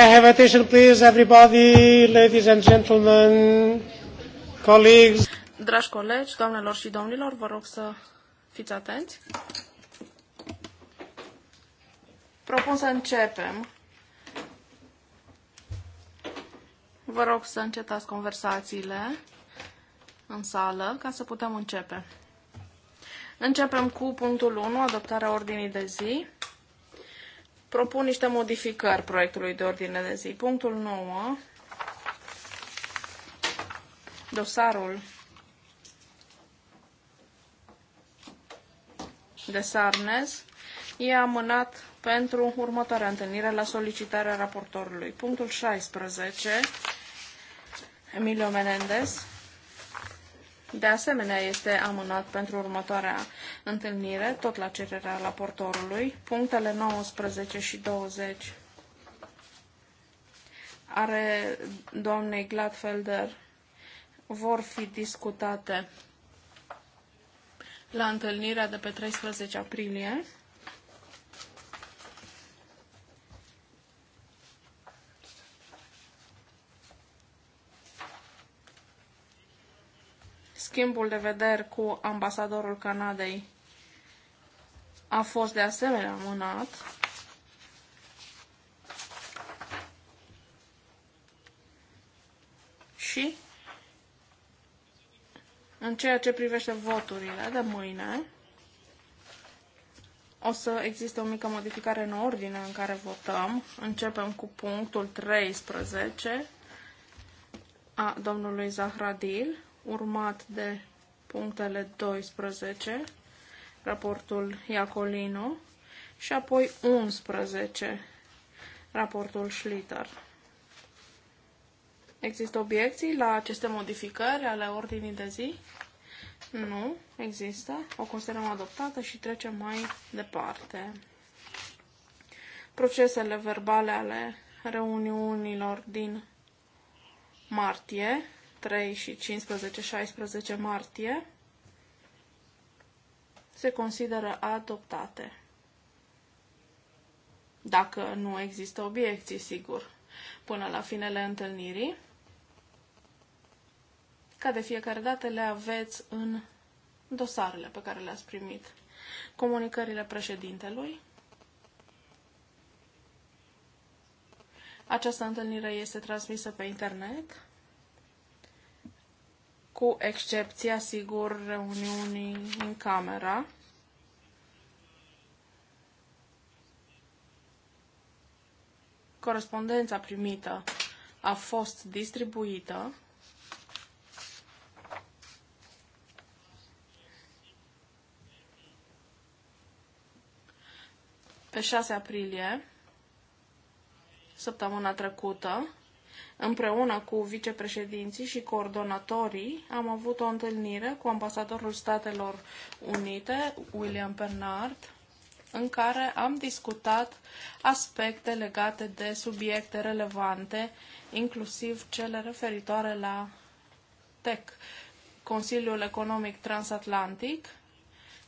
May I have attention, please, everybody, ladies and gentlemen, colleagues. Dragi colegi, doamnelor și domnilor, vă rog să fiți atenți. Propun să începem. Vă rog să încetați conversațiile în sală ca să putem începe. Începem cu punctul 1, adoptarea ordinii de zi propun niște modificări proiectului de ordine de zi. Punctul 9, dosarul de Sarnez e amânat pentru următoarea întâlnire la solicitarea raportorului. Punctul 16, Emilio Menendez, de asemenea, este amânat pentru următoarea întâlnire, tot la cererea raportorului, punctele 19 și 20 are doamnei Gladfelder vor fi discutate la întâlnirea de pe 13 aprilie Schimbul de vederi cu ambasadorul Canadei a fost de asemenea amânat. Și în ceea ce privește voturile de mâine, o să existe o mică modificare în ordinea în care votăm. Începem cu punctul 13 a domnului Zahradil urmat de punctele 12, raportul Iacolino, și apoi 11, raportul Schlitter. Există obiecții la aceste modificări ale ordinii de zi? Nu, există. O considerăm adoptată și trecem mai departe. Procesele verbale ale reuniunilor din martie 3 și 15-16 martie se consideră adoptate. Dacă nu există obiecții, sigur, până la finele întâlnirii. Ca de fiecare dată le aveți în dosarele pe care le-ați primit. Comunicările președintelui. Această întâlnire este transmisă pe internet cu excepția, sigur, reuniunii în camera. Corespondența primită a fost distribuită. Pe 6 aprilie, săptămâna trecută, Împreună cu vicepreședinții și coordonatorii am avut o întâlnire cu ambasadorul Statelor Unite, William Bernard, în care am discutat aspecte legate de subiecte relevante, inclusiv cele referitoare la TEC, Consiliul Economic Transatlantic,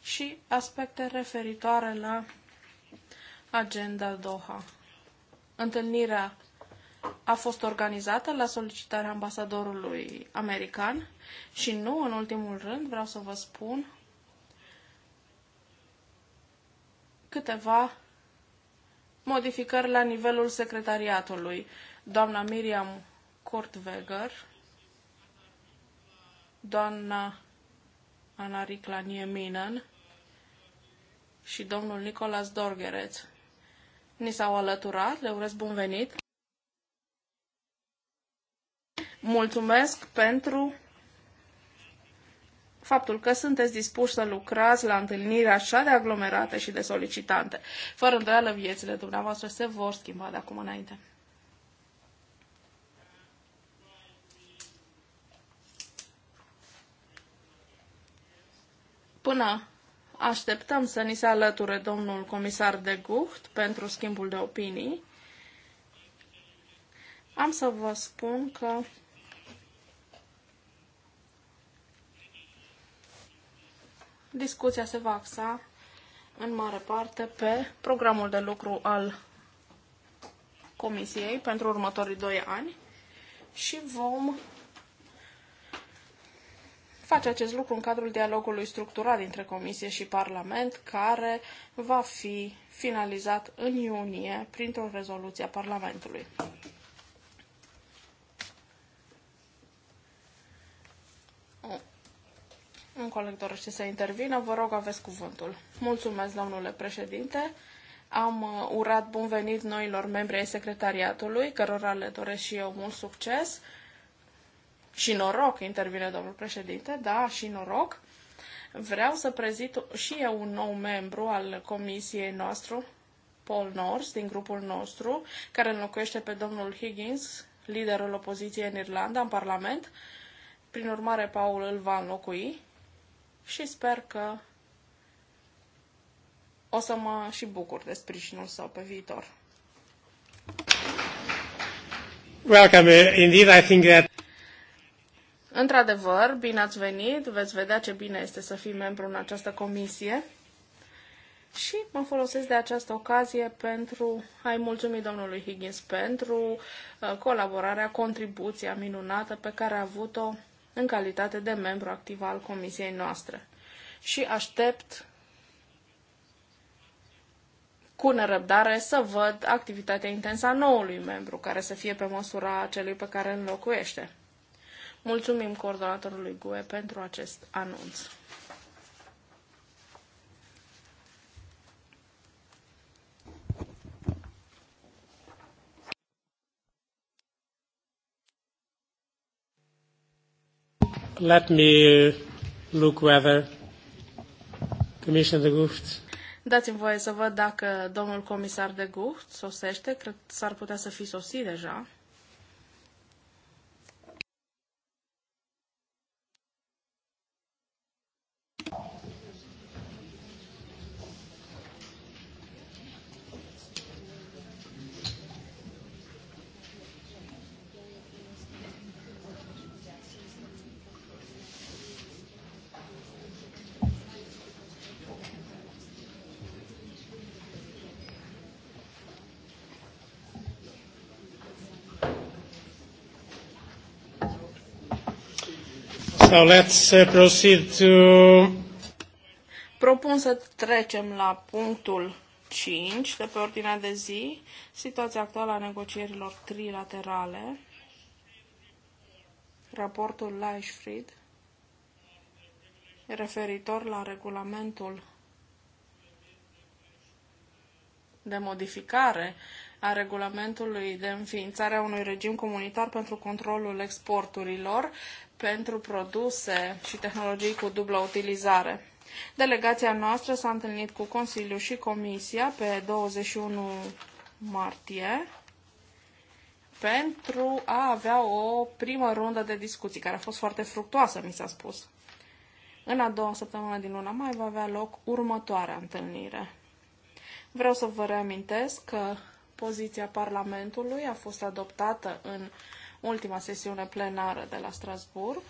și aspecte referitoare la agenda Doha. Întâlnirea a fost organizată la solicitarea ambasadorului american și nu, în ultimul rând, vreau să vă spun câteva modificări la nivelul secretariatului. Doamna Miriam Kurtweger, doamna Ana Ricla Nieminen și domnul Nicolas Dorgereț ni s-au alăturat, le urez bun venit mulțumesc pentru faptul că sunteți dispuși să lucrați la întâlniri așa de aglomerate și de solicitante. Fără îndoială, viețile dumneavoastră se vor schimba de acum înainte. Până așteptăm să ni se alăture domnul comisar de Gucht pentru schimbul de opinii, am să vă spun că discuția se va axa în mare parte pe programul de lucru al Comisiei pentru următorii doi ani și vom face acest lucru în cadrul dialogului structurat dintre Comisie și Parlament, care va fi finalizat în iunie printr-o rezoluție a Parlamentului. Un coleg dorește să intervină. Vă rog, aveți cuvântul. Mulțumesc, domnule președinte. Am uh, urat bun venit noilor membri ai secretariatului, cărora le doresc și eu mult succes. Și noroc, intervine domnul președinte, da, și noroc. Vreau să prezint și eu un nou membru al comisiei noastre, Paul Nors, din grupul nostru, care înlocuiește pe domnul Higgins, liderul opoziției în Irlanda, în Parlament. Prin urmare, Paul îl va înlocui și sper că o să mă și bucur de sprijinul său pe viitor. Welcome. Uh, indeed, I think that... Într-adevăr, bine ați venit, veți vedea ce bine este să fii membru în această comisie și mă folosesc de această ocazie pentru a-i mulțumi domnului Higgins pentru uh, colaborarea, contribuția minunată pe care a avut-o în calitate de membru activ al comisiei noastre. Și aștept cu nerăbdare să văd activitatea intensă a noului membru, care să fie pe măsura celui pe care îl înlocuiește. Mulțumim coordonatorului GUE pentru acest anunț. Let me look whether Commissioner de Gucht. Dați-mi voie să văd dacă domnul comisar de Gucht sosește. Cred că s-ar putea să fi sosit deja. Now let's uh, proceed to... Propun să trecem la punctul 5 de pe ordinea de zi, situația actuală a negocierilor trilaterale, raportul Leichfried referitor la regulamentul de modificare a regulamentului de înființare a unui regim comunitar pentru controlul exporturilor pentru produse și tehnologii cu dublă utilizare. Delegația noastră s-a întâlnit cu Consiliul și Comisia pe 21 martie pentru a avea o primă rundă de discuții, care a fost foarte fructoasă, mi s-a spus. În a doua săptămână din luna mai va avea loc următoarea întâlnire. Vreau să vă reamintesc că poziția Parlamentului a fost adoptată în ultima sesiune plenară de la Strasbourg.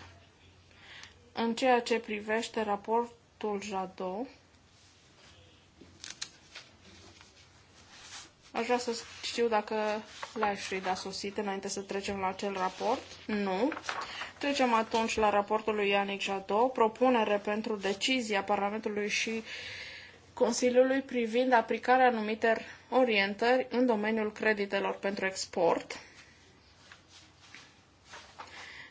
În ceea ce privește raportul Jadot, Aș vrea să știu dacă Lightread a sosit înainte să trecem la acel raport. Nu. Trecem atunci la raportul lui Yannick Jadot, propunere pentru decizia Parlamentului și Consiliului privind aplicarea anumiter orientări în domeniul creditelor pentru export.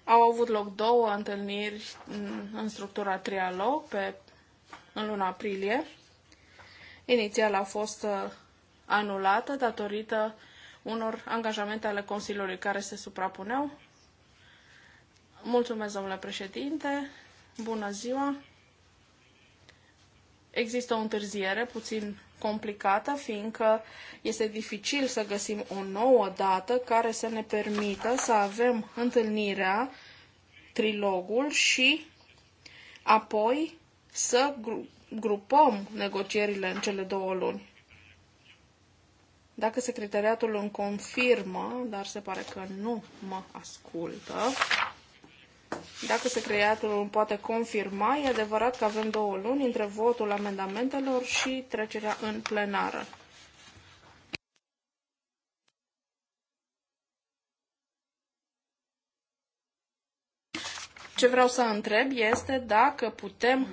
Au avut loc două întâlniri în structura trialog pe, în luna aprilie. Inițial a fost uh, anulată datorită unor angajamente ale Consiliului care se suprapuneau. Mulțumesc, domnule președinte. Bună ziua. Există o întârziere puțin complicată, fiindcă este dificil să găsim o nouă dată care să ne permită să avem întâlnirea, trilogul și apoi să grupăm negocierile în cele două luni. Dacă secretariatul îmi confirmă, dar se pare că nu mă ascultă, dacă secretariatul poate confirma, e adevărat că avem două luni între votul amendamentelor și trecerea în plenară. Ce vreau să întreb este dacă putem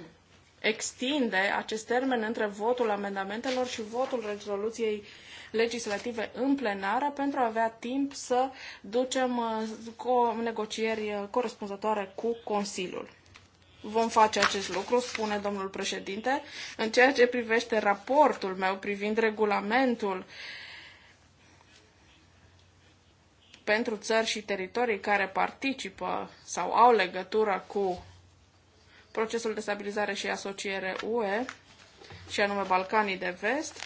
extinde acest termen între votul amendamentelor și votul rezoluției uh, legislative în plenară pentru a avea timp să ducem uh, negocieri uh, corespunzătoare cu Consiliul. Vom face acest lucru, spune domnul președinte, în ceea ce privește raportul meu privind regulamentul pentru țări și teritorii care participă sau au legătură cu procesul de stabilizare și asociere UE, și anume Balcanii de Vest,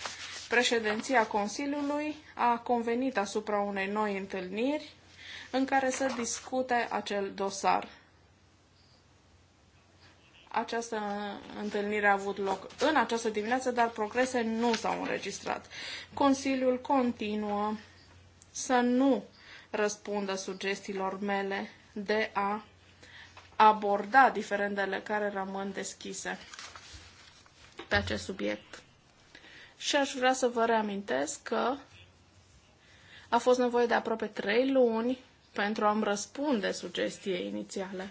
Președinția Consiliului a convenit asupra unei noi întâlniri în care să discute acel dosar. Această întâlnire a avut loc în această dimineață, dar progrese nu s-au înregistrat. Consiliul continuă să nu răspundă sugestiilor mele de a aborda diferendele care rămân deschise pe acest subiect și aș vrea să vă reamintesc că a fost nevoie de aproape trei luni pentru a-mi răspunde sugestiei inițiale.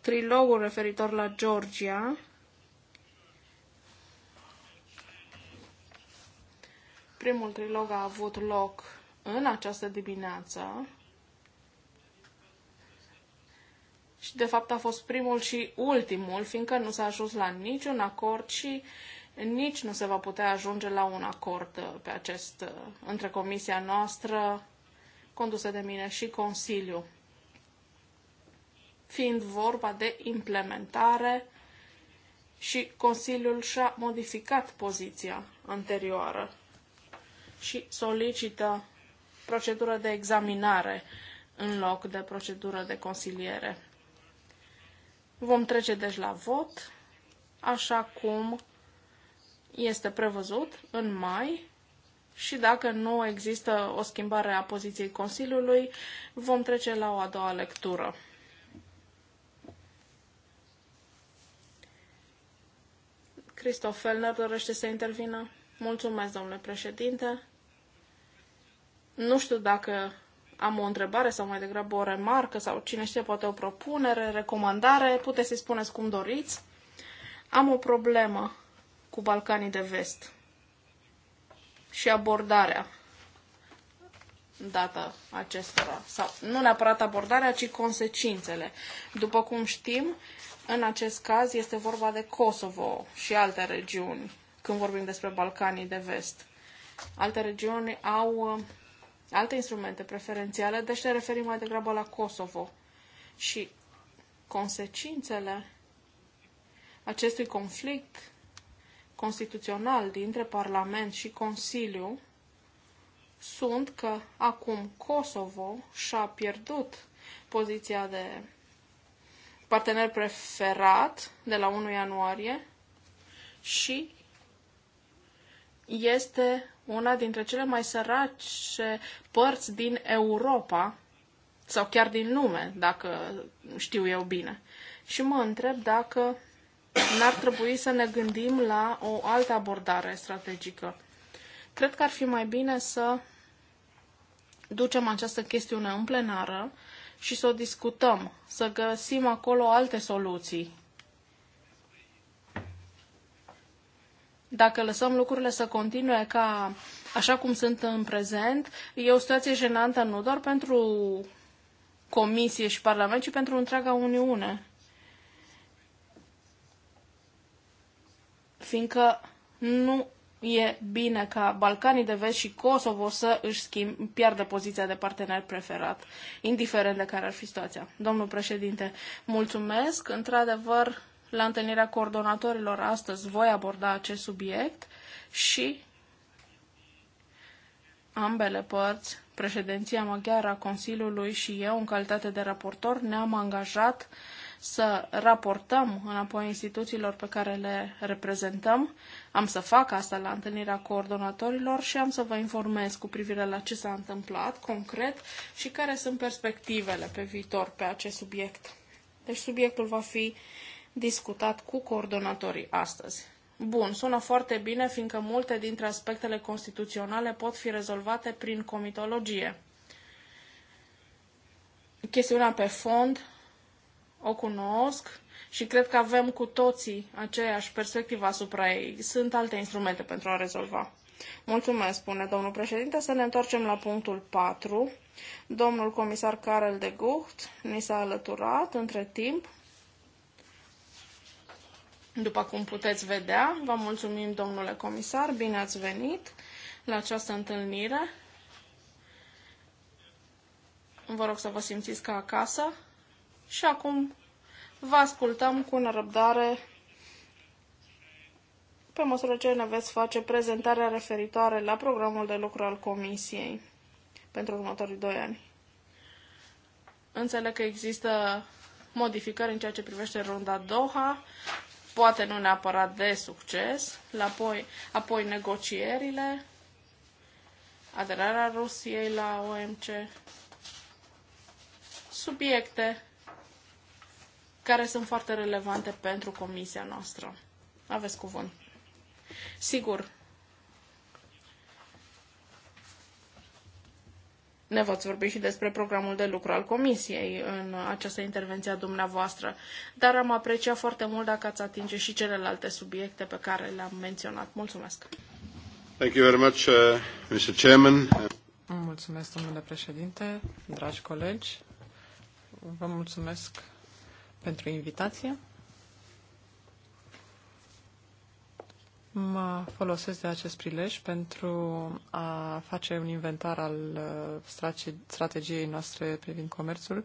Trilogul referitor la Georgia primul trilog a avut loc în această dimineață și de fapt a fost primul și ultimul, fiindcă nu s-a ajuns la niciun acord și nici nu se va putea ajunge la un acord uh, pe acest, uh, între comisia noastră condusă de mine și Consiliu. Fiind vorba de implementare și Consiliul și-a modificat poziția anterioară și solicită procedură de examinare în loc de procedură de consiliere. Vom trece deci la vot, așa cum este prevăzut în mai și dacă nu există o schimbare a poziției Consiliului, vom trece la o a doua lectură. Cristof Fellner dorește să intervină. Mulțumesc, domnule președinte. Nu știu dacă am o întrebare sau mai degrabă o remarcă sau cine știe, poate o propunere, recomandare, puteți să-i spuneți cum doriți. Am o problemă cu Balcanii de Vest și abordarea dată acestora. Sau nu neapărat abordarea, ci consecințele. După cum știm, în acest caz este vorba de Kosovo și alte regiuni, când vorbim despre Balcanii de Vest. Alte regiuni au alte instrumente preferențiale, deci ne referim mai degrabă la Kosovo. Și consecințele acestui conflict constituțional dintre Parlament și Consiliu sunt că acum Kosovo și-a pierdut poziția de partener preferat de la 1 ianuarie și este una dintre cele mai sărace părți din Europa sau chiar din lume, dacă știu eu bine. Și mă întreb dacă n-ar trebui să ne gândim la o altă abordare strategică. Cred că ar fi mai bine să ducem această chestiune în plenară și să o discutăm, să găsim acolo alte soluții Dacă lăsăm lucrurile să continue ca așa cum sunt în prezent, e o situație jenantă nu doar pentru Comisie și Parlament, ci pentru întreaga Uniune. Fiindcă nu e bine ca Balcanii de Vest și Kosovo să își schimb, piardă poziția de partener preferat, indiferent de care ar fi situația. Domnul președinte, mulțumesc. Într-adevăr, la întâlnirea coordonatorilor astăzi voi aborda acest subiect și ambele părți, președinția maghiară a Consiliului și eu, în calitate de raportor, ne-am angajat să raportăm înapoi instituțiilor pe care le reprezentăm. Am să fac asta la întâlnirea coordonatorilor și am să vă informez cu privire la ce s-a întâmplat concret și care sunt perspectivele pe viitor pe acest subiect. Deci subiectul va fi discutat cu coordonatorii astăzi. Bun, sună foarte bine, fiindcă multe dintre aspectele constituționale pot fi rezolvate prin comitologie. Chestiunea pe fond o cunosc și cred că avem cu toții aceeași perspectivă asupra ei. Sunt alte instrumente pentru a rezolva. Mulțumesc, spune domnul președinte. Să ne întoarcem la punctul 4. Domnul comisar Karel de Gucht ni s-a alăturat între timp. După cum puteți vedea, vă mulțumim, domnule comisar, bine ați venit la această întâlnire. Vă rog să vă simțiți ca acasă. Și acum vă ascultăm cu nerăbdare pe măsură ce ne veți face prezentarea referitoare la programul de lucru al Comisiei pentru următorii doi ani. Înțeleg că există modificări în ceea ce privește runda Doha poate nu neapărat de succes, apoi, apoi negocierile, aderarea Rusiei la OMC, subiecte care sunt foarte relevante pentru comisia noastră. Aveți cuvânt. Sigur, ne voți vorbi și despre programul de lucru al Comisiei în această intervenție a dumneavoastră, dar am apreciat foarte mult dacă ați atinge și celelalte subiecte pe care le-am menționat. Mulțumesc! Thank you very much, uh, Mr. Chairman. Mulțumesc, domnule președinte, dragi colegi. Vă mulțumesc pentru invitație. Mă folosesc de acest prilej pentru a face un inventar al uh, strategiei noastre privind comerțul,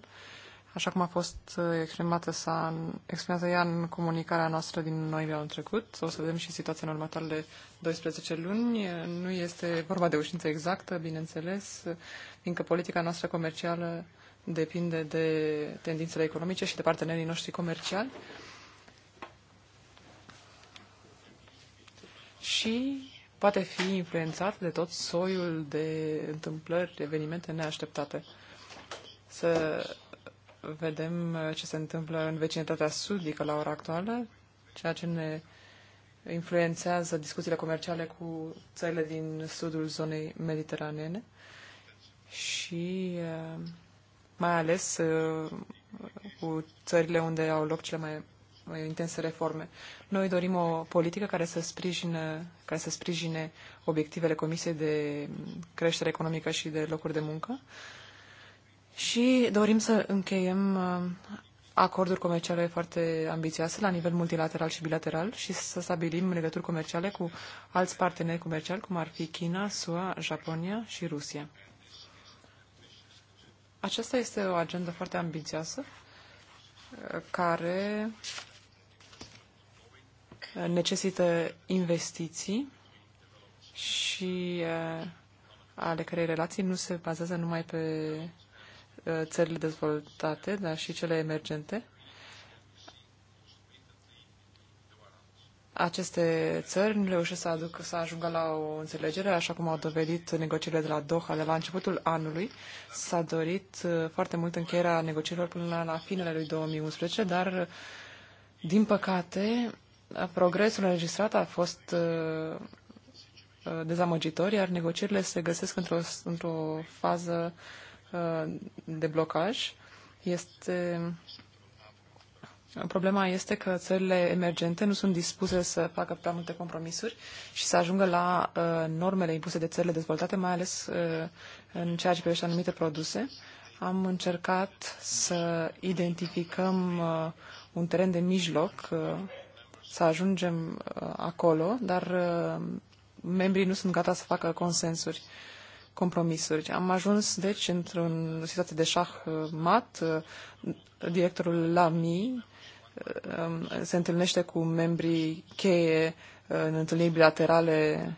așa cum a fost uh, exprimată, sa, exprimată ea în comunicarea noastră din noiembrie anul trecut. O să vedem și situația în următoarele 12 luni. Nu este vorba de o știință exactă, bineînțeles, fiindcă politica noastră comercială depinde de tendințele economice și de partenerii noștri comerciali. și poate fi influențat de tot soiul de întâmplări, de evenimente neașteptate. Să vedem uh, ce se întâmplă în vecinătatea sudică la ora actuală, ceea ce ne influențează discuțiile comerciale cu țările din sudul zonei mediteranene și uh, mai ales uh, cu țările unde au loc cele mai unei intense reforme. Noi dorim o politică care să sprijine, care să sprijine obiectivele Comisiei de creștere economică și de locuri de muncă și dorim să încheiem uh, acorduri comerciale foarte ambițioase la nivel multilateral și bilateral și să stabilim legături comerciale cu alți parteneri comerciali, cum ar fi China, SUA, Japonia și Rusia. Aceasta este o agendă foarte ambițioasă uh, care necesită investiții și eh, ale cărei relații nu se bazează numai pe eh, țările dezvoltate, dar și cele emergente. Aceste țări nu reușesc să, aduc, să ajungă la o înțelegere, așa cum au dovedit negocierile de la Doha de la începutul anului. S-a dorit eh, foarte mult încheierea negocierilor până la finele lui 2011, dar, din păcate, progresul înregistrat a fost uh, uh, dezamăgitor, iar negocierile se găsesc într-o, într-o fază uh, de blocaj. Este, problema este că țările emergente nu sunt dispuse să facă prea multe compromisuri și să ajungă la normele impuse de țările dezvoltate, mai ales în ceea ce privește anumite produse. Am încercat să identificăm un teren de mijloc să ajungem uh, acolo, dar uh, membrii nu sunt gata să facă consensuri, compromisuri. Am ajuns, deci, într o situație de șah uh, mat. Directorul Lami um, se întâlnește cu membrii cheie în întâlniri bilaterale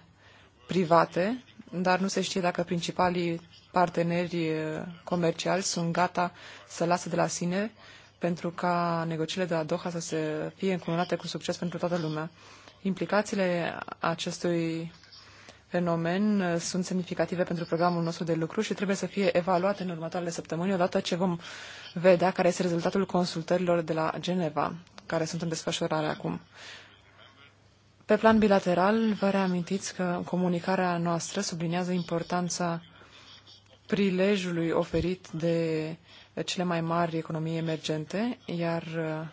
private, dar nu se știe dacă principalii parteneri comerciali sunt gata să lasă de la sine pentru ca negocierile de la Doha să se fie încununate cu succes pentru toată lumea. Implicațiile acestui fenomen uh, sunt semnificative pentru programul nostru de lucru și trebuie să fie evaluate în următoarele săptămâni, odată ce vom vedea care este rezultatul consultărilor de la Geneva, care sunt în desfășurare acum. Pe plan bilateral, vă reamintiți că comunicarea noastră subliniază importanța prilejului oferit de cele mai mari economii emergente, iar uh,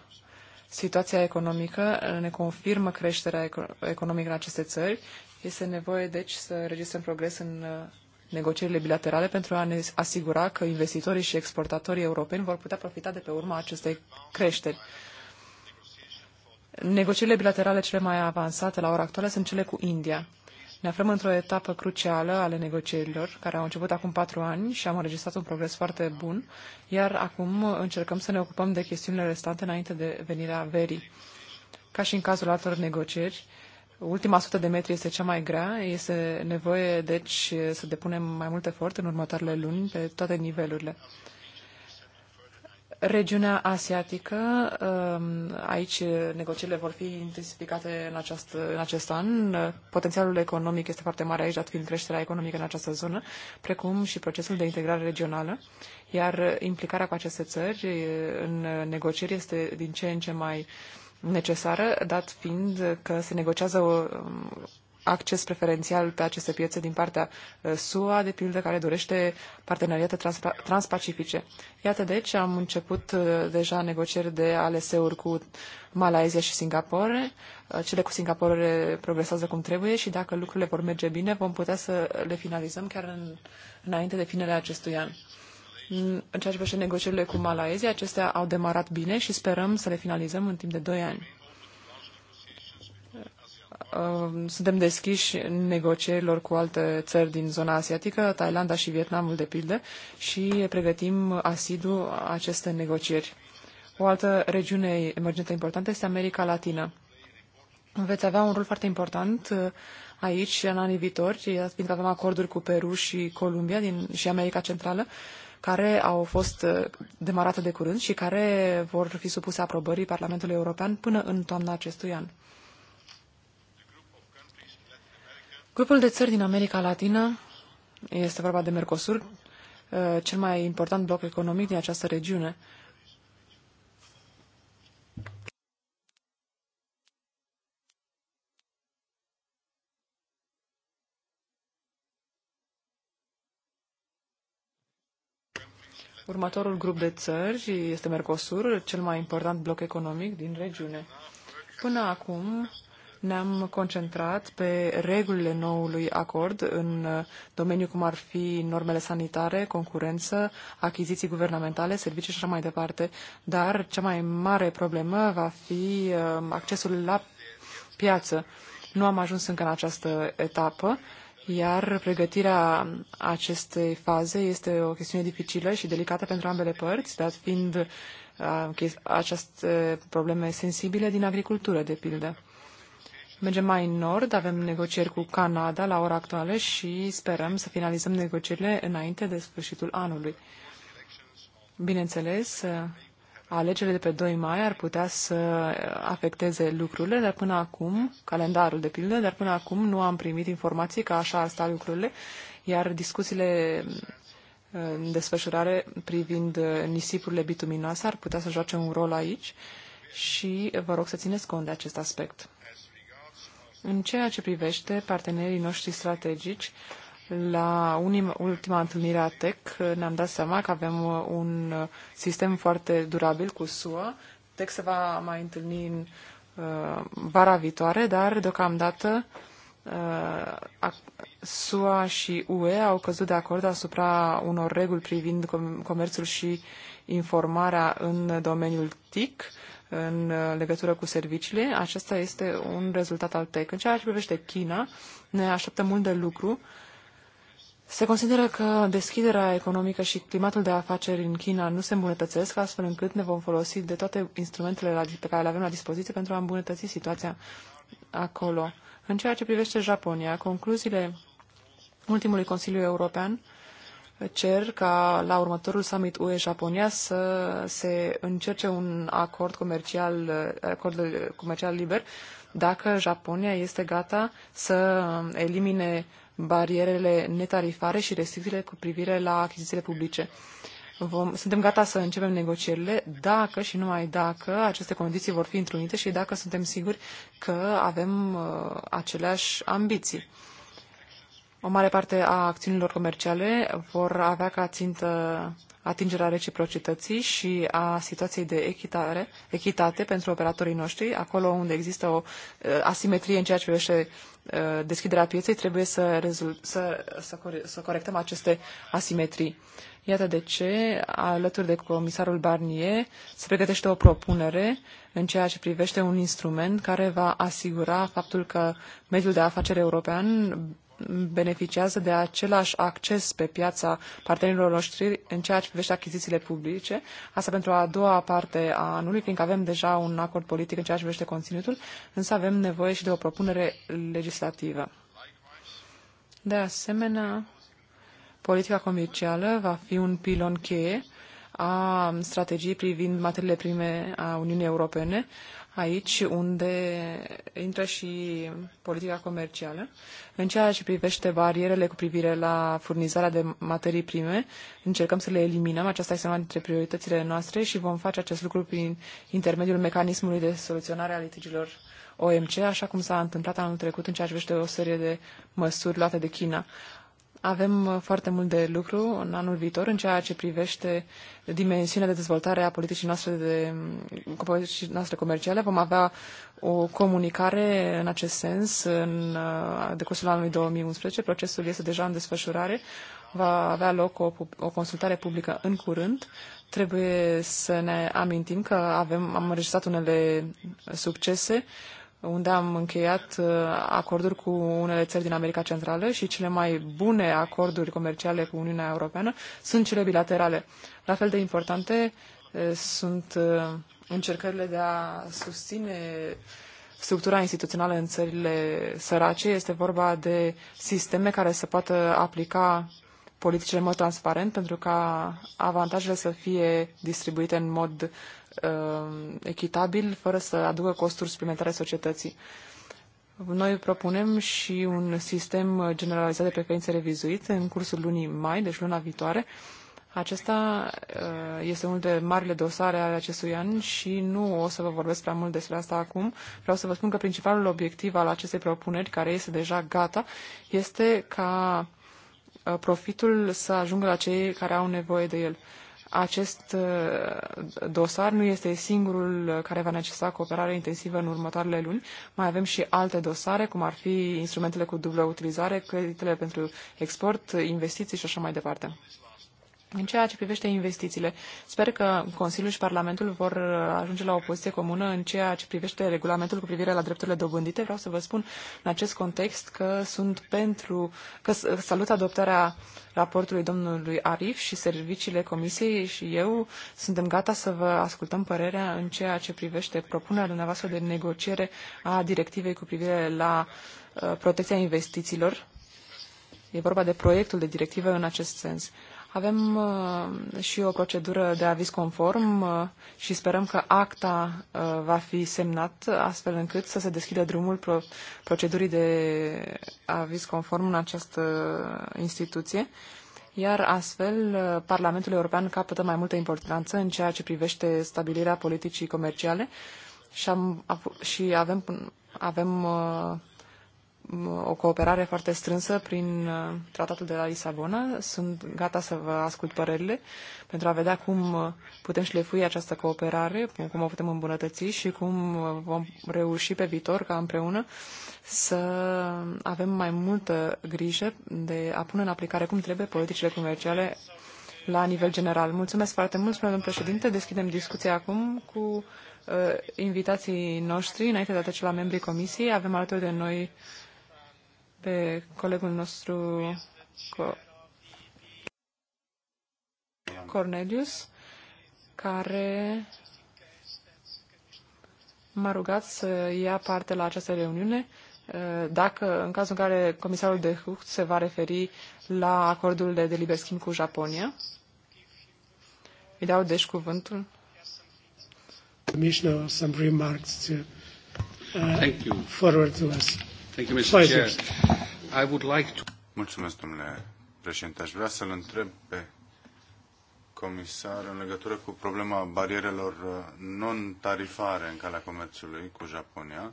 situația economică uh, ne confirmă creșterea economică în aceste țări. Este nevoie, deci, să registrăm progres în uh, negocierile bilaterale pentru a ne asigura că investitorii și exportatorii europeni vor putea profita de pe urma acestei creșteri. Negocierile bilaterale cele mai avansate la ora actuală sunt cele cu India. Ne aflăm într-o etapă crucială ale negocierilor, care au început acum patru ani și am înregistrat un progres foarte bun, iar acum încercăm să ne ocupăm de chestiunile restante înainte de venirea verii. Ca și în cazul altor negocieri, ultima sută de metri este cea mai grea, este nevoie, deci, să depunem mai mult efort în următoarele luni pe toate nivelurile regiunea asiatică. Um, aici negocierile vor fi intensificate în, acest în acest an. Potențialul economic este foarte mare aici, dat fiind creșterea economică în această zonă, precum și procesul de integrare regională. Iar implicarea cu aceste țări în negocieri este din ce în ce mai necesară, dat fiind că se negociază o, um, acces preferențial pe aceste piețe din partea uh, SUA, de pildă, care dorește parteneriate transpa- transpacifice. Iată, deci, am început uh, deja negocieri de ALS-uri cu Malaezia și Singapore. Uh, cele cu Singapore progresează cum trebuie și dacă lucrurile vor merge bine, vom putea să le finalizăm chiar în, înainte de finele acestui an. În ceea ce privește negocierile cu Malaezia, acestea au demarat bine și sperăm să le finalizăm în timp de 2 ani. Um, suntem deschiși negocierilor cu alte țări din zona asiatică, Thailanda și Vietnamul, de pildă, și pregătim asidu aceste negocieri. O altă regiune emergentă importantă este America Latină. Veți avea un rol foarte important uh, aici în anii viitori, fiindcă avem acorduri cu Peru și Columbia din, și America Centrală, care au fost uh, demarate de curând și care vor fi supuse aprobării Parlamentului European până în toamna acestui an. Grupul de țări din America Latină, este vorba de Mercosur, uh, cel mai important bloc economic din această regiune, Următorul grup de țări este Mercosur, cel mai important bloc economic din regiune. Până acum, ne-am concentrat pe regulile noului acord în uh, domeniu cum ar fi normele sanitare, concurență, achiziții guvernamentale, servicii și așa mai departe, dar cea mai mare problemă va fi uh, accesul la piață. Nu am ajuns încă în această etapă, iar pregătirea acestei faze este o chestiune dificilă și delicată pentru ambele părți, dat fiind uh, aceste probleme sensibile din agricultură, de pildă. Mergem mai în nord, avem negocieri cu Canada la ora actuală și sperăm să finalizăm negocierile înainte de sfârșitul anului. Bineînțeles, alegerile de pe 2 mai ar putea să afecteze lucrurile, dar până acum, calendarul de pildă, dar până acum nu am primit informații că așa ar sta lucrurile, iar discuțiile în desfășurare privind nisipurile bituminoase ar putea să joace un rol aici și vă rog să țineți cont de acest aspect. În ceea ce privește partenerii noștri strategici, la ultima întâlnire a TEC ne-am dat seama că avem uh, un uh, sistem foarte durabil cu SUA. TEC se va mai întâlni în uh, vara viitoare, dar deocamdată SUA și UE au căzut de acord asupra unor reguli privind comerțul și informarea în domeniul TIC în uh, legătură cu serviciile. Acesta este un rezultat al TEC. În ceea ce privește China, ne așteptăm mult de lucru. Se consideră că deschiderea economică și climatul de afaceri în China nu se îmbunătățesc, astfel încât ne vom folosi de toate instrumentele pe care le avem la dispoziție pentru a îmbunătăți situația acolo. În ceea ce privește Japonia, concluziile ultimului Consiliu European cer ca la următorul summit UE-Japonia să se încerce un acord comercial, acord comercial liber dacă Japonia este gata să elimine barierele netarifare și restricțiile cu privire la achizițiile publice. Vom, suntem gata să începem negocierile dacă și numai dacă aceste condiții vor fi întrunite și dacă suntem siguri că avem uh, aceleași ambiții. O mare parte a acțiunilor comerciale vor avea ca țintă atingerea reciprocității și a situației de echitare, echitate pentru operatorii noștri. Acolo unde există o uh, asimetrie în ceea ce privește uh, deschiderea pieței, trebuie să, rezult, să, să, să corectăm aceste asimetrii. Iată de ce, alături de comisarul Barnier, se pregătește o propunere în ceea ce privește un instrument care va asigura faptul că mediul de afaceri european beneficiază de același acces pe piața partenerilor noștri în ceea ce privește achizițiile publice. Asta pentru a doua parte a anului, fiindcă avem deja un acord politic în ceea ce privește conținutul, însă avem nevoie și de o propunere legislativă. De asemenea, politica comercială va fi un pilon cheie a strategiei privind materiile prime a Uniunii Europene, aici unde intră și politica comercială. În ceea ce privește barierele cu privire la furnizarea de materii prime, încercăm să le eliminăm. Aceasta este una dintre prioritățile noastre și vom face acest lucru prin intermediul mecanismului de soluționare a litigilor OMC, așa cum s-a întâmplat anul trecut în ceea ce privește o serie de măsuri luate de China. Avem uh, foarte mult de lucru în anul viitor în ceea ce privește dimensiunea de dezvoltare a politicii noastre, de, mm, politicii noastre comerciale. Vom avea o comunicare în acest sens în uh, decursul anului 2011. Procesul este deja în desfășurare. Va avea loc o, o consultare publică în curând. Trebuie să ne amintim că avem, am înregistrat unele succese unde am încheiat uh, acorduri cu unele țări din America Centrală și cele mai bune acorduri comerciale cu Uniunea Europeană sunt cele bilaterale. La fel de importante uh, sunt uh, încercările de a susține structura instituțională în țările sărace. Este vorba de sisteme care să poată aplica politicile în mod transparent pentru ca avantajele să fie distribuite în mod uh, echitabil, fără să aducă costuri suplimentare societății. Noi propunem și un sistem generalizat de preferințe revizuit în cursul lunii mai, deci luna viitoare. Acesta uh, este unul de marile dosare ale acestui an și nu o să vă vorbesc prea mult despre asta acum. Vreau să vă spun că principalul obiectiv al acestei propuneri, care este deja gata, este ca uh, profitul să ajungă la cei care au nevoie de el acest uh, dosar nu este singurul care va necesita cooperare intensivă în următoarele luni. Mai avem și alte dosare, cum ar fi instrumentele cu dublă utilizare, creditele pentru export, investiții și așa mai departe. În ceea ce privește investițiile, sper că Consiliul și Parlamentul vor uh, ajunge la o poziție comună în ceea ce privește regulamentul cu privire la drepturile dobândite. Vreau să vă spun în acest context că sunt pentru, că uh, salut adoptarea raportului domnului Arif și serviciile Comisiei și eu suntem gata să vă ascultăm părerea în ceea ce privește propunerea dumneavoastră de negociere a directivei cu privire la uh, protecția investițiilor. E vorba de proiectul de directivă în acest sens. Avem uh, și o procedură de aviz conform uh, și sperăm că acta uh, va fi semnat astfel încât să se deschidă drumul pro- procedurii de aviz conform în această instituție. Iar astfel, uh, Parlamentul European capătă mai multă importanță în ceea ce privește stabilirea politicii comerciale și, am, și avem, avem uh, o cooperare foarte strânsă prin uh, tratatul de la Lisabona. Sunt gata să vă ascult părerile pentru a vedea cum uh, putem șlefui această cooperare, cum o putem îmbunătăți și cum uh, vom reuși pe viitor ca împreună să avem mai multă grijă de a pune în aplicare cum trebuie politicile comerciale la nivel general. Mulțumesc foarte mult, domnule președinte. Deschidem discuția acum cu uh, invitații noștri. Înainte de a trece la membrii comisiei, avem alături de noi uh, pe colegul nostru Cornelius, care m-a rugat să ia parte la această reuniune uh, dacă, în cazul în care comisarul de Hucht se va referi la acordul de liber schimb cu Japonia. Îi dau deci cuvântul. Commissioner, some remarks to, uh, Thank you. forward to us. Thank you, Mr. Chair. I would like to... Mulțumesc, domnule președinte. Aș vrea să-l întreb pe comisar în legătură cu problema barierelor uh, non-tarifare în calea comerțului cu Japonia.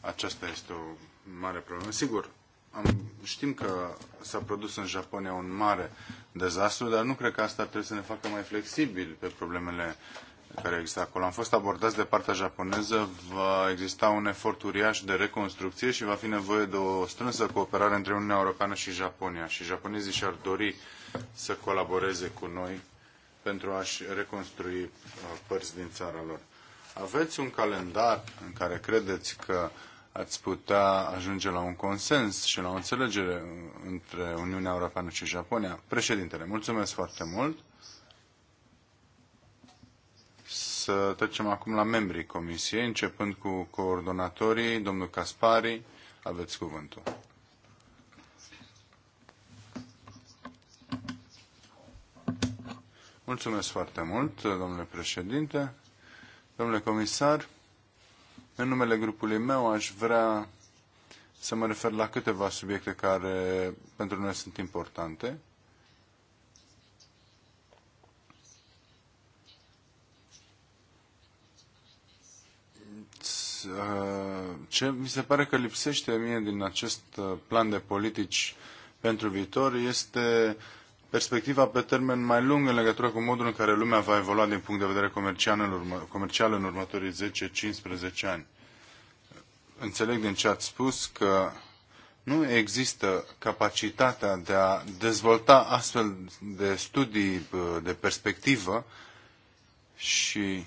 Aceasta este o mare problemă. Sigur, am, știm că s-a produs în Japonia un mare dezastru, dar nu cred că asta trebuie să ne facă mai flexibili pe problemele care exista acolo. Am fost abordați de partea japoneză, va exista un efort uriaș de reconstrucție și va fi nevoie de o strânsă cooperare între Uniunea Europeană și Japonia. Și japonezii și-ar dori să colaboreze cu noi pentru a-și reconstrui uh, părți din țara lor. Aveți un calendar în care credeți că ați putea ajunge la un consens și la o înțelegere între Uniunea Europeană și Japonia? Președintele, mulțumesc foarte mult. să trecem acum la membrii comisiei, începând cu coordonatorii, domnul Caspari, aveți cuvântul. Mulțumesc foarte mult, domnule președinte. Domnule comisar, în numele grupului meu aș vrea să mă refer la câteva subiecte care pentru noi sunt importante. Uh, ce mi se pare că lipsește mie din acest uh, plan de politici pentru viitor este perspectiva pe termen mai lung în legătură cu modul în care lumea va evolua din punct de vedere comercial în, urmă, comercial în următorii 10-15 ani. Înțeleg din ce ați spus că nu există capacitatea de a dezvolta astfel de studii uh, de perspectivă și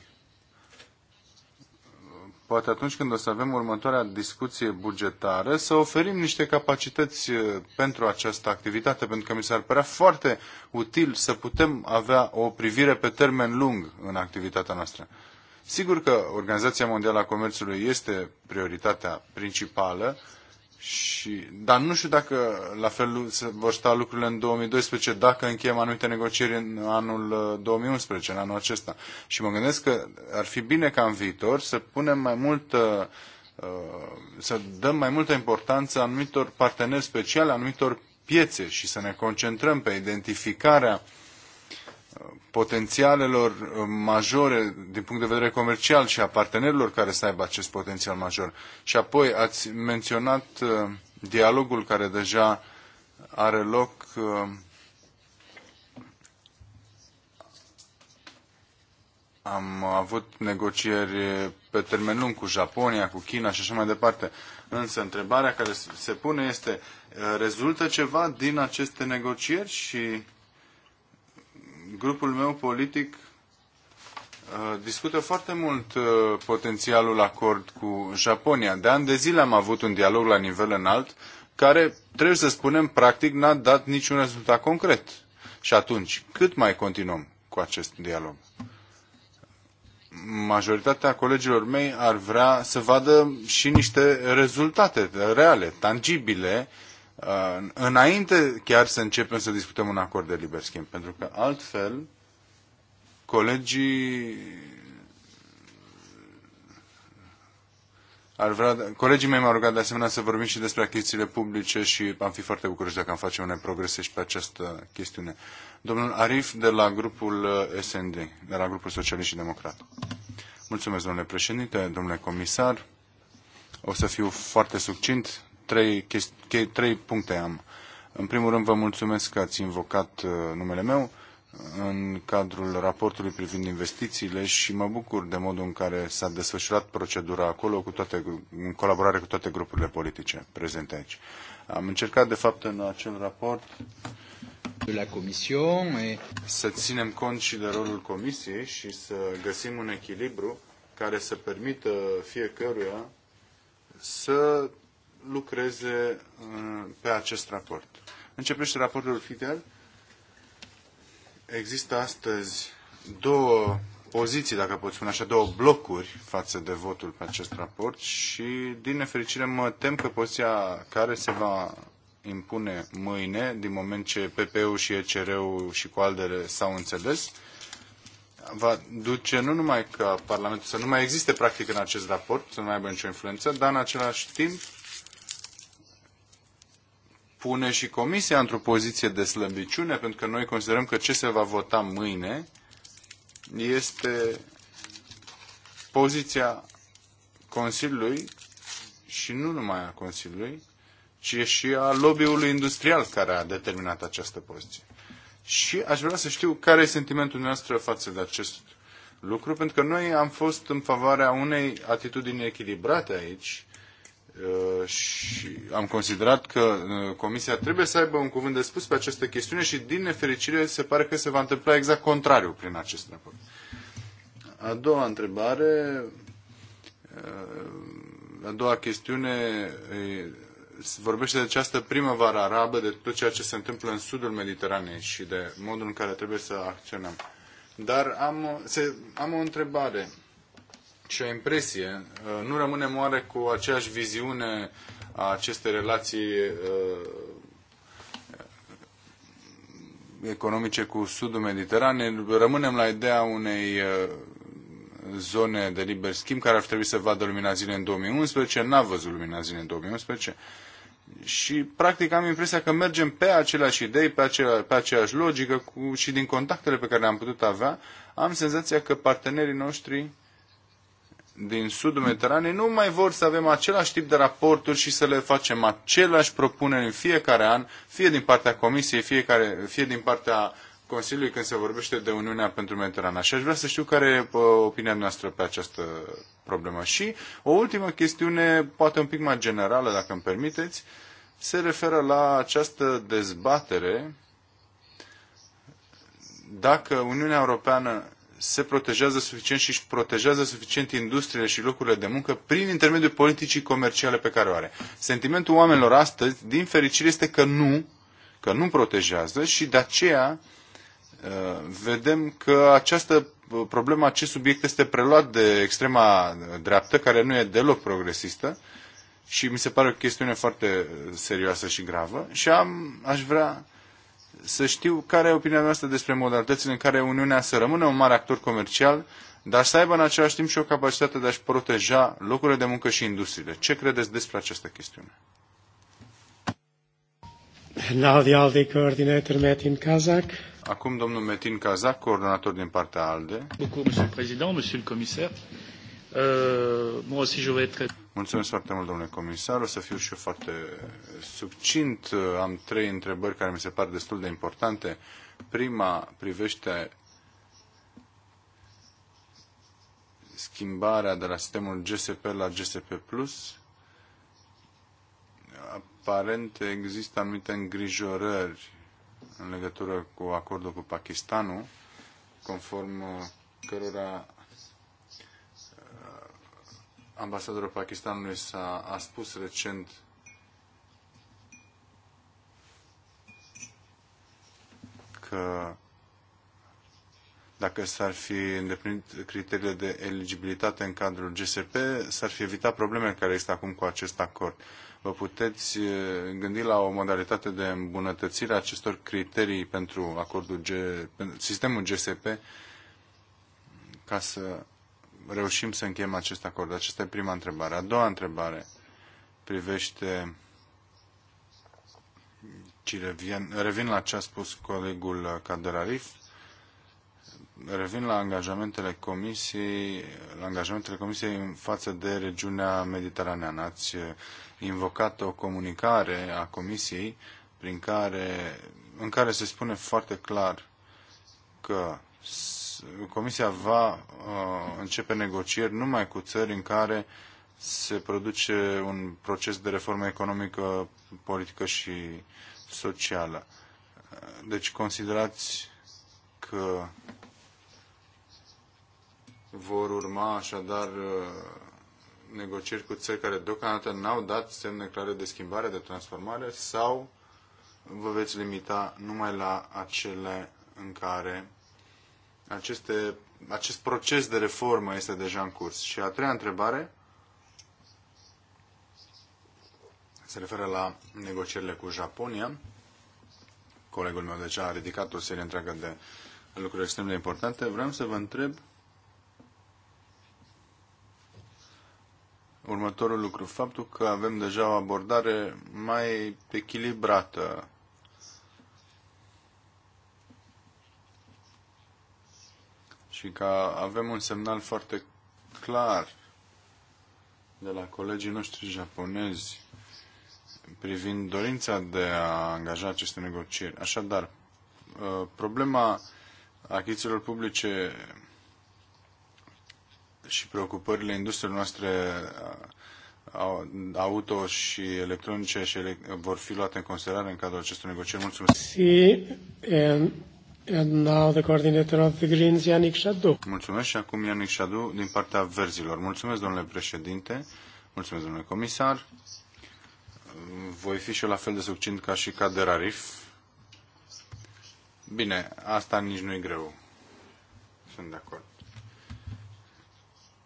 poate atunci când o să avem următoarea discuție bugetară, să oferim niște capacități eh, pentru această activitate, pentru că mi s-ar părea foarte util să putem avea o privire pe termen lung în activitatea noastră. Sigur că Organizația Mondială a Comerțului este prioritatea principală, și, dar nu știu dacă la fel se vor sta lucrurile în 2012 dacă încheiem anumite negocieri în anul 2011, uh, în anul acesta. Și mă gândesc că ar fi bine ca în viitor să punem mai mult uh, uh, să dăm mai multă importanță anumitor parteneri speciale, anumitor piețe și să ne concentrăm pe identificarea uh, potențialelor uh, majore din punct de vedere comercial și a partenerilor care să aibă acest potențial major. Și apoi ați menționat uh, dialogul care deja are loc uh, Am avut negocieri pe termen lung cu Japonia, cu China și așa mai departe. Însă întrebarea care se pune este, rezultă ceva din aceste negocieri și grupul meu politic uh, discută foarte mult uh, potențialul acord cu Japonia. De ani de zile am avut un dialog la nivel înalt care, trebuie să spunem, practic n-a dat niciun rezultat concret. Și atunci, cât mai continuăm cu acest dialog? Majoritatea colegilor mei ar vrea să vadă și niște rezultate reale, tangibile, uh, Uh, înainte chiar să începem să discutăm un acord de liber schimb, pentru că altfel colegii ar vrea, colegii mei m-au rugat de asemenea să vorbim și despre achizițiile publice și am fi foarte bucuroși dacă am face unei progrese și pe această chestiune. Domnul Arif de la grupul uh, SND, de la grupul Socialist și Democrat. Mulțumesc, domnule președinte, domnule comisar. O să fiu foarte succint trei, chesti- trei puncte am. În primul rând, vă mulțumesc că ați invocat uh, numele meu în cadrul raportului privind investițiile și mă bucur de modul în care s-a desfășurat procedura acolo cu toate, în colaborare cu toate grupurile politice prezente aici. Am încercat, de fapt, în acel raport de la Comision să ținem cont și de rolul Comisiei și să găsim un echilibru care să permită fiecăruia să lucreze uh, pe acest raport. Începește raportul Fidel, Există astăzi două poziții, dacă pot spune așa, două blocuri față de votul pe acest raport și, din nefericire, mă tem că poziția care se va impune mâine, din moment ce PP-ul și ECR-ul și cu aldele s-au înțeles, va duce nu numai ca Parlamentul să nu mai existe practic în acest raport, să nu mai aibă nicio influență, dar în același timp pune și Comisia într-o poziție de slăbiciune, pentru că noi considerăm că ce se va vota mâine este poziția Consiliului și nu numai a Consiliului, ci și a lobby-ului industrial care a determinat această poziție. Și aș vrea să știu care e sentimentul noastră față de acest lucru, pentru că noi am fost în favoarea unei atitudini echilibrate aici, Uh, și am considerat că uh, Comisia trebuie să aibă un cuvânt de spus pe aceste chestiune și, din nefericire, se pare că se va întâmpla exact contrariu prin acest raport. A doua întrebare, uh, a doua chestiune, se vorbește de această primăvară arabă, de tot ceea ce se întâmplă în sudul Mediteranei și de modul în care trebuie să acționăm. Dar am, se, am o întrebare și o impresie. Uh, nu rămânem oare cu aceeași viziune a acestei relații uh, economice cu sudul Mediterane? Rămânem la ideea unei uh, zone de liber schimb care ar trebui să vadă lumina zilei în 2011, n-a văzut lumina zilei în 2011 și practic am impresia că mergem pe aceleași idei, pe, acelea, pe aceeași logică cu, și din contactele pe care le-am putut avea, am senzația că partenerii noștri din sudul Mediteranei nu mai vor să avem același tip de raporturi și să le facem aceleași propuneri în fiecare an, fie din partea Comisiei, fie care fie din partea Consiliului când se vorbește de Uniunea pentru Mediterana. Și aș vrea să știu care e opinia noastră pe această problemă. Și o ultimă chestiune, poate un pic mai generală, dacă îmi permiteți, se referă la această dezbatere dacă Uniunea Europeană se protejează suficient și își protejează suficient industriile și locurile de muncă prin intermediul politicii comerciale pe care o are. Sentimentul oamenilor astăzi, din fericire, este că nu, că nu protejează și de aceea uh, vedem că această uh, problemă, acest subiect este preluat de extrema dreaptă, care nu e deloc progresistă și mi se pare o chestiune foarte uh, serioasă și gravă și am, aș vrea să știu care e opinia noastră despre modalitățile în care Uniunea să rămână un mare actor comercial, dar să aibă în același timp și o capacitate de a-și proteja locurile de muncă și industriile. Ce credeți despre această chestiune? ALDE Metin Kazak. Acum domnul Metin Kazak, coordonator din partea ALDE. Mulțumesc, domnule președinte, domnule comisar. Uh, moi aussi je vais être Mulțumesc foarte mult, domnule comisar. O să fiu și eu foarte succint. Am trei întrebări care mi se par destul de importante. Prima privește schimbarea de la sistemul GSP la GSP+. Aparent există anumite îngrijorări în legătură cu acordul cu Pakistanul, conform cărora ambasadorul Pakistanului s-a, a spus recent că dacă s-ar fi îndeplinit criteriile de eligibilitate în cadrul GSP, s-ar fi evitat problemele care există acum cu acest acord. Vă puteți eh, gândi la o modalitate de îmbunătățire a acestor criterii pentru acordul G, sistemul GSP ca să reușim să încheiem acest acord? Aceasta e prima întrebare. A doua întrebare privește ci revin, revin la ce a spus colegul Caderarif, revin la angajamentele comisiei, la angajamentele comisiei în față de regiunea mediteraneană. Ați invocat o comunicare a comisiei prin care, în care se spune foarte clar că Comisia va uh, începe negocieri numai cu țări în care se produce un proces de reformă economică, politică și socială. Deci considerați că vor urma așadar uh, negocieri cu țări care deocamdată n-au dat semne clare de schimbare, de transformare sau vă veți limita numai la acele în care aceste, acest proces de reformă este deja în curs. Și a treia întrebare se referă la negocierile cu Japonia. Colegul meu deja a ridicat o serie întreagă de lucruri extrem de importante. Vreau să vă întreb următorul lucru. Faptul că avem deja o abordare mai echilibrată și că avem un semnal foarte clar de la colegii noștri japonezi privind dorința de a angaja aceste negocieri. Așadar, uh, problema achizițiilor publice și preocupările industriei noastre uh, auto și electronice și ele vor fi luate în considerare în cadrul acestor negocieri. Mulțumesc. And now the coordinator of the Greens, Yannick Mulțumesc și acum Yannick Jadot din partea verzilor. Mulțumesc, domnule președinte. Mulțumesc, domnule comisar. Voi fi și eu la fel de succint ca și Kader Arif. Bine, asta nici nu e greu. Sunt de acord.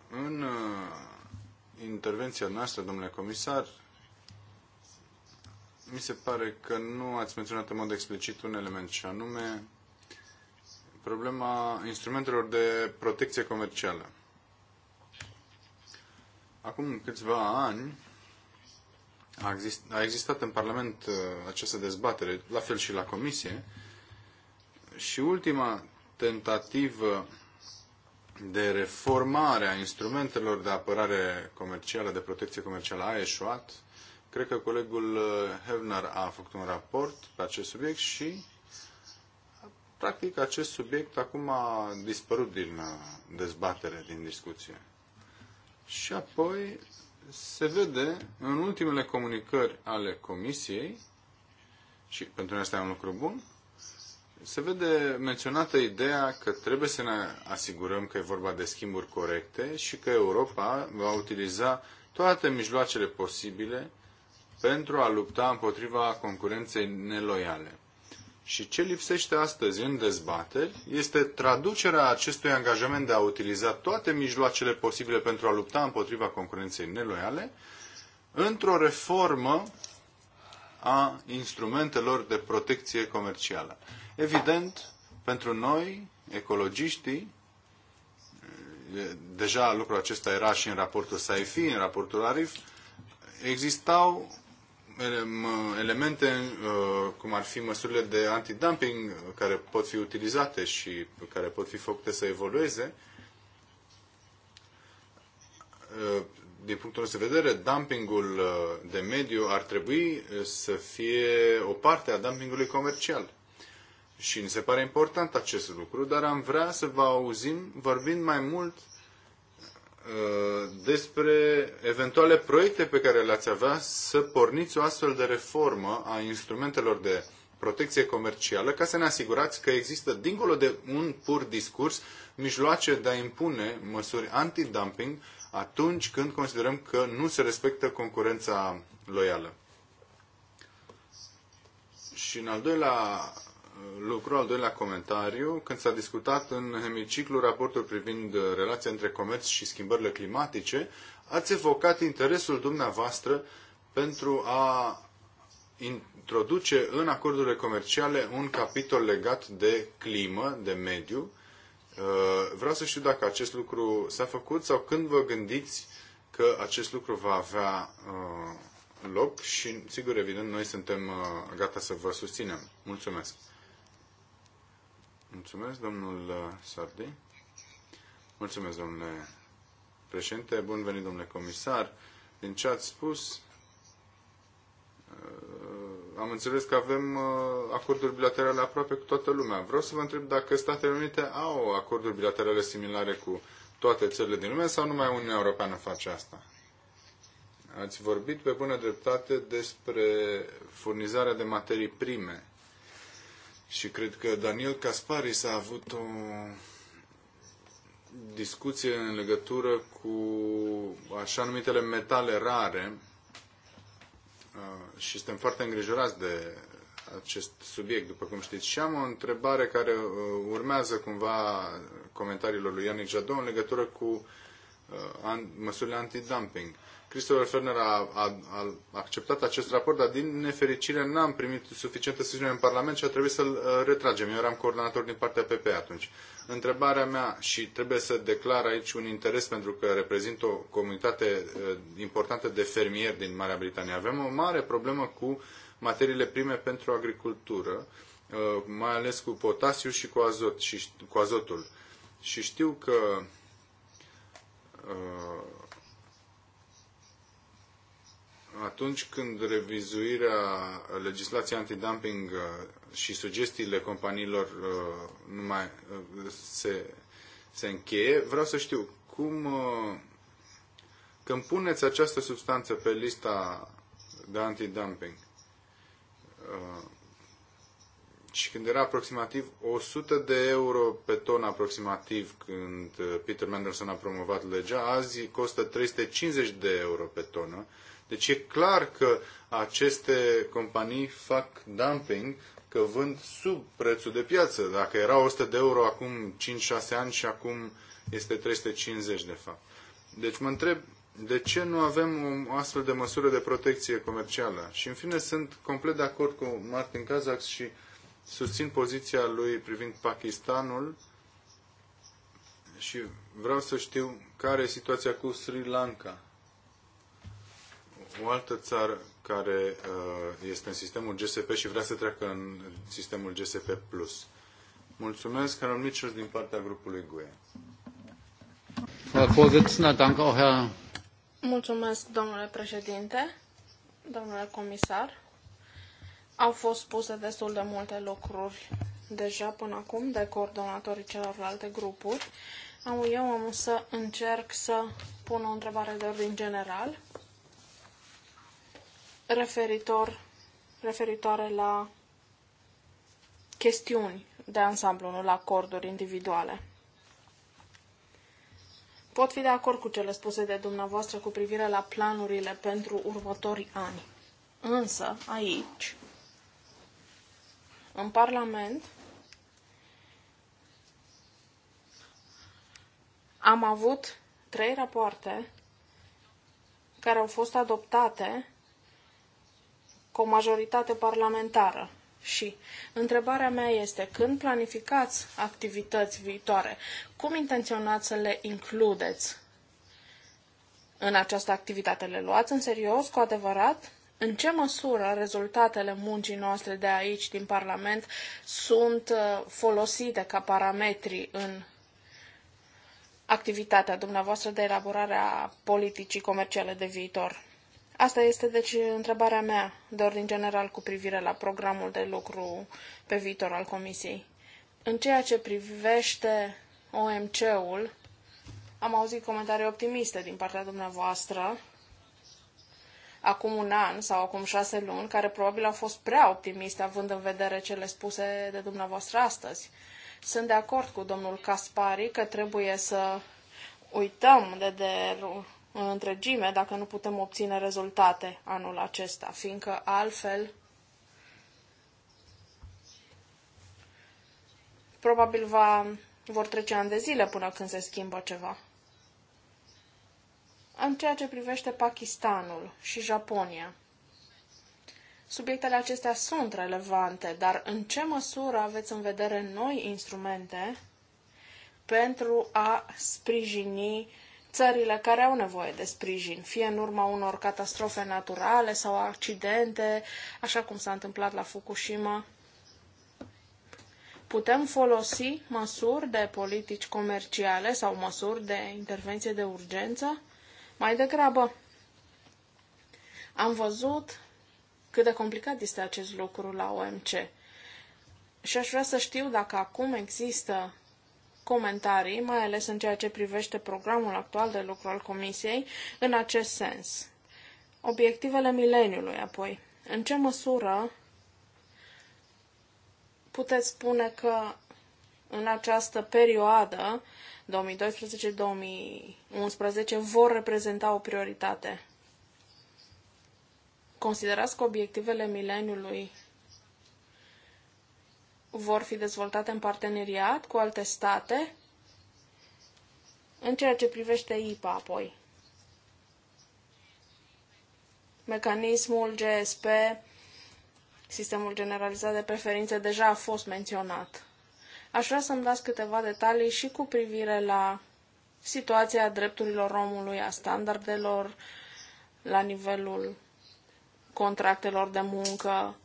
În uh, intervenția noastră, domnule comisar, mi se pare că nu ați menționat în mod explicit un element și anume problema instrumentelor de protecție comercială. Acum câțiva ani a, exist, a existat în Parlament uh, această dezbatere, la fel și la Comisie, și ultima tentativă de reformare a instrumentelor de apărare comercială, de protecție comercială a eșuat. Cred că colegul uh, Hevner a făcut un raport pe acest subiect și Practic, acest subiect acum a dispărut din uh, dezbatere, din discuție. Și apoi se vede în ultimele comunicări ale Comisiei, și pentru noi asta e un lucru bun, se vede menționată ideea că trebuie să ne asigurăm că e vorba de schimburi corecte și că Europa va utiliza toate mijloacele posibile pentru a lupta împotriva concurenței neloiale. Și ce lipsește astăzi în dezbateri este traducerea acestui angajament de a utiliza toate mijloacele posibile pentru a lupta împotriva concurenței neloiale într-o reformă a instrumentelor de protecție comercială. Evident, pentru noi, ecologiștii, deja lucrul acesta era și în raportul SAIFI, în raportul ARIF, existau elemente, uh, cum ar fi măsurile de antidumping uh, care pot fi utilizate și care pot fi făcute să evolueze, uh, din punctul nostru de vedere, dumpingul de mediu ar trebui să fie o parte a dumpingului comercial. Și mi se pare important acest lucru, dar am vrea să vă auzim vorbind mai mult Uh, despre eventuale proiecte pe care le-ați avea să porniți o astfel de reformă a instrumentelor de protecție comercială ca să ne asigurați că există, dincolo de un pur discurs, mijloace de a impune măsuri antidumping atunci când considerăm că nu se respectă concurența loială. Și în al doilea lucru, al doilea comentariu, când s-a discutat în hemiciclu raportul privind uh, relația între comerț și schimbările climatice, ați evocat interesul dumneavoastră pentru a introduce în acordurile comerciale un capitol legat de climă, de mediu. Uh, vreau să știu dacă acest lucru s-a făcut sau când vă gândiți că acest lucru va avea uh, loc și, sigur, evident, noi suntem gata să vă susținem. Mulțumesc! Mulțumesc, domnul uh, Sardi. Mulțumesc, domnule președinte. Bun venit, domnule comisar. Din ce ați spus, uh, am înțeles că avem uh, acorduri bilaterale aproape cu toată lumea. Vreau să vă întreb dacă Statele Unite au acorduri bilaterale similare cu toate țările din lume sau numai Uniunea Europeană face asta? Ați vorbit pe bună dreptate despre furnizarea de materii prime și cred că Daniel Casparis s-a avut o discuție în legătură cu așa numitele metale rare uh, și suntem foarte îngrijorați de acest subiect, după cum știți. Și am o întrebare care uh, urmează cumva comentariilor lui Ianic Jadot în legătură cu uh, măsurile antidumping. dumping Christopher Ferner a, a, a acceptat acest raport, dar din nefericire n-am primit suficientă susținere în Parlament și a trebuit să-l uh, retragem. Eu eram coordonator din partea PP atunci. Întrebarea mea, și trebuie să declar aici un interes pentru că reprezint o comunitate uh, importantă de fermieri din Marea Britanie, avem o mare problemă cu materiile prime pentru agricultură, uh, mai ales cu potasiu și cu, azot, și cu azotul. Și știu că uh, atunci când revizuirea legislației antidumping uh, și sugestiile companiilor uh, nu mai uh, se, se încheie, vreau să știu cum când puneți această substanță pe lista de antidumping și când era aproximativ 100 de euro pe ton aproximativ când Peter Mendelssohn a promovat legea, azi costă 350 de euro pe tonă deci e clar că aceste companii fac dumping, că vând sub prețul de piață. Dacă era 100 de euro acum 5-6 ani și acum este 350 de fapt. Deci mă întreb de ce nu avem o astfel de măsură de protecție comercială. Și în fine sunt complet de acord cu Martin Kazak și susțin poziția lui privind Pakistanul și vreau să știu care e situația cu Sri Lanka o altă țară care uh, este în sistemul GSP și vrea să treacă în sistemul GSP+. Mulțumesc, Carol Mitchell, din partea grupului GUE. Mulțumesc, domnule președinte, domnule comisar. Au fost spuse destul de multe lucruri deja până acum de coordonatorii celorlalte grupuri. Eu am să încerc să pun o întrebare de ordin general referitor, referitoare la chestiuni de ansamblu, nu la acorduri individuale. Pot fi de acord cu cele spuse de dumneavoastră cu privire la planurile pentru următorii ani. Însă, aici, în Parlament, am avut trei rapoarte care au fost adoptate cu o majoritate parlamentară. Și întrebarea mea este, când planificați activități viitoare, cum intenționați să le includeți în această activitate? Le luați în serios, cu adevărat? În ce măsură rezultatele muncii noastre de aici, din Parlament, sunt uh, folosite ca parametri în activitatea dumneavoastră de elaborare a politicii comerciale de viitor? Asta este, deci, întrebarea mea de ordin general cu privire la programul de lucru pe viitor al Comisiei. În ceea ce privește OMC-ul, am auzit comentarii optimiste din partea dumneavoastră acum un an sau acum șase luni, care probabil au fost prea optimiste având în vedere cele spuse de dumneavoastră astăzi. Sunt de acord cu domnul Caspari că trebuie să uităm de, de în întregime dacă nu putem obține rezultate anul acesta, fiindcă altfel probabil va, vor trece ani de zile până când se schimbă ceva. În ceea ce privește Pakistanul și Japonia, subiectele acestea sunt relevante, dar în ce măsură aveți în vedere noi instrumente pentru a sprijini țările care au nevoie de sprijin, fie în urma unor catastrofe naturale sau accidente, așa cum s-a întâmplat la Fukushima. Putem folosi măsuri de politici comerciale sau măsuri de intervenție de urgență? Mai degrabă, am văzut cât de complicat este acest lucru la OMC. Și aș vrea să știu dacă acum există comentarii, mai ales în ceea ce privește programul actual de lucru al Comisiei, în acest sens. Obiectivele mileniului, apoi. În ce măsură puteți spune că în această perioadă, 2012-2011, vor reprezenta o prioritate? Considerați că obiectivele mileniului vor fi dezvoltate în parteneriat cu alte state în ceea ce privește IPA apoi. Mecanismul GSP, sistemul generalizat de preferințe, deja a fost menționat. Aș vrea să-mi dați câteva detalii și cu privire la situația drepturilor omului, a standardelor la nivelul contractelor de muncă,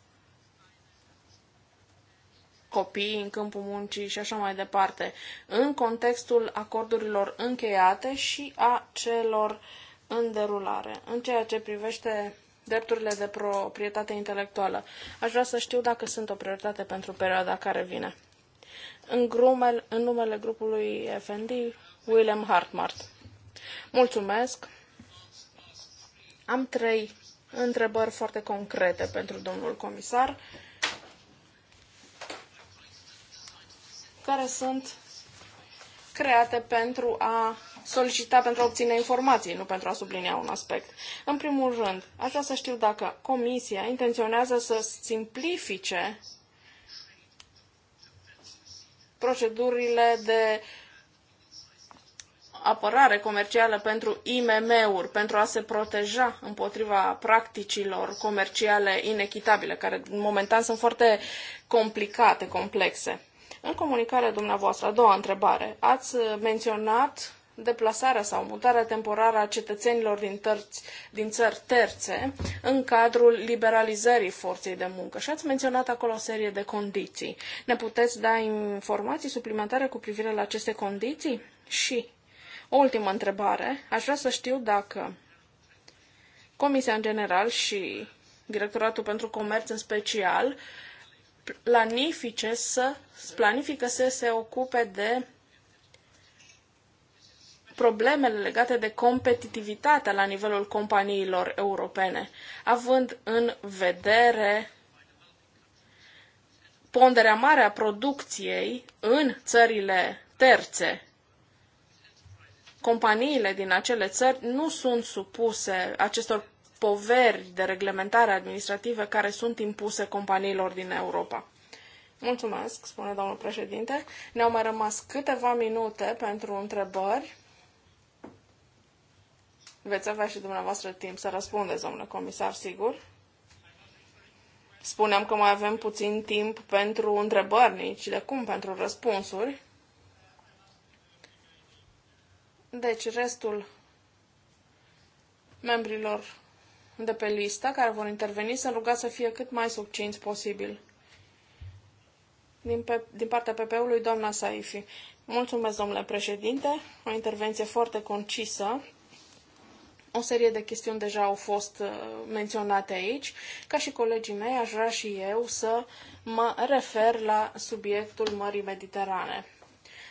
copii, în câmpul muncii și așa mai departe, în contextul acordurilor încheiate și a celor în derulare. În ceea ce privește drepturile de proprietate intelectuală, aș vrea să știu dacă sunt o prioritate pentru perioada care vine. În, grumel, în numele grupului FND, William Hartmart. Mulțumesc! Am trei întrebări foarte concrete pentru domnul comisar. care sunt create pentru a solicita, pentru a obține informații, nu pentru a sublinia un aspect. În primul rând, aș vrea să știu dacă Comisia intenționează să simplifice procedurile de apărare comercială pentru IMM-uri, pentru a se proteja împotriva practicilor comerciale inechitabile, care momentan sunt foarte complicate, complexe. În comunicarea dumneavoastră, a doua întrebare, ați menționat deplasarea sau mutarea temporară a cetățenilor din, tărți, din țări terțe în cadrul liberalizării forței de muncă. Și ați menționat acolo o serie de condiții. Ne puteți da informații suplimentare cu privire la aceste condiții? Și o ultimă întrebare. Aș vrea să știu dacă Comisia în general și Directoratul pentru Comerț în special uh, planifice să, planifică să se ocupe de problemele legate de competitivitatea la nivelul companiilor europene, având în vedere ponderea mare a producției în țările terțe. Companiile din acele țări nu sunt supuse acestor poveri de reglementare administrative care sunt impuse companiilor din Europa. Mulțumesc, spune domnul președinte. Ne-au mai rămas câteva minute pentru întrebări. Veți avea și dumneavoastră timp să răspundeți, domnule comisar, sigur. Spuneam că mai avem puțin timp pentru întrebări, nici de cum pentru răspunsuri. Deci, restul membrilor de pe listă care vor interveni sunt rugați să fie cât mai succinți posibil. Din, pe, din partea PP-ului, doamna Saifi. Mulțumesc, domnule președinte. O intervenție foarte concisă. O serie de chestiuni deja au fost uh, menționate aici. Ca și colegii mei, aș vrea și eu să mă refer la subiectul Mării Mediterane.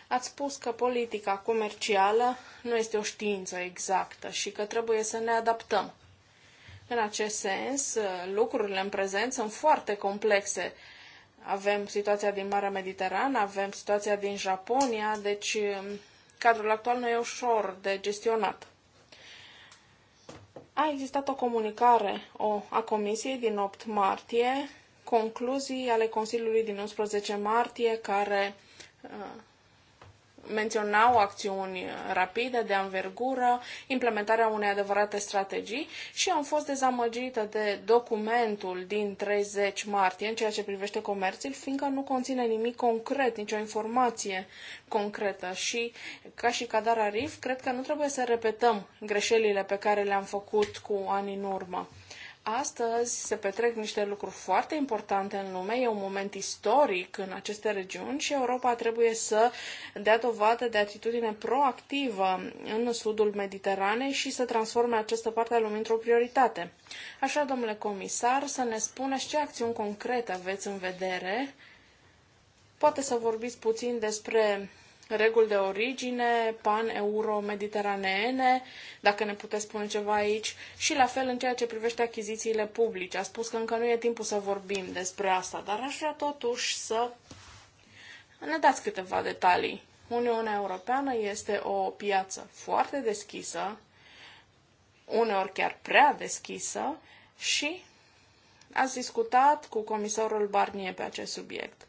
Ați spus că politica comercială nu este o știință exactă și că trebuie să ne adaptăm. În acest sens, lucrurile în prezent sunt foarte complexe. Avem situația din Marea Mediterană, avem situația din Japonia, deci um, cadrul actual nu e ușor de gestionat. A existat o comunicare o, a Comisiei din 8 martie, concluzii ale Consiliului din 11 martie, care uh, menționau acțiuni rapide, de anvergură, implementarea unei adevărate strategii și am fost dezamăgită de documentul din 30 martie în ceea ce privește comerțul, fiindcă nu conține nimic concret, nicio informație concretă și ca și Cadar Arif, cred că nu trebuie să repetăm greșelile pe care le-am făcut cu ani în urmă. Astăzi se petrec niște lucruri foarte importante în lume, e un moment istoric în aceste regiuni și Europa trebuie să dea dovadă de atitudine proactivă în sudul Mediteranei și să transforme această parte a lumii într-o prioritate. Așa, domnule comisar, să ne spuneți ce acțiuni concrete aveți în vedere Poate să vorbiți puțin despre reguli de origine pan-euro-mediteraneene, dacă ne puteți spune ceva aici, și la fel în ceea ce privește achizițiile publice. A spus că încă nu e timpul să vorbim despre asta, dar aș vrea totuși să ne dați câteva detalii. Uniunea Europeană este o piață foarte deschisă, uneori chiar prea deschisă, și ați discutat cu comisarul Barnier pe acest subiect.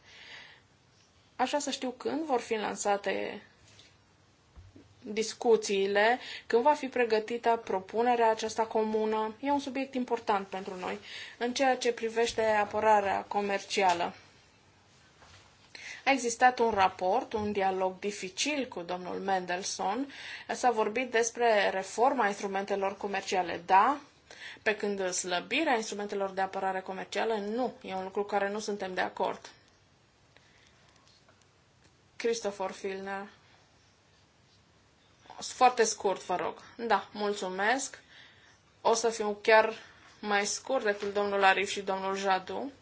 Aș vrea să știu când vor fi lansate discuțiile, când va fi pregătită propunerea aceasta comună. E un subiect important pentru noi în ceea ce privește apărarea comercială. A existat un raport, un dialog dificil cu domnul Mendelssohn. S-a vorbit despre reforma instrumentelor comerciale, da, pe când slăbirea instrumentelor de apărare comercială, nu. E un lucru care nu suntem de acord. Christopher Filner. Foarte scurt, vă rog. Da, mulțumesc. O să fiu chiar mai scurt decât domnul Arif și domnul Jadu.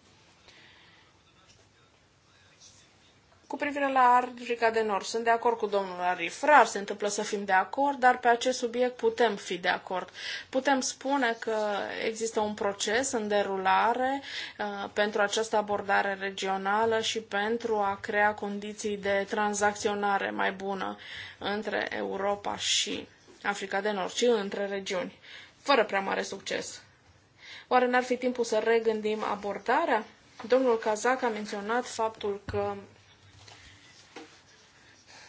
Cu privire la Africa de Nord, sunt de acord cu domnul Arif. Rar se întâmplă să fim de acord, dar pe acest subiect putem fi de acord. Putem spune că există un proces în derulare uh, pentru această abordare regională și pentru a crea condiții de tranzacționare mai bună între Europa și Africa de Nord și între regiuni, fără prea mare succes. Oare n-ar fi timpul să regândim abordarea? Domnul Cazac a menționat faptul că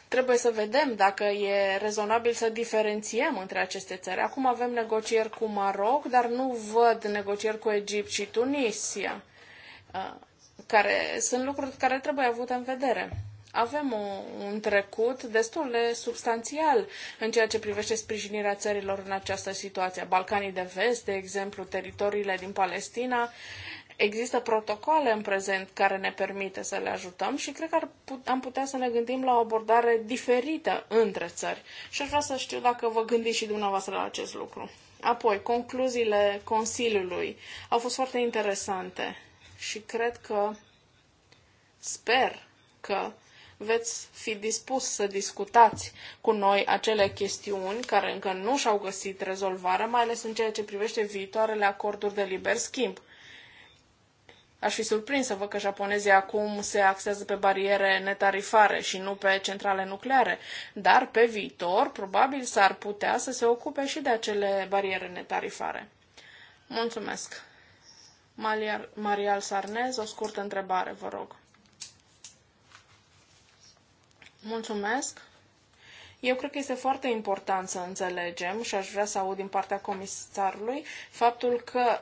Trebuie să vedem dacă e rezonabil să diferențiem între aceste țări. Acum avem negocieri cu Maroc, dar nu văd negocieri cu Egipt și Tunisia, uh, care sunt lucruri care trebuie avute în vedere avem un trecut destul de substanțial în ceea ce privește sprijinirea țărilor în această situație. Balcanii de vest, de exemplu, teritoriile din Palestina, Există protocole în prezent care ne permite să le ajutăm și cred că put- am putea să ne gândim la o abordare diferită între țări. Și aș vrea să știu dacă vă gândiți și dumneavoastră la acest lucru. Apoi, concluziile Consiliului au fost foarte interesante și cred că sper că veți fi dispus să discutați cu noi acele chestiuni care încă nu și-au găsit rezolvare, mai ales în ceea ce privește viitoarele acorduri de liber schimb. Aș fi surprins să văd că japonezii acum se axează pe bariere netarifare și nu pe centrale nucleare, dar pe viitor probabil s-ar putea să se ocupe și de acele bariere netarifare. Mulțumesc. Marial Sarnez, o scurtă întrebare, vă rog. Mulțumesc. Eu cred că este foarte important să înțelegem și aș vrea să aud din partea comisarului faptul că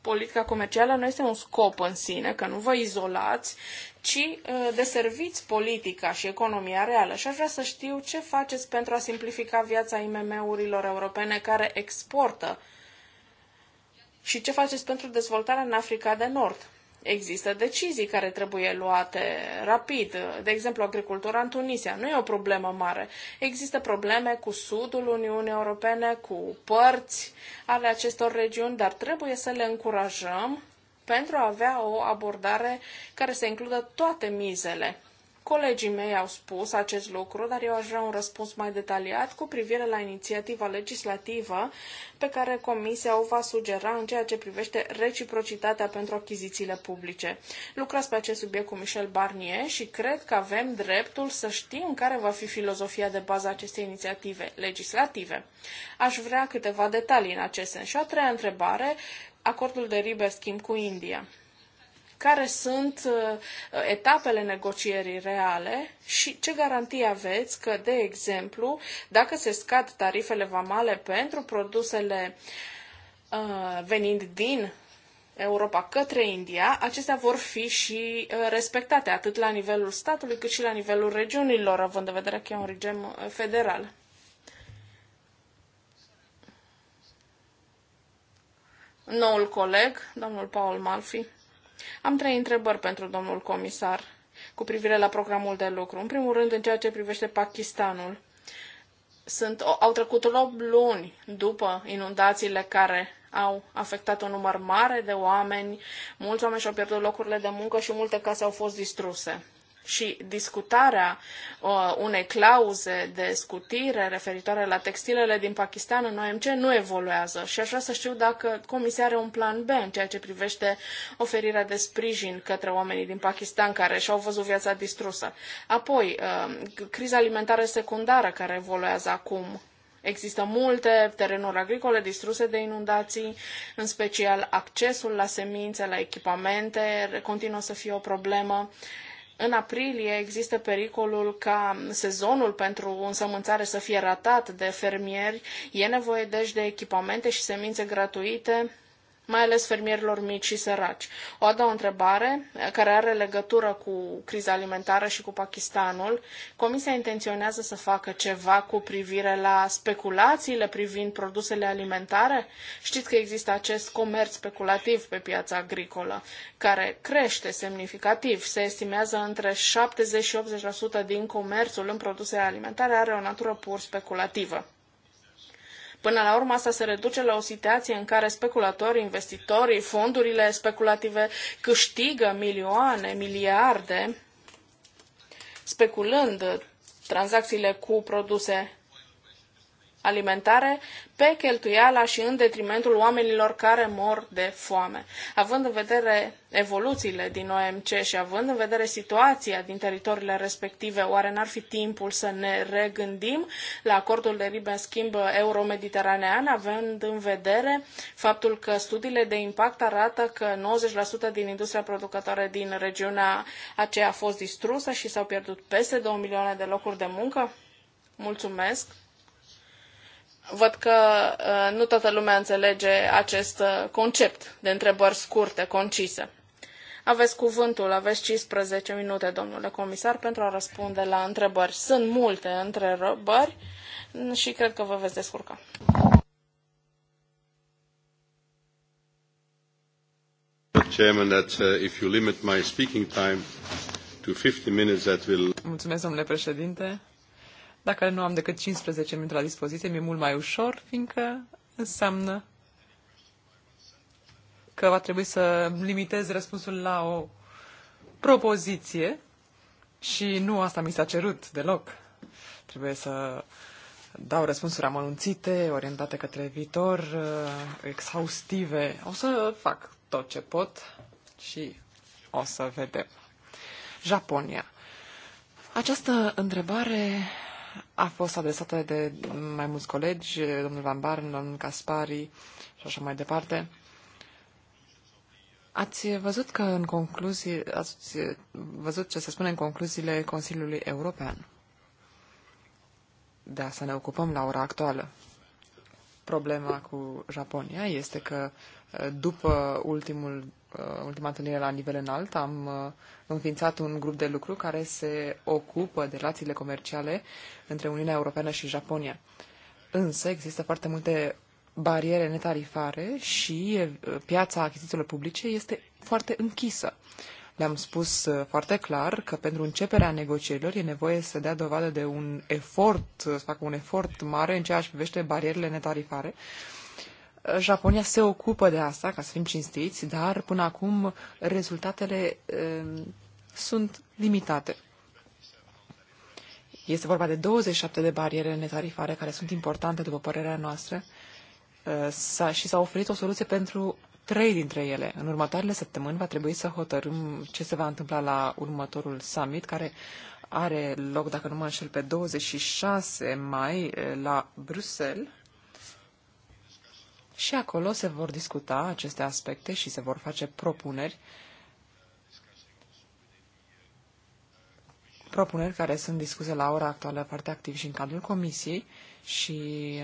politica comercială nu este un scop în sine, că nu vă izolați, ci uh, deserviți politica și economia reală. Și aș vrea să știu ce faceți pentru a simplifica viața IMM-urilor europene care exportă și ce faceți pentru dezvoltarea în Africa de Nord. Există decizii care trebuie luate rapid, de exemplu agricultura în Tunisia. Nu e o problemă mare. Există probleme cu sudul Uniunii Europene, cu părți ale acestor regiuni, dar trebuie să le încurajăm pentru a avea o abordare care să includă toate mizele Colegii mei au spus acest lucru, dar eu aș vrea un răspuns mai detaliat cu privire la inițiativa legislativă pe care Comisia o va sugera în ceea ce privește reciprocitatea pentru achizițiile publice. Lucrați pe acest subiect cu Michel Barnier și cred că avem dreptul să știm care va fi filozofia de bază a acestei inițiative legislative. Aș vrea câteva detalii în acest sens. Și o treia întrebare, acordul de liber schimb cu India care sunt uh, etapele negocierii reale și ce garantie aveți că, de exemplu, dacă se scad tarifele vamale pentru produsele uh, venind din Europa către India, acestea vor fi și uh, respectate atât la nivelul statului cât și la nivelul regiunilor, având în vedere că e un regim federal. Noul coleg, domnul Paul Malfi. Am trei întrebări pentru domnul comisar cu privire la programul de lucru. În primul rând, în ceea ce privește Pakistanul, sunt, au trecut 8 luni după inundațiile care au afectat un număr mare de oameni, mulți oameni și-au pierdut locurile de muncă și multe case au fost distruse și discutarea uh, unei clauze de scutire referitoare la textilele din Pakistan în OMC nu evoluează și aș vrea să știu dacă Comisia are un plan B în ceea ce privește oferirea de sprijin către oamenii din Pakistan care și-au văzut viața distrusă. Apoi, uh, criza alimentară secundară care evoluează acum. Există multe terenuri agricole distruse de inundații, în special accesul la semințe, la echipamente, continuă să fie o problemă. Uh, în aprilie există pericolul ca sezonul pentru însămânțare să fie ratat de fermieri. E nevoie deci de echipamente și semințe gratuite mai ales fermierilor mici și săraci. O a doua întrebare, care are legătură cu criza alimentară și cu Pakistanul, Comisia intenționează să facă ceva cu privire la speculațiile privind produsele alimentare? Știți că există acest comerț speculativ pe piața agricolă, care crește semnificativ. Se estimează între 70 și 80% din comerțul în produse alimentare are o natură pur speculativă. Până la urmă, asta se reduce la o situație în care speculatorii, investitorii, fondurile speculative câștigă milioane, miliarde, speculând tranzacțiile cu produse alimentare pe cheltuiala și în detrimentul oamenilor care mor de foame. Având în vedere evoluțiile din OMC și având în vedere situația din teritoriile respective, oare n-ar fi timpul să ne regândim la acordul de liber schimb euro-mediteranean, având în vedere faptul că studiile de impact arată că 90% din industria producătoare din regiunea aceea a fost distrusă și s-au pierdut peste 2 milioane de locuri de muncă? Mulțumesc! Văd că uh, nu toată lumea înțelege acest uh, concept de întrebări scurte, concise. Aveți cuvântul, aveți 15 minute, domnule comisar, pentru a răspunde la întrebări. Sunt multe întrebări și cred că vă veți descurca. Mulțumesc, domnule președinte. Dacă nu am decât 15 minute la dispoziție, mi-e mult mai ușor, fiindcă înseamnă că va trebui să limitez răspunsul la o propoziție și nu asta mi s-a cerut deloc. Trebuie să dau răspunsuri amănunțite, orientate către viitor, uh, exhaustive. O să fac tot ce pot și o să vedem. Japonia. Această întrebare a fost adresată de mai mulți colegi, domnul Van Barn, domnul Caspari și așa mai departe. Ați văzut că în concluzii, ați văzut ce se spune în concluziile Consiliului European. De să ne ocupăm la ora actuală. Problema cu Japonia este că după ultimul Uh, ultima întâlnire la nivel înalt, am uh, înființat un grup de lucru care se ocupă de relațiile comerciale între Uniunea Europeană și Japonia. Însă există foarte multe bariere netarifare și uh, piața achizițiilor publice este foarte închisă. Le-am spus foarte clar că pentru începerea negocierilor e nevoie să dea dovadă de un efort, să facă un efort mare în ceea ce privește barierele netarifare, uh, Uh, Japonia se ocupă de asta, ca să fim cinstiți, dar până acum rezultatele uh, sunt limitate. Este vorba de 27 de bariere netarifare care sunt importante, după părerea noastră, uh, și s-a oferit o soluție pentru trei dintre ele. În următoarele săptămâni va trebui să hotărâm ce se va întâmpla la următorul summit, care are loc, dacă nu mă înșel, pe 26 mai uh, la Bruxelles și acolo se vor discuta aceste aspecte și se vor face propuneri, propuneri care sunt discuse la ora actuală foarte activ și în cadrul Comisiei și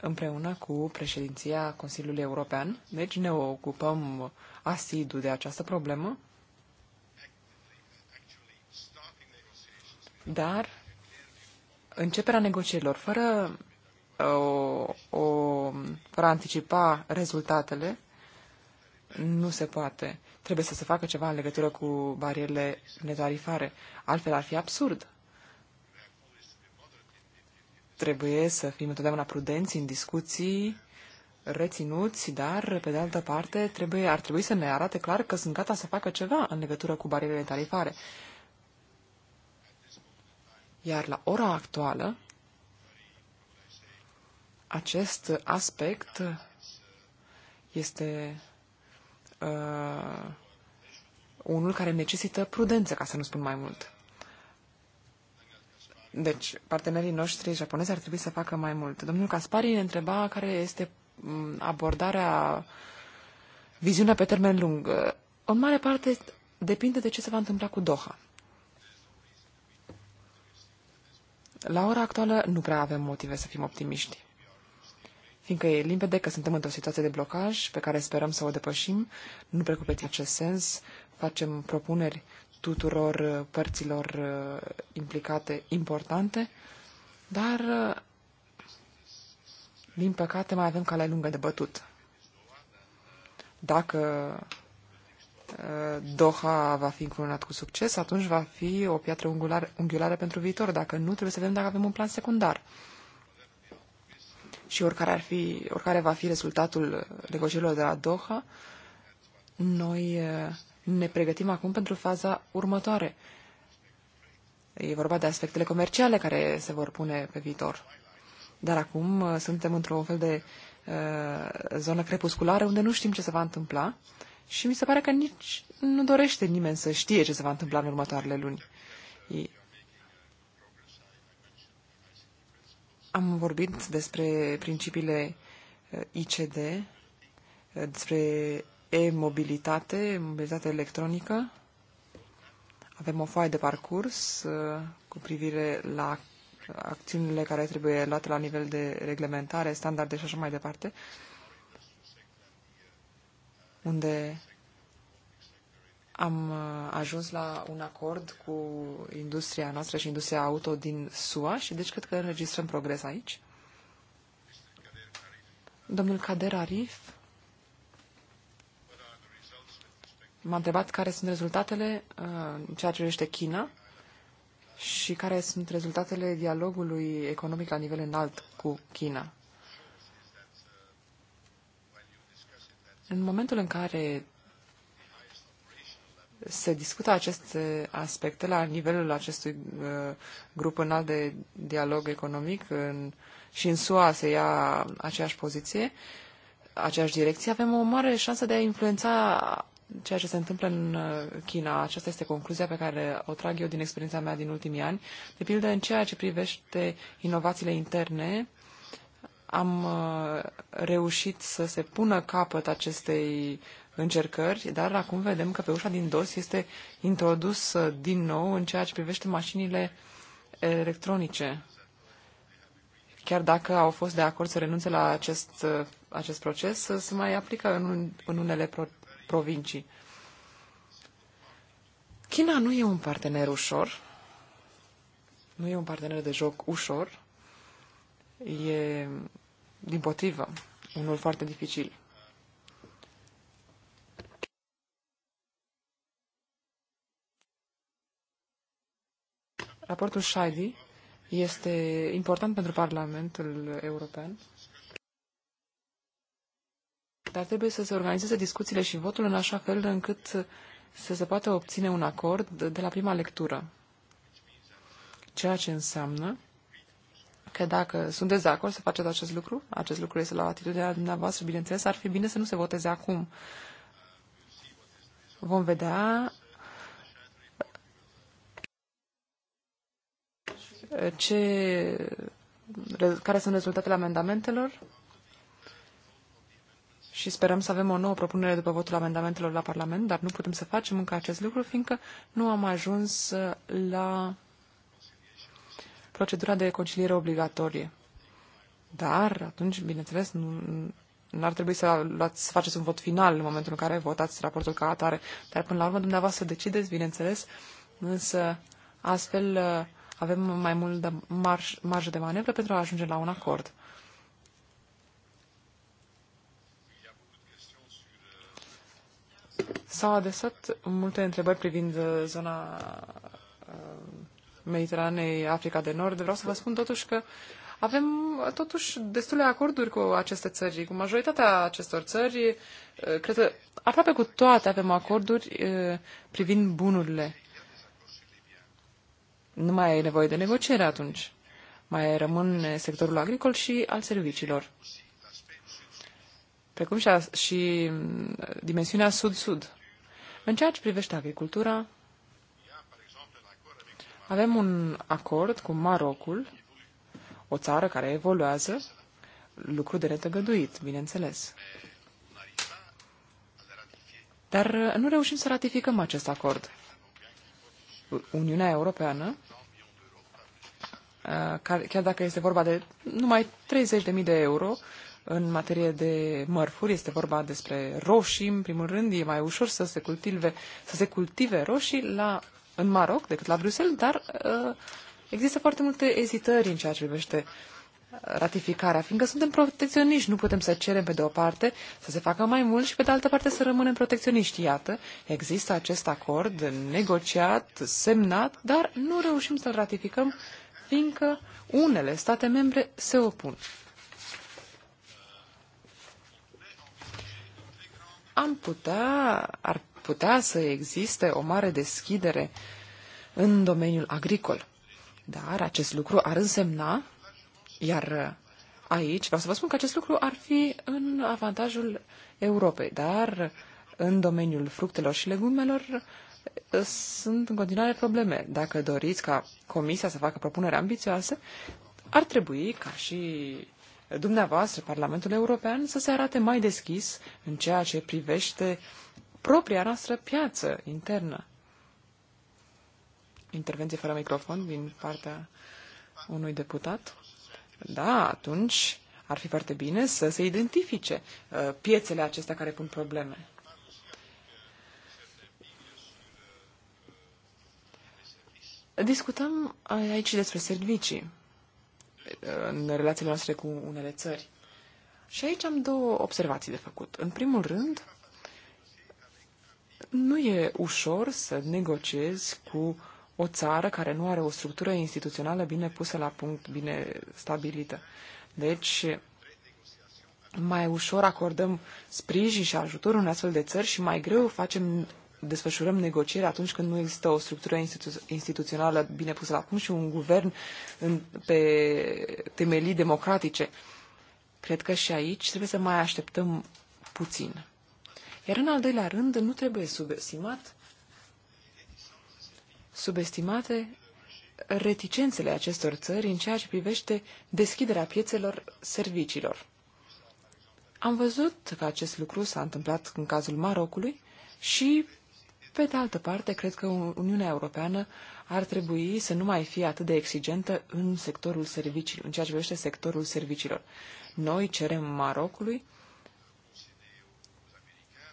împreună cu președinția Consiliului European. Deci ne ocupăm asidu de această problemă. Dar începerea negocierilor, fără o, o, anticipa rezultatele, nu se poate. Trebuie să se facă ceva în legătură cu barierele netarifare. Altfel ar fi absurd. Trebuie să fim întotdeauna prudenți în discuții, reținuți, dar, pe de altă parte, trebuie, ar trebui să ne arate clar că sunt gata să facă ceva în legătură cu barierele tarifare. Iar la ora actuală, acest aspect este uh, unul care necesită prudență, ca să nu spun mai mult. Deci, partenerii noștri japonezi ar trebui să facă mai mult. Domnul Caspari ne întreba care este mm, abordarea, viziunea pe termen lung. În mare parte depinde de ce se va întâmpla cu Doha. La ora actuală nu prea avem motive să fim optimiști fiindcă e limpede că suntem într-o situație de blocaj pe care sperăm să o depășim. Nu precupeți acest sens, facem propuneri tuturor uh, părților uh, implicate importante, dar, uh, din păcate, mai avem calea lungă de bătut. Dacă Doha va fi încununat cu succes, atunci va fi o piatră unghiulară, unghiulară pentru viitor. Dacă nu, trebuie să vedem dacă avem un plan secundar și oricare, ar fi, oricare va fi rezultatul negocierilor de la Doha, noi eh, ne pregătim acum pentru faza următoare. E vorba de aspectele comerciale care se vor pune pe viitor. Dar acum eh, suntem într-un fel de uh, zonă crepusculară unde nu știm ce se va întâmpla și mi se pare că nici nu dorește nimeni să știe ce se va întâmpla în următoarele luni. Am vorbit despre principiile uh, ICD, uh, despre e-mobilitate, mobilitate electronică. Avem o foaie de parcurs uh, cu privire la acțiunile care trebuie luate la nivel de reglementare, standarde și așa mai departe, unde am uh, ajuns la un acord cu industria noastră și industria auto din SUA și deci cred că înregistrăm progres aici. Domnul Kader Arif m-a întrebat care sunt rezultatele uh, în ceea ce privește China și care sunt rezultatele dialogului economic la nivel înalt cu China. În momentul în care se discută aceste aspecte la nivelul acestui uh, grup înalt de dialog economic în, și în SUA se ia aceeași poziție, aceeași direcție, avem o mare șansă de a influența ceea ce se întâmplă în uh, China. Aceasta este concluzia pe care o trag eu din experiența mea din ultimii ani. De pildă, în ceea ce privește inovațiile interne, am uh, reușit să se pună capăt acestei încercări, dar acum vedem că pe ușa din dos este introdus uh, din nou în ceea ce privește mașinile electronice. Chiar dacă au fost de acord să renunțe la acest, uh, acest proces, uh, se mai aplică în, în unele pro, provincii. China nu e un partener ușor, nu e un partener de joc ușor, e, din potrivă, unul foarte dificil. Raportul Shadi este important pentru Parlamentul European, dar trebuie să se organizeze discuțiile și votul în așa fel încât să se poată obține un acord de la prima lectură. Ceea ce înseamnă că dacă sunteți de acord să faceți acest lucru, acest lucru este la atitudinea dumneavoastră, bineînțeles, ar fi bine să nu se voteze acum. Vom vedea ce, care sunt rezultatele amendamentelor și sperăm să avem o nouă propunere după votul amendamentelor la Parlament, dar nu putem să facem încă acest lucru, fiindcă nu am ajuns la procedura de conciliere obligatorie. Dar atunci, bineînțeles, nu, nu ar trebui să, luați, să faceți un vot final în momentul în care votați raportul ca atare. Dar până la urmă, dumneavoastră decideți, bineînțeles, însă astfel avem mai mult de marj, marjă de manevră pentru a ajunge la un acord. S-au adresat multe întrebări privind uh, zona uh, Mediteranei, Africa de Nord. Vreau să vă spun totuși că avem uh, totuși destule acorduri cu aceste țări, cu majoritatea acestor țări. Cred că aproape cu toate avem acorduri privind bunurile. Nu mai ai nevoie de negociere atunci. Mai rămân sectorul agricol și al serviciilor. Precum și, a, și mm, dimensiunea sud-sud. În ceea ce privește agricultura, avem un acord cu Marocul, o țară care evoluează, lucru de retăgăduit, bineînțeles. Dar nu reușim să ratificăm acest acord. Uniunea Europeană Uh, chiar dacă este vorba de numai 30.000 de euro în materie de mărfuri, este vorba despre roșii, în primul rând, e mai ușor să se cultive, să se cultive roșii la, în Maroc decât la Bruxelles, dar uh, există foarte multe ezitări în ceea ce privește ratificarea, fiindcă suntem protecționiști, nu putem să cerem pe de o parte să se facă mai mult și pe de altă parte să rămânem protecționiști. Iată, există acest acord negociat, semnat, dar nu reușim să-l ratificăm fiindcă unele state membre se opun. Am putea, ar putea să existe o mare deschidere în domeniul agricol. Dar acest lucru ar însemna, iar aici vreau să vă spun că acest lucru ar fi în avantajul Europei, dar în domeniul fructelor și legumelor sunt în continuare probleme. Dacă doriți ca Comisia să facă propunere ambițioase, ar trebui ca și dumneavoastră, Parlamentul European, să se arate mai deschis în ceea ce privește propria noastră piață internă. Intervenție fără microfon din partea unui deputat. Da, atunci ar fi foarte bine să se identifice uh, piețele acestea care pun probleme. Discutăm uh, aici despre servicii uh, în relațiile noastre cu unele țări. Și aici am două observații de făcut. În primul rând, nu e ușor să negociezi cu o țară care nu are o structură instituțională bine pusă la punct, bine stabilită. Deci, mai ușor acordăm sprijin și ajutor în astfel de țări și mai greu facem desfășurăm negocieri atunci când nu există o structură institu- instituțională bine pusă la punct și un guvern în, pe temelii democratice. Cred că și aici trebuie să mai așteptăm puțin. Iar în al doilea rând, nu trebuie subestimat, subestimate reticențele acestor țări în ceea ce privește deschiderea piețelor serviciilor. Am văzut că acest lucru s-a întâmplat în cazul Marocului și pe de altă parte, cred că Uniunea Europeană ar trebui să nu mai fie atât de exigentă în sectorul serviciilor, în ceea ce privește sectorul serviciilor. Noi cerem Marocului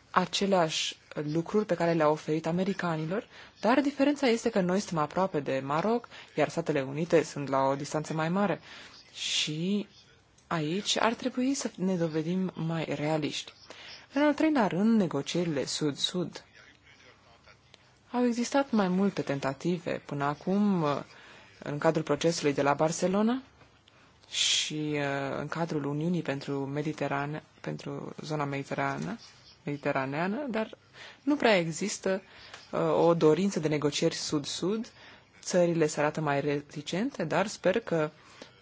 aceleași lucruri pe care le au oferit americanilor, dar diferența este că noi suntem aproape de Maroc, iar Statele Unite sunt la o distanță mai mare. Și aici ar trebui să ne dovedim mai realiști. În al treilea rând, negocierile sud-sud. Au existat mai multe tentative până acum uh, în cadrul procesului de la Barcelona și uh, în cadrul Uniunii pentru, Mediterane, pentru zona mediterană, mediteraneană, dar nu prea există uh, o dorință de negocieri sud-sud. Țările se arată mai reticente, dar sper că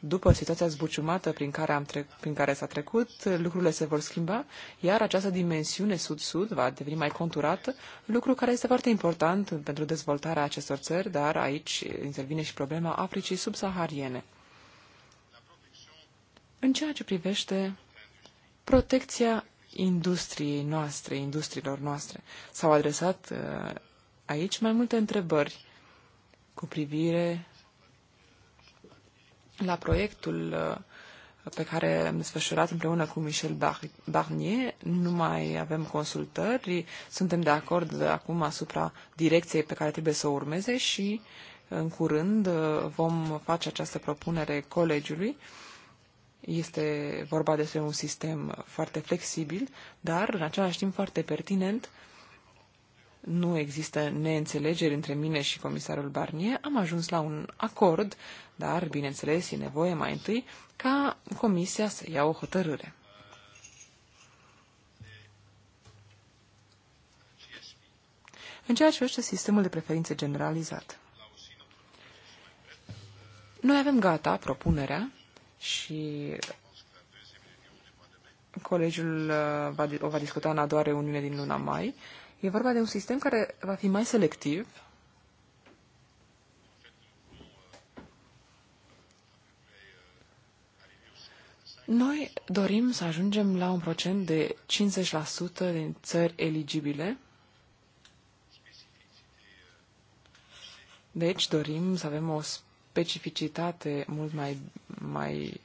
după situația zbuciumată prin care, am trec, prin care s-a trecut, lucrurile se vor schimba, iar această dimensiune sud-sud va deveni mai conturată, lucru care este foarte important pentru dezvoltarea acestor țări, dar aici intervine și problema Africii subsahariene. În ceea ce privește protecția industriei noastre, industriilor noastre, s-au adresat uh, aici mai multe întrebări cu privire la proiectul uh, pe care am desfășurat împreună cu Michel Barnier. Nu mai avem consultări, suntem de acord acum asupra direcției pe care trebuie să o urmeze și în curând uh, vom face această propunere colegiului. Este vorba despre un sistem foarte flexibil, dar în același timp foarte pertinent. Nu există neînțelegeri între mine și comisarul Barnier. Am ajuns la un acord dar, bineînțeles, e nevoie mai întâi ca Comisia să ia o hotărâre. În ceea ce privește sistemul de preferințe generalizat. Noi avem gata propunerea și colegiul uh, va, o va discuta în a doua reuniune din luna mai. E vorba de un sistem care va fi mai selectiv Noi dorim să ajungem la un procent de 50% din țări eligibile. Deci dorim să avem o specificitate mult mai, mai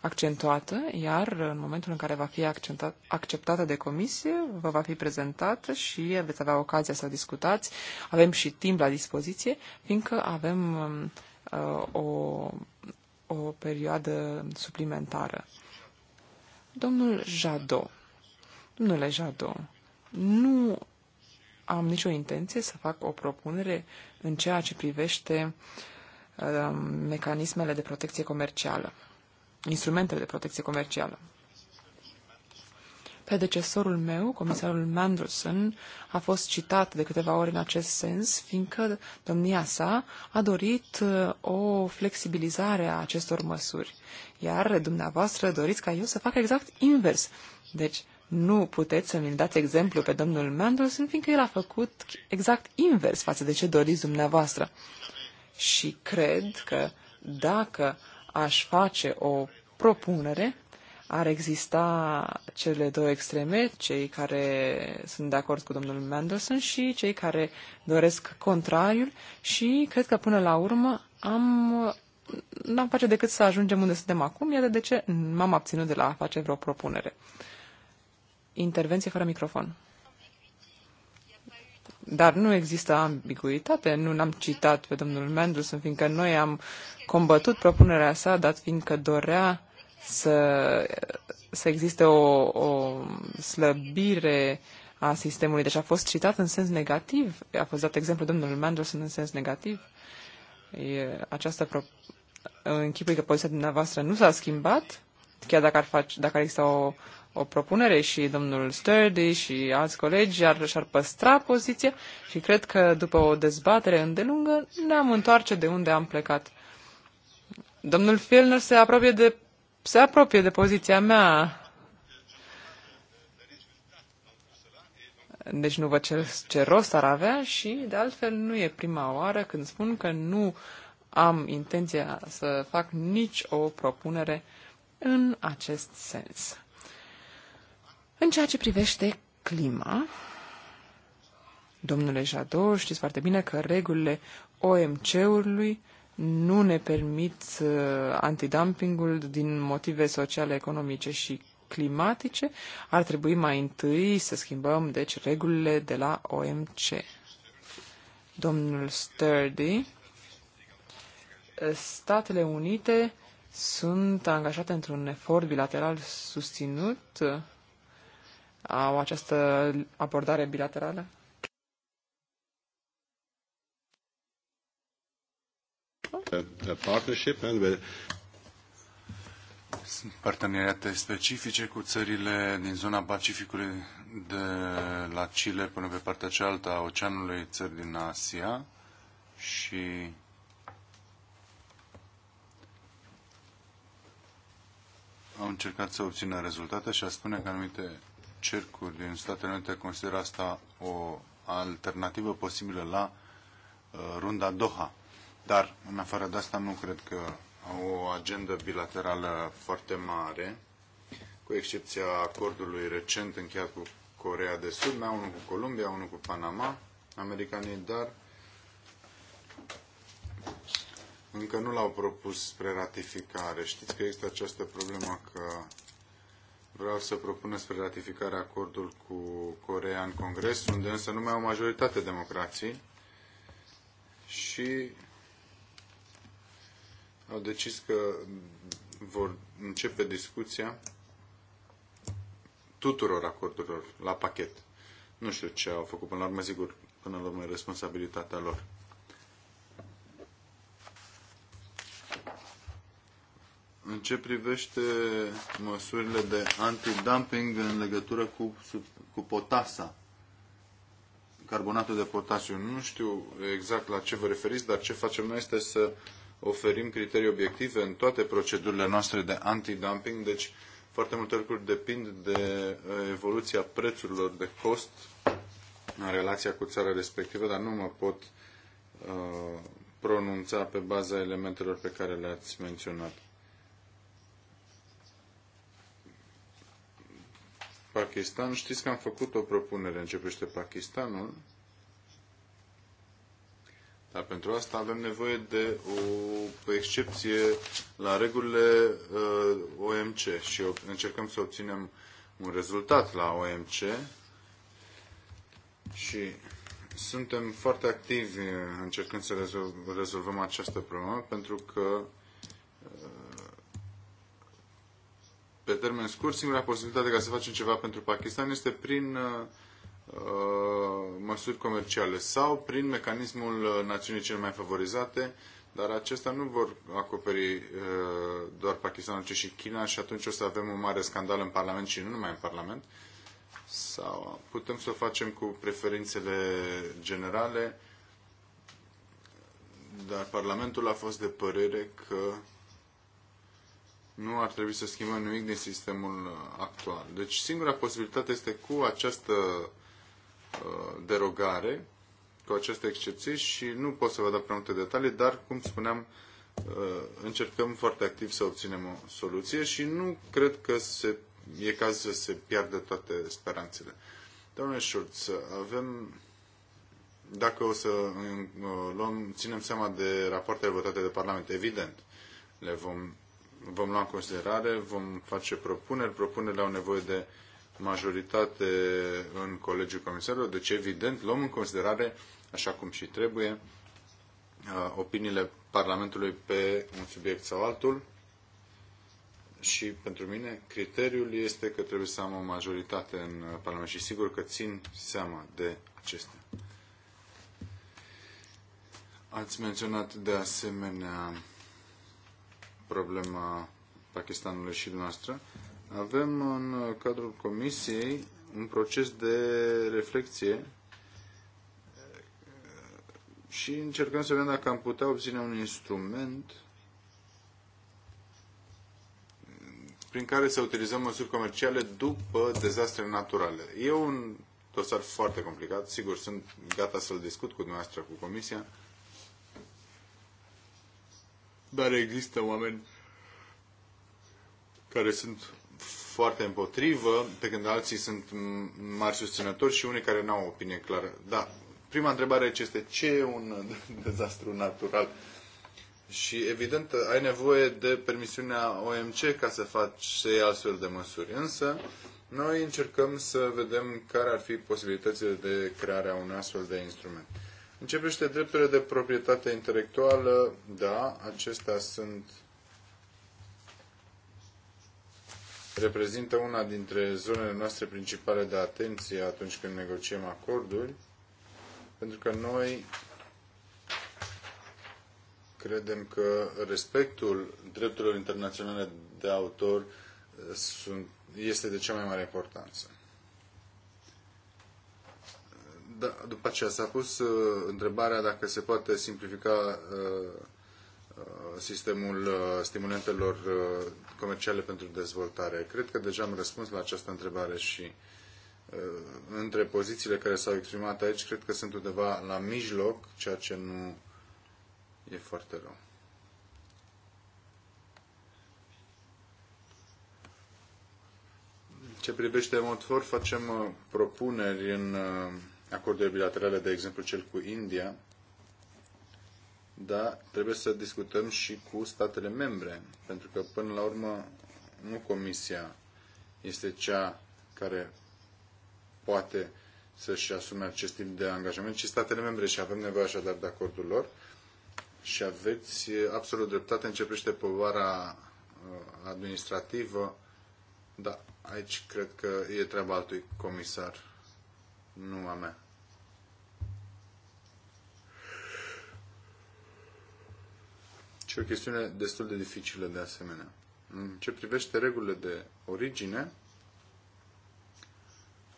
accentuată, iar în momentul în care va fi accentat, acceptată de comisie, vă va fi prezentată și veți avea ocazia să discutați. Avem și timp la dispoziție, fiindcă avem um, uh, o o perioadă suplimentară. Domnul Jadot, domnule Jadot, nu am nicio intenție să fac o propunere în ceea ce privește uh, mecanismele de protecție comercială, instrumentele de protecție comercială. Predecesorul meu, comisarul Mandelson, a fost citat de câteva ori în acest sens, fiindcă domnia sa a dorit uh, o flexibilizare a acestor măsuri. Iar dumneavoastră doriți ca eu să fac exact invers. Deci, nu puteți să-mi dați exemplu pe domnul Mandelson, fiindcă el a făcut exact invers față de ce doriți dumneavoastră. Și cred că dacă aș face o propunere, ar exista cele două extreme, cei care sunt de acord cu domnul Mendelssohn și cei care doresc contrariul și cred că până la urmă am n-am face decât să ajungem unde suntem acum, iată de ce m-am abținut de la a face vreo propunere. Intervenție fără microfon. Dar nu există ambiguitate, nu n am citat pe domnul Mendelssohn, fiindcă noi am combătut propunerea sa, dat fiindcă dorea să, să existe o, o slăbire a sistemului. Deci a fost citat în sens negativ, a fost dat exemplu domnului Mandelson în sens negativ. E, această pro... închipui că poziția dumneavoastră nu s-a schimbat, chiar dacă ar, face, dacă ar exista o, o propunere și domnul Sturdy și alți colegi ar, și-ar păstra poziția și cred că după o dezbatere îndelungă ne-am întoarce de unde am plecat. Domnul Filner se apropie de se apropie de poziția mea. Deci nu văd ce, ce rost ar avea și, de altfel, nu e prima oară când spun că nu am intenția să fac nici o propunere în acest sens. În ceea ce privește clima, domnule Jadot, știți foarte bine că regulile OMC-ului nu ne permit uh, antidumpingul din motive sociale, economice și climatice, ar trebui mai întâi să schimbăm, deci, regulile de la OMC. Domnul Sturdy, Statele Unite sunt angajate într-un efort bilateral susținut? Au această abordare bilaterală? partnership and sunt parteneriate specifice cu țările din zona Pacificului de la Chile până pe partea cealaltă a oceanului, țări din Asia și au încercat să obțină rezultate și a spune că anumite cercuri din Statele Unite consideră asta o alternativă posibilă la uh, runda Doha. Dar, în afară de asta, nu cred că au o agendă bilaterală foarte mare, cu excepția acordului recent încheiat cu Corea de Sud, mai unul cu Columbia, unul cu Panama, americanii, dar încă nu l-au propus spre ratificare. Știți că există această problemă că vreau să propună spre ratificare acordul cu Corea în Congres, unde însă nu mai au majoritate democrații și au decis că vor începe discuția tuturor acordurilor la pachet. Nu știu ce au făcut până la urmă, sigur, până la urmă e responsabilitatea lor. În ce privește măsurile de antidumping în legătură cu, cu potasa, carbonatul de potasiu, nu știu exact la ce vă referiți, dar ce facem noi este să oferim criterii obiective în toate procedurile noastre de antidumping, deci foarte multe lucruri depind de uh, evoluția prețurilor de cost în relația cu țara respectivă, dar nu mă pot uh, pronunța pe baza elementelor pe care le-ați menționat. Pakistan, știți că am făcut o propunere, începește Pakistanul, dar pentru asta avem nevoie de o excepție la regulile uh, OMC și încercăm să obținem un rezultat la OMC și suntem foarte activi uh, încercând să rezolv, rezolvăm această problemă pentru că uh, pe termen scurt, singura posibilitate ca să facem ceva pentru Pakistan este prin uh, Uh, măsuri comerciale sau prin mecanismul uh, națiunii cele mai favorizate, dar acestea nu vor acoperi uh, doar Pakistanul, ci și China și atunci o să avem un mare scandal în Parlament și nu numai în Parlament. Sau putem să o facem cu preferințele generale, dar Parlamentul a fost de părere că nu ar trebui să schimbăm nimic din sistemul actual. Deci singura posibilitate este cu această Uh, derogare cu aceste excepții și nu pot să vă dau prea multe detalii, dar, cum spuneam, uh, încercăm foarte activ să obținem o soluție și nu cred că se, e caz să se piardă toate speranțele. Domnule Schultz, avem, dacă o să uh, luăm, ținem seama de rapoartele votate de Parlament, evident, le vom, vom lua în considerare, vom face propuneri, propunerile au nevoie de uh, majoritate în Colegiul Comisarilor, deci evident luăm în considerare, așa cum și trebuie, uh, opiniile Parlamentului pe un subiect sau altul și pentru mine criteriul este că trebuie să am o majoritate în Parlament și sigur că țin seama de acestea. Ați menționat de asemenea problema Pakistanului și dumneavoastră. Avem în cadrul comisiei un proces de reflexie și încercăm să vedem dacă am putea obține un instrument prin care să utilizăm măsuri comerciale după dezastre naturale. E un dosar foarte complicat, sigur, sunt gata să-l discut cu dumneavoastră, cu Comisia, dar există oameni care sunt foarte împotrivă, pe când alții sunt mari susținători și unii care nu au o opinie clară. Da, prima întrebare ce este ce e un dezastru natural? Și evident ai nevoie de permisiunea OMC ca să faci să iei astfel de măsuri. Însă noi încercăm să vedem care ar fi posibilitățile de creare a unui astfel de instrument. Începește drepturile de proprietate intelectuală, da, acestea sunt reprezintă una dintre zonele noastre principale de atenție atunci când negociem acorduri, pentru că noi credem că respectul drepturilor internaționale de autor uh, sunt, este de cea mai mare importanță. Da, după aceea s-a pus uh, întrebarea dacă se poate simplifica uh, sistemul uh, stimulentelor uh, comerciale pentru dezvoltare. Cred că deja am răspuns la această întrebare și uh, între pozițiile care s-au exprimat aici, cred că sunt undeva la mijloc, ceea ce nu e foarte rău. Ce privește Motfor, facem propuneri în acorduri bilaterale, de exemplu cel cu India, da, trebuie să discutăm și cu statele membre, pentru că până la urmă nu Comisia este cea care poate să-și asume acest tip de angajament, ci statele membre și avem nevoie așadar de acordul lor și aveți absolut dreptate, începește povara uh, administrativă, da, aici cred că e treaba altui comisar, nu a mea. și o chestiune destul de dificilă de asemenea. În ce privește regulile de origine,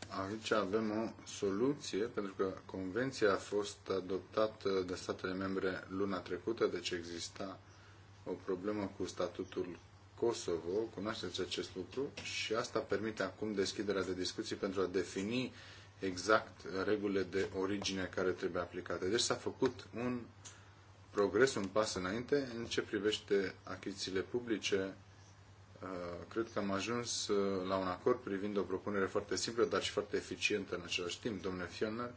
aici avem o soluție, pentru că convenția a fost adoptată de statele membre luna trecută, deci exista o problemă cu statutul Kosovo, cunoașteți acest lucru și asta permite acum deschiderea de discuții pentru a defini exact regulile de origine care trebuie aplicate. Deci s-a făcut un progres, un pas înainte. În ce privește achizițiile publice, uh, cred că am ajuns uh, la un acord privind o propunere foarte simplă, dar și foarte eficientă în același timp, domnule Fionner.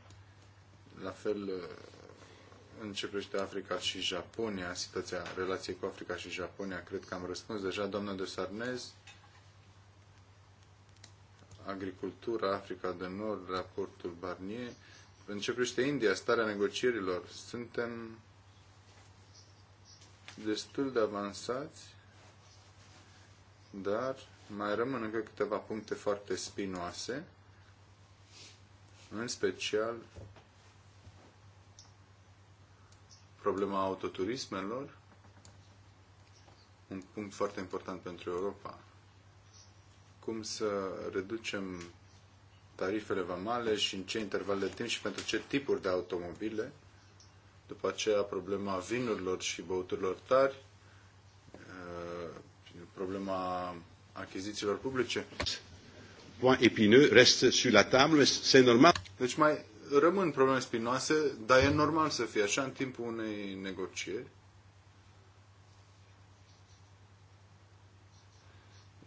La fel, uh, în ce privește Africa și Japonia, situația relației cu Africa și Japonia, cred că am răspuns deja, doamna de Sarnez. Agricultura, Africa de Nord, raportul Barnier. În ce privește India, starea negocierilor, suntem destul de avansați, dar mai rămân încă câteva puncte foarte spinoase, în special problema autoturismelor, un punct foarte important pentru Europa. Cum să reducem tarifele vamale și în ce interval de timp și pentru ce tipuri de automobile, după aceea problema vinurilor și băuturilor tari, uh, problema achizițiilor publice. Point épineux reste sur la table, c'est normal. Deci mai rămân probleme spinoase, dar e normal să fie așa în timpul unei negocieri.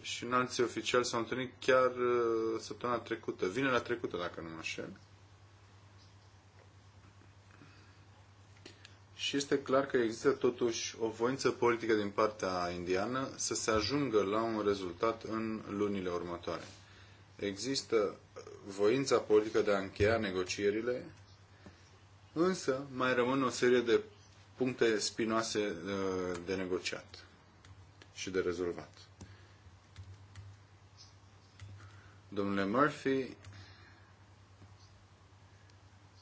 Și în alții oficiali s-au întâlnit chiar uh, săptămâna trecută, vinerea trecută, dacă nu mă înșel. și este clar că există totuși o voință politică din partea indiană să se ajungă la un rezultat în lunile următoare. Există voința politică de a încheia negocierile, însă mai rămân o serie de puncte spinoase uh, de negociat și de rezolvat. Domnule Murphy,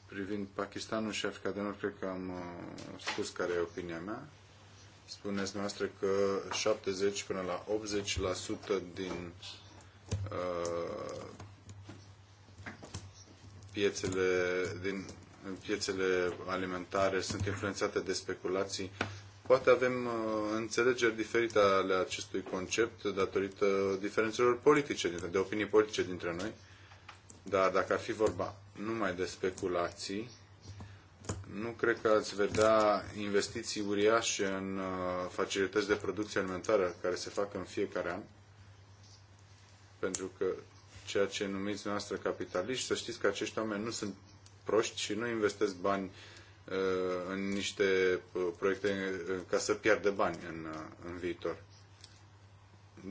privind Pakistanul și Africa de Nord, cred că am uh, spus care e opinia mea. Spuneți noastră că 70 până la 80% din uh, piețele, din piețele alimentare sunt influențate de speculații. Poate avem uh, înțelegeri diferite ale acestui concept datorită diferențelor politice, de opinii politice dintre noi, dar dacă ar fi vorba numai de speculații. Nu cred că ați vedea investiții uriașe în uh, facilități de producție alimentară care se fac în fiecare an, pentru că ceea ce numiți noastră capitaliști, să știți că acești oameni nu sunt proști și nu investesc bani uh, în niște uh, proiecte ca să piardă bani în, în viitor.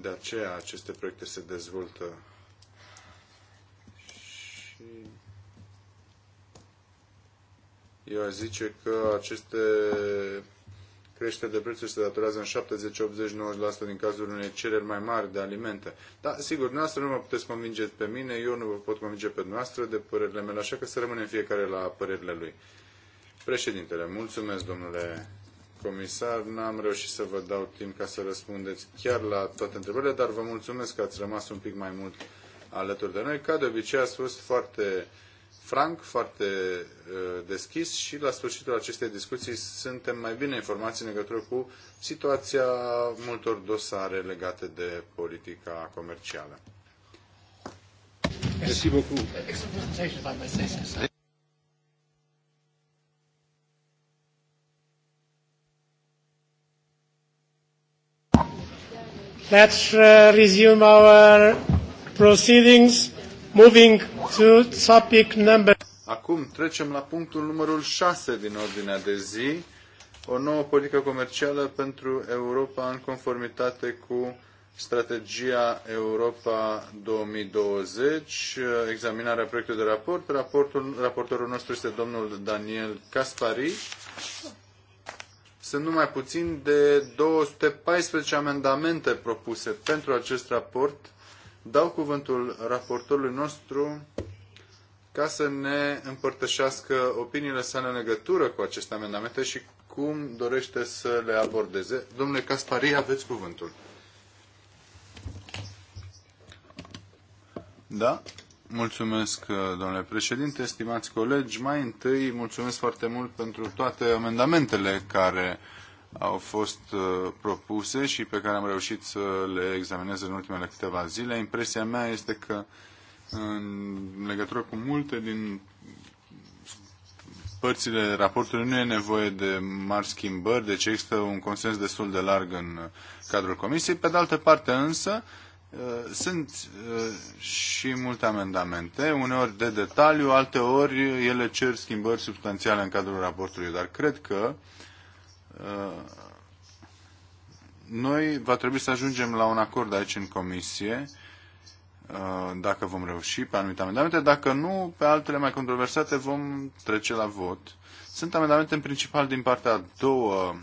De aceea aceste proiecte se dezvoltă și eu aș zice că aceste creșteri de prețuri se datorează în 70, 80, 90% din cazul unei cereri mai mari de alimente. Dar, sigur, noastră nu mă puteți convinge pe mine, eu nu vă pot convinge pe noastră de părerile mele, așa că să rămânem fiecare la părerile lui. Președintele, mulțumesc, domnule comisar, n-am reușit să vă dau timp ca să răspundeți chiar la toate întrebările, dar vă mulțumesc că ați rămas un pic mai mult alături de noi. Ca de obicei, ați fost foarte franc, foarte uh, deschis și la sfârșitul acestei discuții suntem mai bine informați în legătură cu situația multor dosare legate de politica comercială. Merci beaucoup. Let's uh, resume our proceedings. Moving to topic number... Acum trecem la punctul numărul 6 din ordinea de zi, o nouă politică comercială pentru Europa în conformitate cu strategia Europa 2020, examinarea proiectului de raport. Raportul, raportorul nostru este domnul Daniel Caspari. Sunt numai puțin de 214 amendamente propuse pentru acest raport dau cuvântul raportorului nostru ca să ne împărtășească opiniile sale în legătură cu aceste amendamente și cum dorește să le abordeze. Domnule Caspari, aveți cuvântul. Da? Mulțumesc, domnule președinte, stimați colegi. Mai întâi, mulțumesc foarte mult pentru toate amendamentele care au fost uh, propuse și pe care am reușit să le examinez în ultimele câteva zile. Impresia mea este că în legătură cu multe din părțile raportului nu e nevoie de mari schimbări, deci există un consens destul de larg în cadrul comisiei. Pe de altă parte însă uh, sunt uh, și multe amendamente, uneori de detaliu, alteori ele cer schimbări substanțiale în cadrul raportului, dar cred că Uh, noi va trebui să ajungem la un acord aici în comisie, uh, dacă vom reuși pe anumite amendamente, dacă nu, pe altele mai controversate vom trece la vot. Sunt amendamente în principal din partea a două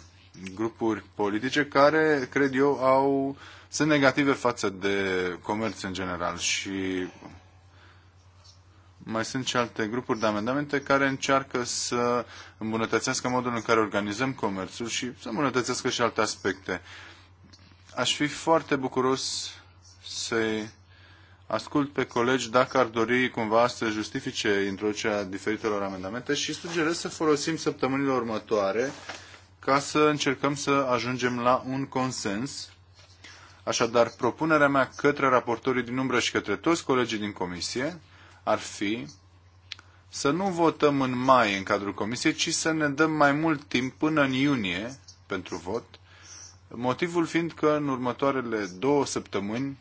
grupuri politice care, cred eu, au, sunt negative față de comerț în general și mai sunt și alte grupuri de amendamente care încearcă să îmbunătățească modul în care organizăm comerțul și să îmbunătățească și alte aspecte. Aș fi foarte bucuros să ascult pe colegi dacă ar dori cumva să justifice introducerea diferitelor amendamente și sugerez să folosim săptămânile următoare ca să încercăm să ajungem la un consens. Așadar, propunerea mea către raportorii din umbră și către toți colegii din comisie ar fi să nu votăm în mai în cadrul comisiei, ci să ne dăm mai mult timp până în iunie pentru vot, motivul fiind că în următoarele două săptămâni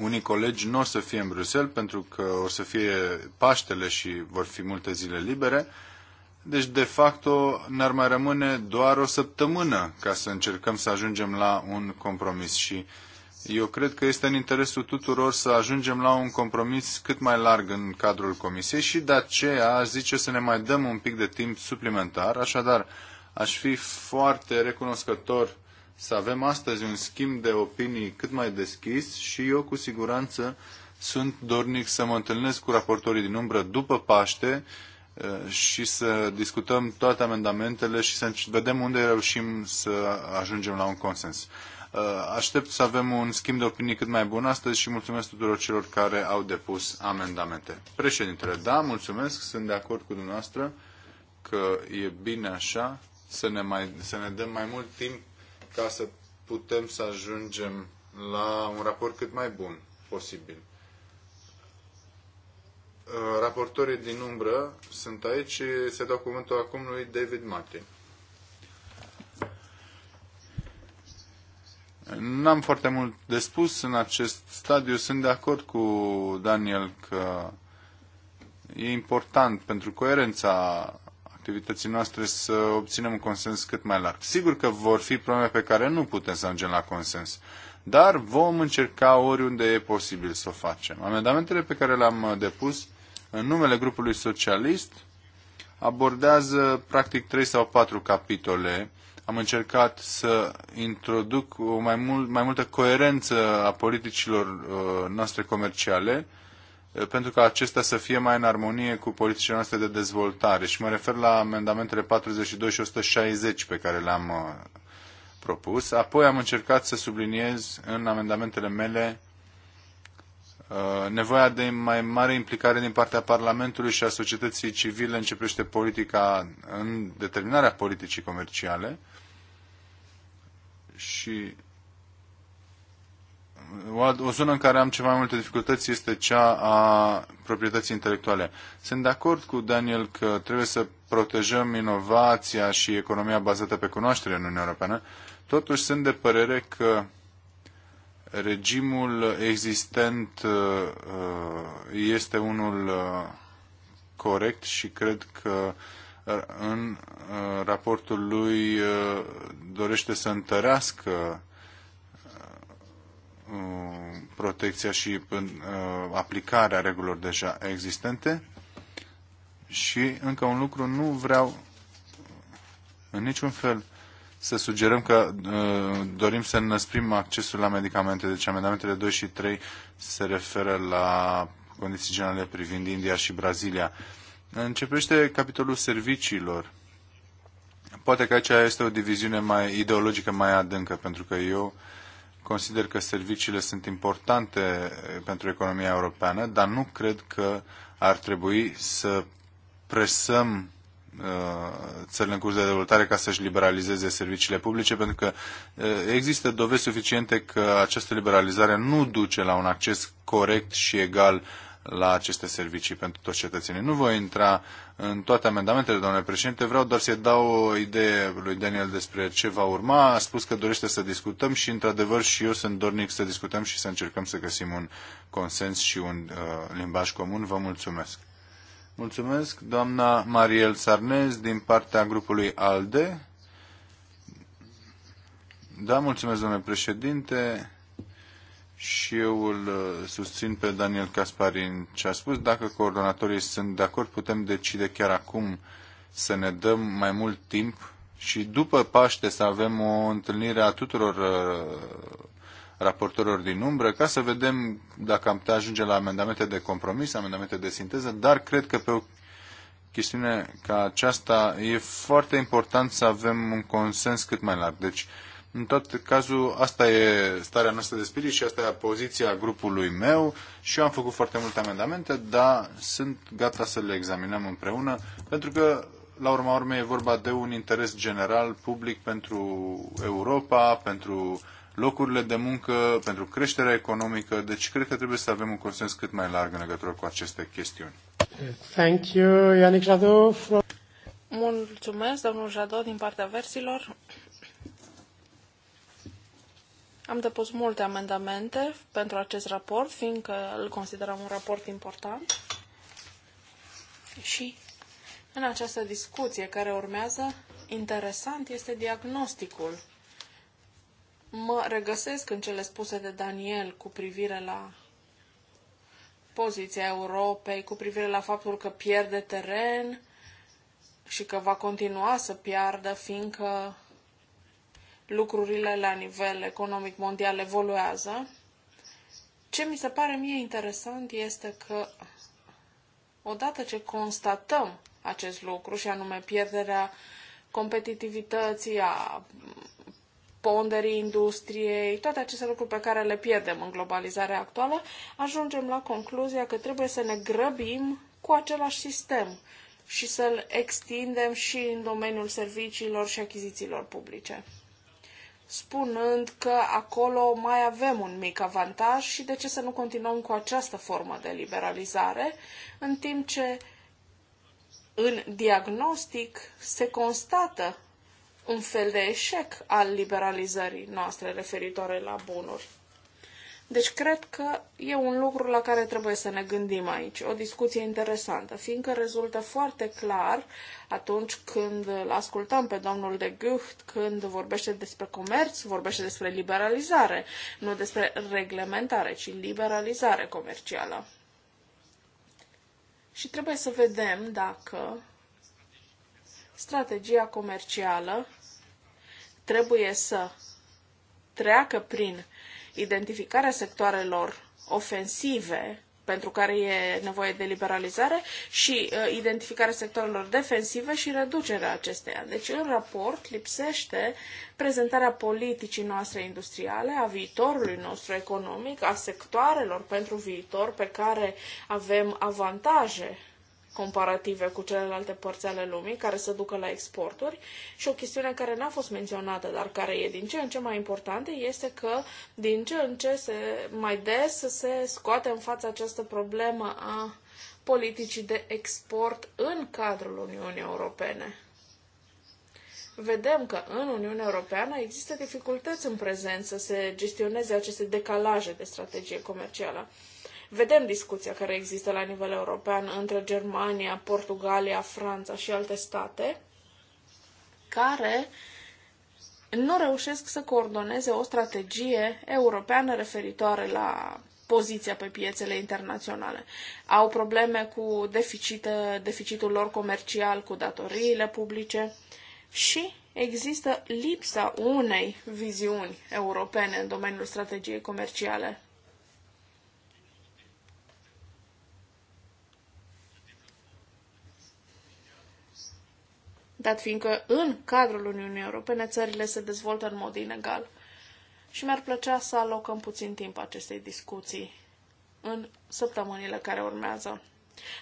unii colegi nu o să fie în Bruxelles pentru că o să fie Paștele și vor fi multe zile libere. Deci, de fapt, ne-ar mai rămâne doar o săptămână ca să încercăm să ajungem la un compromis și uh, eu cred că este în interesul tuturor să ajungem la un compromis cât mai larg în cadrul Comisiei și de aceea aș zice să ne mai dăm un pic de timp suplimentar. Așadar, aș fi foarte recunoscător să avem astăzi un schimb de opinii cât mai deschis și eu cu siguranță sunt dornic să mă întâlnesc cu raportorii din umbră după Paște eh, și să discutăm toate amendamentele și să vedem unde reușim să ajungem la un consens. Uh, aștept să avem un schimb de opinii cât mai bun astăzi și mulțumesc tuturor celor care au depus amendamente. Președintele, da, mulțumesc, sunt de acord cu dumneavoastră că e bine așa să ne, mai, să ne dăm mai mult timp ca să putem să ajungem la un raport cât mai bun posibil. Uh, raportorii din umbră sunt aici și se dau cuvântul acum lui David Martin. N-am foarte mult de spus în acest stadiu. Sunt de acord cu Daniel că e important pentru coerența activității noastre să obținem un consens cât mai larg. Sigur că vor fi probleme pe care nu putem să ajungem la consens, dar vom încerca oriunde e posibil să o facem. Amendamentele pe care le-am uh, depus în numele grupului socialist abordează practic trei sau patru capitole am încercat să introduc o mai, mult, mai multă coerență a politicilor uh, noastre comerciale uh, pentru ca acestea să fie mai în armonie cu politicile noastre de dezvoltare. Și mă refer la amendamentele 42 și 160 pe care le-am uh, propus. Apoi am încercat să subliniez în amendamentele mele uh, nevoia de mai mare implicare din partea Parlamentului și a societății civile în politica în determinarea politicii comerciale și o, zonă în care am ceva mai multe dificultăți este cea a proprietății intelectuale. Sunt de acord cu Daniel că trebuie să protejăm inovația și economia bazată pe cunoaștere în Uniunea Europeană. Totuși sunt de părere că regimul existent uh, uh, este unul uh, corect și cred că în uh, raportul lui uh, dorește să întărească uh, protecția și aplicarea regulilor deja existente. Și încă un lucru, nu vreau în niciun fel să sugerăm că dorim să năsprim accesul la medicamente. Deci amendamentele 2 și 3 se referă la condiții generale privind India și Brazilia. Începește capitolul serviciilor. Poate că aceea este o diviziune mai ideologică, mai adâncă, pentru că eu consider că serviciile sunt importante eh, pentru economia europeană, dar nu cred că ar trebui să presăm eh, țările în curs de dezvoltare ca să-și liberalizeze serviciile publice, pentru că eh, există dovezi suficiente că această liberalizare nu duce la un acces corect și egal la aceste servicii pentru toți cetățenii. Nu voi intra în toate amendamentele, domnule președinte, vreau doar să-i dau o idee lui Daniel despre ce va urma. A spus că dorește să discutăm și, într-adevăr, și eu sunt dornic să discutăm și să încercăm să găsim un consens și un uh, limbaj comun. Vă mulțumesc! Mulțumesc, doamna Mariel Sarnez, din partea grupului ALDE. Da, mulțumesc, domnule președinte și eu îl uh, susțin pe Daniel Casparin ce a spus. Dacă coordonatorii sunt de acord, putem decide chiar acum să ne dăm mai mult timp și după Paște să avem o întâlnire a tuturor uh, raportorilor din umbră ca să vedem dacă am putea ajunge la amendamente de compromis, amendamente de sinteză, dar cred că pe o chestiune ca aceasta e foarte important să avem un consens cât mai larg. Deci, în tot cazul, asta e starea noastră de spirit și asta e poziția grupului meu și eu am făcut foarte multe amendamente, dar sunt gata să le examinăm împreună, pentru că, la urma urmei, e vorba de un interes general public pentru Europa, pentru locurile de muncă, pentru creșterea economică, deci cred că trebuie să avem un consens cât mai larg în legătură cu aceste chestiuni. Thank you, Ianic Jadot. Mulțumesc, domnul Jadot, din partea versilor. Am depus multe amendamente pentru acest raport, fiindcă îl considerăm un raport important. Și în această discuție care urmează, interesant este diagnosticul. Mă regăsesc în cele spuse de Daniel cu privire la poziția Europei, cu privire la faptul că pierde teren și că va continua să piardă, fiindcă lucrurile la nivel economic mondial evoluează. Ce mi se pare mie interesant este că odată ce constatăm acest lucru, și anume pierderea competitivității, a ponderii industriei, toate aceste lucruri pe care le pierdem în globalizarea actuală, ajungem la concluzia că trebuie să ne grăbim cu același sistem și să-l extindem și în domeniul serviciilor și achizițiilor publice spunând că acolo mai avem un mic avantaj și de ce să nu continuăm cu această formă de liberalizare, în timp ce în diagnostic se constată un fel de eșec al liberalizării noastre referitoare la bunuri. Deci cred că e un lucru la care trebuie să ne gândim aici, o discuție interesantă, fiindcă rezultă foarte clar atunci când îl ascultăm pe domnul de Gucht, când vorbește despre comerț, vorbește despre liberalizare, nu despre reglementare, ci liberalizare comercială. Și trebuie să vedem dacă strategia comercială trebuie să treacă prin identificarea sectoarelor ofensive pentru care e nevoie de liberalizare și uh, identificarea sectoarelor defensive și reducerea acesteia. Deci, în raport lipsește prezentarea politicii noastre industriale, a viitorului nostru economic, a sectoarelor pentru viitor pe care avem avantaje comparative cu celelalte părți ale lumii care să ducă la exporturi și o chestiune care n-a fost menționată, dar care e din ce în ce mai importantă, este că din ce în ce se, mai des se scoate în fața această problemă a politicii de export în cadrul Uniunii Europene. Vedem că în Uniunea Europeană există dificultăți în prezent să se gestioneze aceste decalaje de strategie comercială. Vedem discuția care există la nivel european între Germania, Portugalia, Franța și alte state care nu reușesc să coordoneze o strategie europeană referitoare la poziția pe piețele internaționale. Au probleme cu deficit, deficitul lor comercial, cu datoriile publice și există lipsa unei viziuni europene în domeniul strategiei comerciale. dat fiindcă în cadrul Uniunii Europene țările se dezvoltă în mod inegal. Și mi-ar plăcea să alocăm puțin timp acestei discuții în săptămânile care urmează.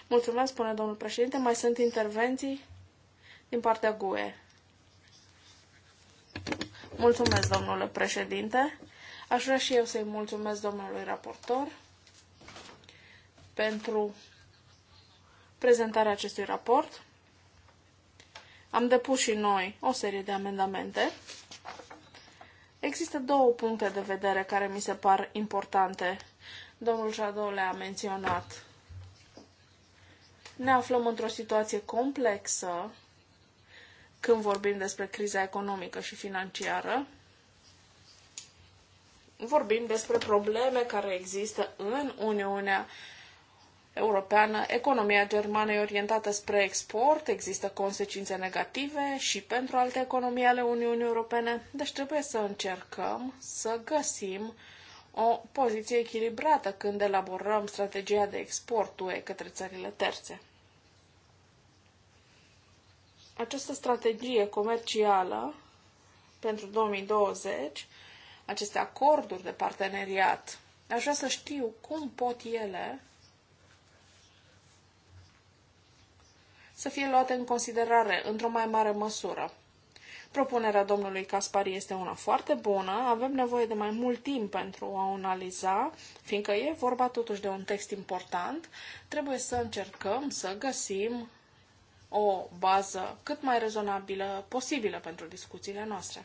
Mulțumesc, spune domnul președinte. Mai sunt intervenții din partea GUE. Mulțumesc, domnule președinte. Aș vrea și eu să-i mulțumesc domnului raportor pentru prezentarea acestui raport. Am depus și noi o serie de amendamente. Există două puncte de vedere care mi se par importante. Domnul Jadou le-a menționat. Ne aflăm într-o situație complexă când vorbim despre criza economică și financiară. Vorbim despre probleme care există în Uniunea europeană, economia germană e orientată spre export, există consecințe negative și pentru alte economii ale Uniunii Europene, deci trebuie să încercăm să găsim o poziție echilibrată când elaborăm strategia de export UE către țările terțe. Această strategie comercială pentru 2020, aceste acorduri de parteneriat, aș vrea să știu cum pot ele să fie luate în considerare într-o mai mare măsură. Propunerea domnului Caspari este una foarte bună, avem nevoie de mai mult timp pentru a o analiza, fiindcă e vorba totuși de un text important, trebuie să încercăm să găsim o bază cât mai rezonabilă posibilă pentru discuțiile noastre.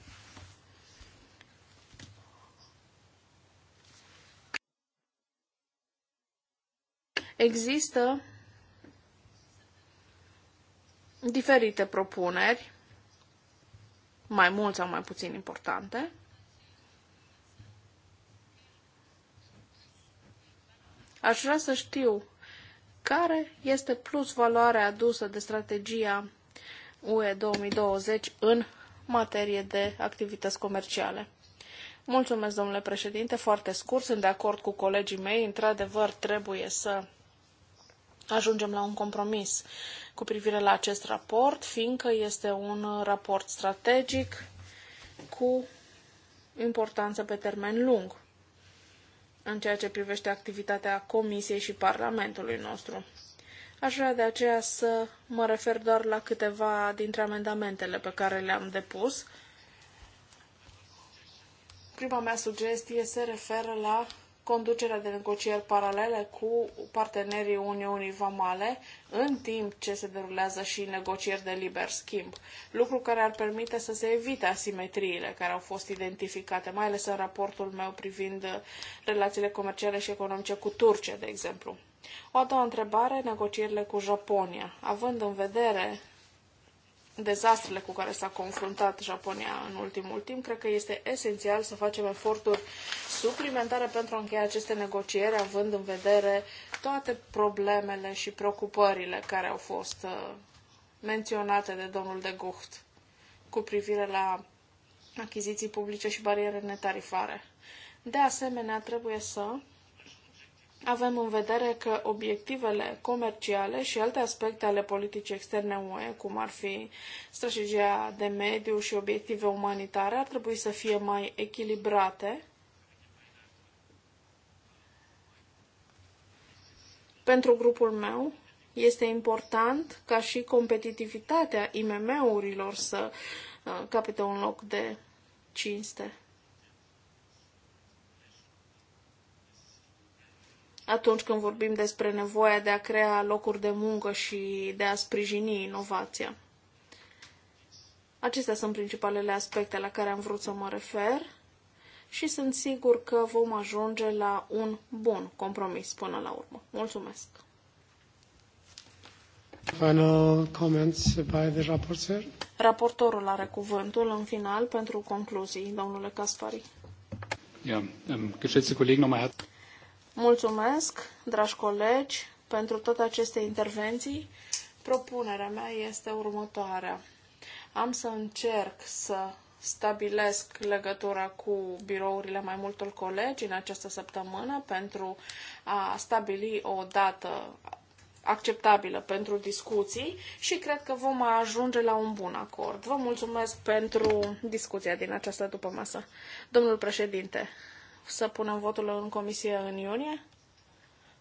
Există diferite propuneri, mai mult sau mai puțin importante. Aș vrea să știu care este plus valoarea adusă de strategia UE 2020 în materie de activități comerciale. Mulțumesc, domnule președinte, foarte scurt, sunt de acord cu colegii mei, într-adevăr trebuie să ajungem la un compromis cu privire la acest raport, fiindcă este un raport strategic cu importanță pe termen lung în ceea ce privește activitatea Comisiei și Parlamentului nostru. Aș vrea de aceea să mă refer doar la câteva dintre amendamentele pe care le-am depus. Prima mea sugestie se referă la conducerea de negocieri paralele cu partenerii Uniunii Vamale, în timp ce se derulează și negocieri de liber schimb, lucru care ar permite să se evite asimetriile care au fost identificate, mai ales în raportul meu privind relațiile comerciale și economice cu Turcia, de exemplu. O a doua întrebare, negocierile cu Japonia. Având în vedere dezastrele cu care s-a confruntat Japonia în ultimul timp, cred că este esențial să facem eforturi suplimentare pentru a încheia aceste negocieri, având în vedere toate problemele și preocupările care au fost uh, menționate de domnul de Gucht cu privire la achiziții publice și bariere netarifare. De asemenea, trebuie să avem în vedere că obiectivele comerciale și alte aspecte ale politicii externe UE, cum ar fi strategia de mediu și obiective umanitare, ar trebui să fie mai echilibrate Pentru grupul meu este important ca și competitivitatea IMM-urilor să uh, capete un loc de cinste. atunci când vorbim despre nevoia de a crea locuri de muncă și de a sprijini inovația. Acestea sunt principalele aspecte la care am vrut să mă refer și sunt sigur că vom ajunge la un bun compromis până la urmă. Mulțumesc! Final comments by the rapporteur. Raportorul are cuvântul în final pentru concluzii, domnule Caspari. Ja, yeah, um, geschätzte Kollegen, nochmal herzlich. Mulțumesc, dragi colegi, pentru toate aceste intervenții. Propunerea mea este următoarea. Am să încerc să stabilesc legătura cu birourile mai multor colegi în această săptămână pentru a stabili o dată acceptabilă pentru discuții și cred că vom ajunge la un bun acord. Vă mulțumesc pentru discuția din această dupămasă. Domnul președinte, să punem votul în comisie în iunie?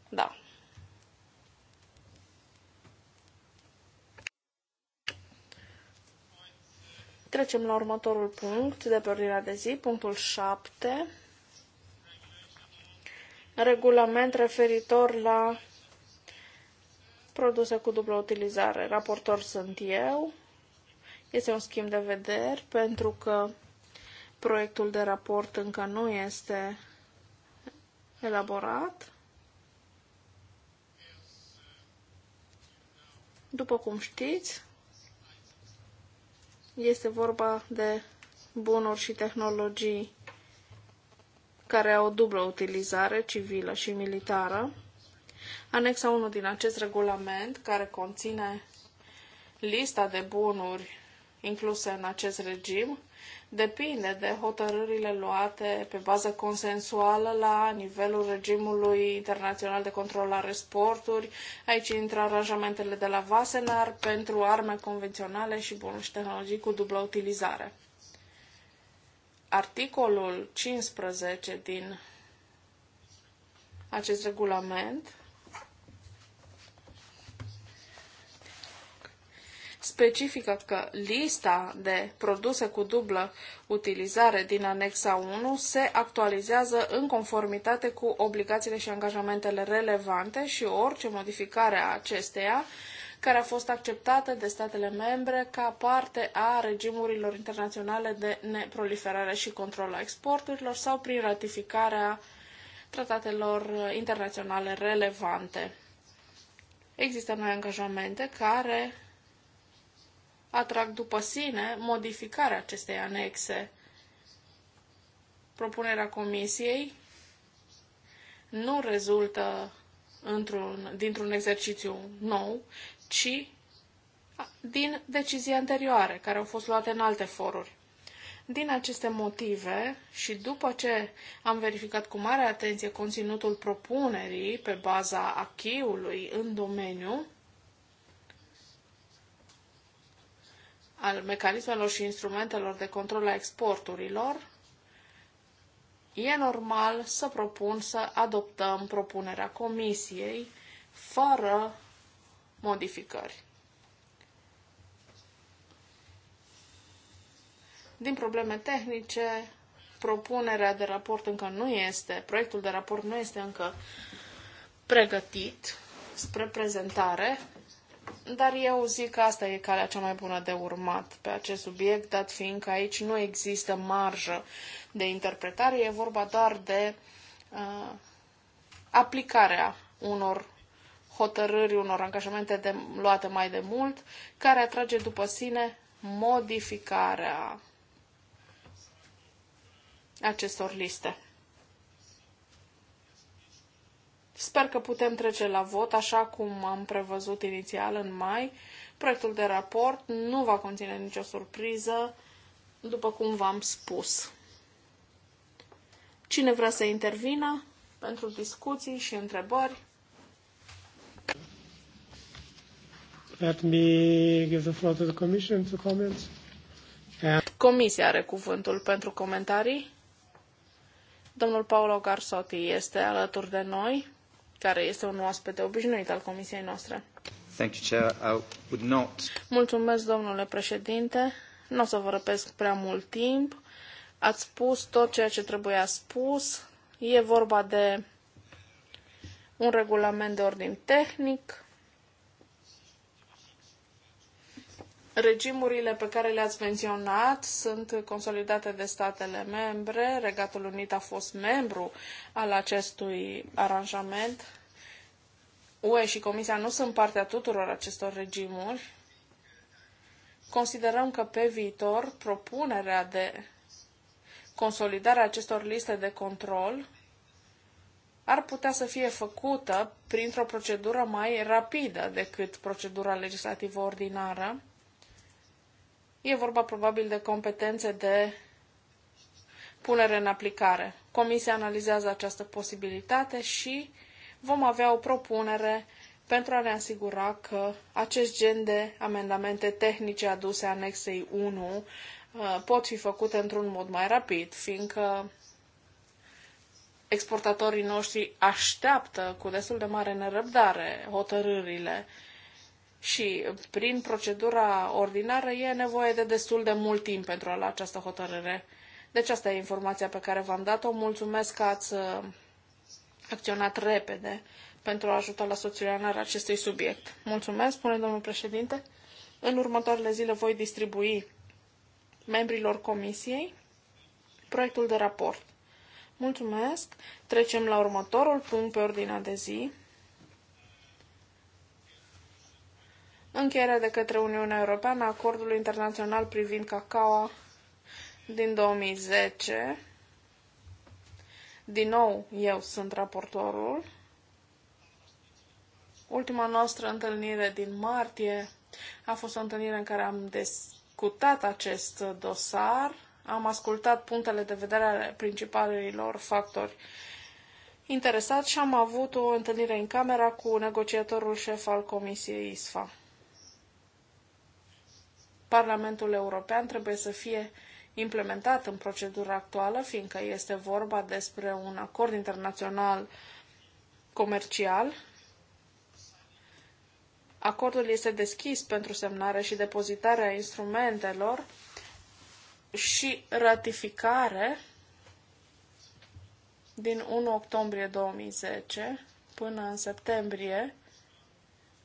Da. Trecem la următorul punct de pe ordinea de zi, punctul 7. Regulament referitor la produse cu dublă utilizare. Raportor sunt eu. Este un schimb de vederi pentru că Proiectul de raport încă nu este elaborat. După cum știți, este vorba de bunuri și tehnologii care au dublă utilizare, civilă și militară. Anexa 1 din acest regulament, care conține lista de bunuri incluse în acest regim, depinde de hotărârile luate pe bază consensuală la nivelul regimului internațional de control al sporturi. Aici intră aranjamentele de la Wassenaar pentru arme convenționale și bunuri tehnologii cu dublă utilizare. Articolul 15 din acest regulament specifică că lista de produse cu dublă utilizare din anexa 1 se actualizează în conformitate cu obligațiile și angajamentele relevante și orice modificare a acesteia care a fost acceptată de statele membre ca parte a regimurilor internaționale de neproliferare și control a exporturilor sau prin ratificarea tratatelor internaționale relevante. Există noi angajamente care atrag după sine modificarea acestei anexe. Propunerea Comisiei nu rezultă într-un, dintr-un exercițiu nou, ci din decizii anterioare care au fost luate în alte foruri. Din aceste motive și după ce am verificat cu mare atenție conținutul propunerii pe baza achiului în domeniu, al mecanismelor și instrumentelor de control a exporturilor, e normal să propun să adoptăm propunerea Comisiei fără modificări. Din probleme tehnice, propunerea de raport încă nu este, proiectul de raport nu este încă pregătit spre prezentare, dar eu zic că asta e calea cea mai bună de urmat pe acest subiect, dat fiind că aici nu există marjă de interpretare, e vorba doar de uh, aplicarea unor hotărâri, unor angajamente de, luate mai de mult, care atrage după sine modificarea acestor liste. Sper că putem trece la vot așa cum am prevăzut inițial în mai. Proiectul de raport nu va conține nicio surpriză, după cum v-am spus. Cine vrea să intervină pentru discuții și întrebări? Let me give the floor to the commission to comment. And... Comisia are cuvântul pentru comentarii. Domnul Paolo Garsotti este alături de noi care este un oaspete obișnuit al comisiei noastre. Thank you, Chair. I would not... Mulțumesc, domnule președinte. Nu o să vă răpesc prea mult timp. Ați spus tot ceea ce trebuia spus. E vorba de un regulament de ordin tehnic Regimurile pe care le-ați menționat sunt consolidate de statele membre. Regatul Unit a fost membru al acestui aranjament. UE și Comisia nu sunt partea tuturor acestor regimuri. Considerăm că pe viitor propunerea de consolidare a acestor liste de control ar putea să fie făcută printr-o procedură mai rapidă decât procedura legislativă ordinară E vorba probabil de competențe de punere în aplicare. Comisia analizează această posibilitate și vom avea o propunere pentru a ne asigura că acest gen de amendamente tehnice aduse anexei 1 uh, pot fi făcute într-un mod mai rapid, fiindcă exportatorii noștri așteaptă cu destul de mare nerăbdare hotărârile și prin procedura ordinară e nevoie de destul de mult timp pentru a lua această hotărâre. Deci asta e informația pe care v-am dat-o. Mulțumesc că ați uh, acționat repede pentru a ajuta la soluționarea acestui subiect. Mulțumesc, spune domnul președinte. În următoarele zile voi distribui membrilor comisiei proiectul de raport. Mulțumesc. Trecem la următorul punct pe ordinea de zi. încheierea de către Uniunea Europeană a acordului internațional privind cacao din 2010. Din nou, eu sunt raportorul. Ultima noastră întâlnire din martie a fost o întâlnire în care am discutat acest dosar, am ascultat punctele de vedere ale principalilor factori interesați și am avut o întâlnire în camera cu negociatorul șef al Comisiei ISFA. Parlamentul European trebuie să fie implementat în procedura actuală, fiindcă este vorba despre un acord internațional comercial. Acordul este deschis pentru semnare și depozitarea instrumentelor și ratificare din 1 octombrie 2010 până în septembrie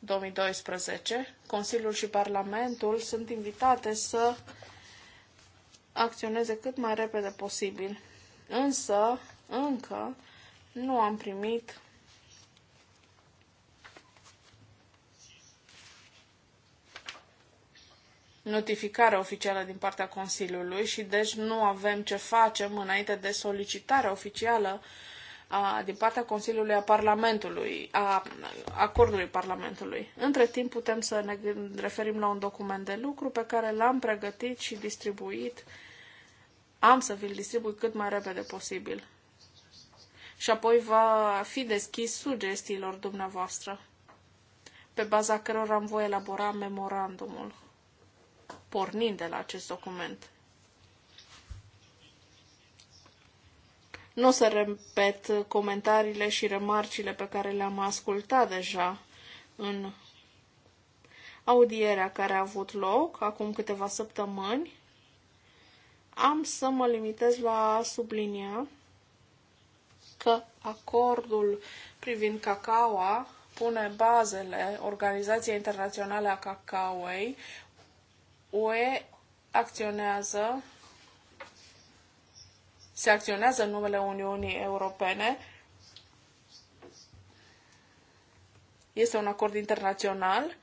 2012, Consiliul și Parlamentul sunt invitate să acționeze cât mai repede posibil. Însă, încă nu am primit notificare oficială din partea Consiliului și deci nu avem ce facem înainte de solicitarea oficială a, din partea Consiliului a Parlamentului, a acordului Parlamentului. Între timp putem să ne referim la un document de lucru pe care l-am pregătit și distribuit. Am să vi-l distribui cât mai repede posibil. Și apoi va fi deschis sugestiilor dumneavoastră, pe baza cărora am voi elabora memorandumul, pornind de la acest document. Nu o să repet comentariile și remarcile pe care le-am ascultat deja în audierea care a avut loc acum câteva săptămâni. Am să mă limitez la sublinia că acordul privind cacaoa pune bazele Organizației Internaționale a Cacaoei. UE acționează se acționează în numele Uniunii Europene. Este un acord internațional.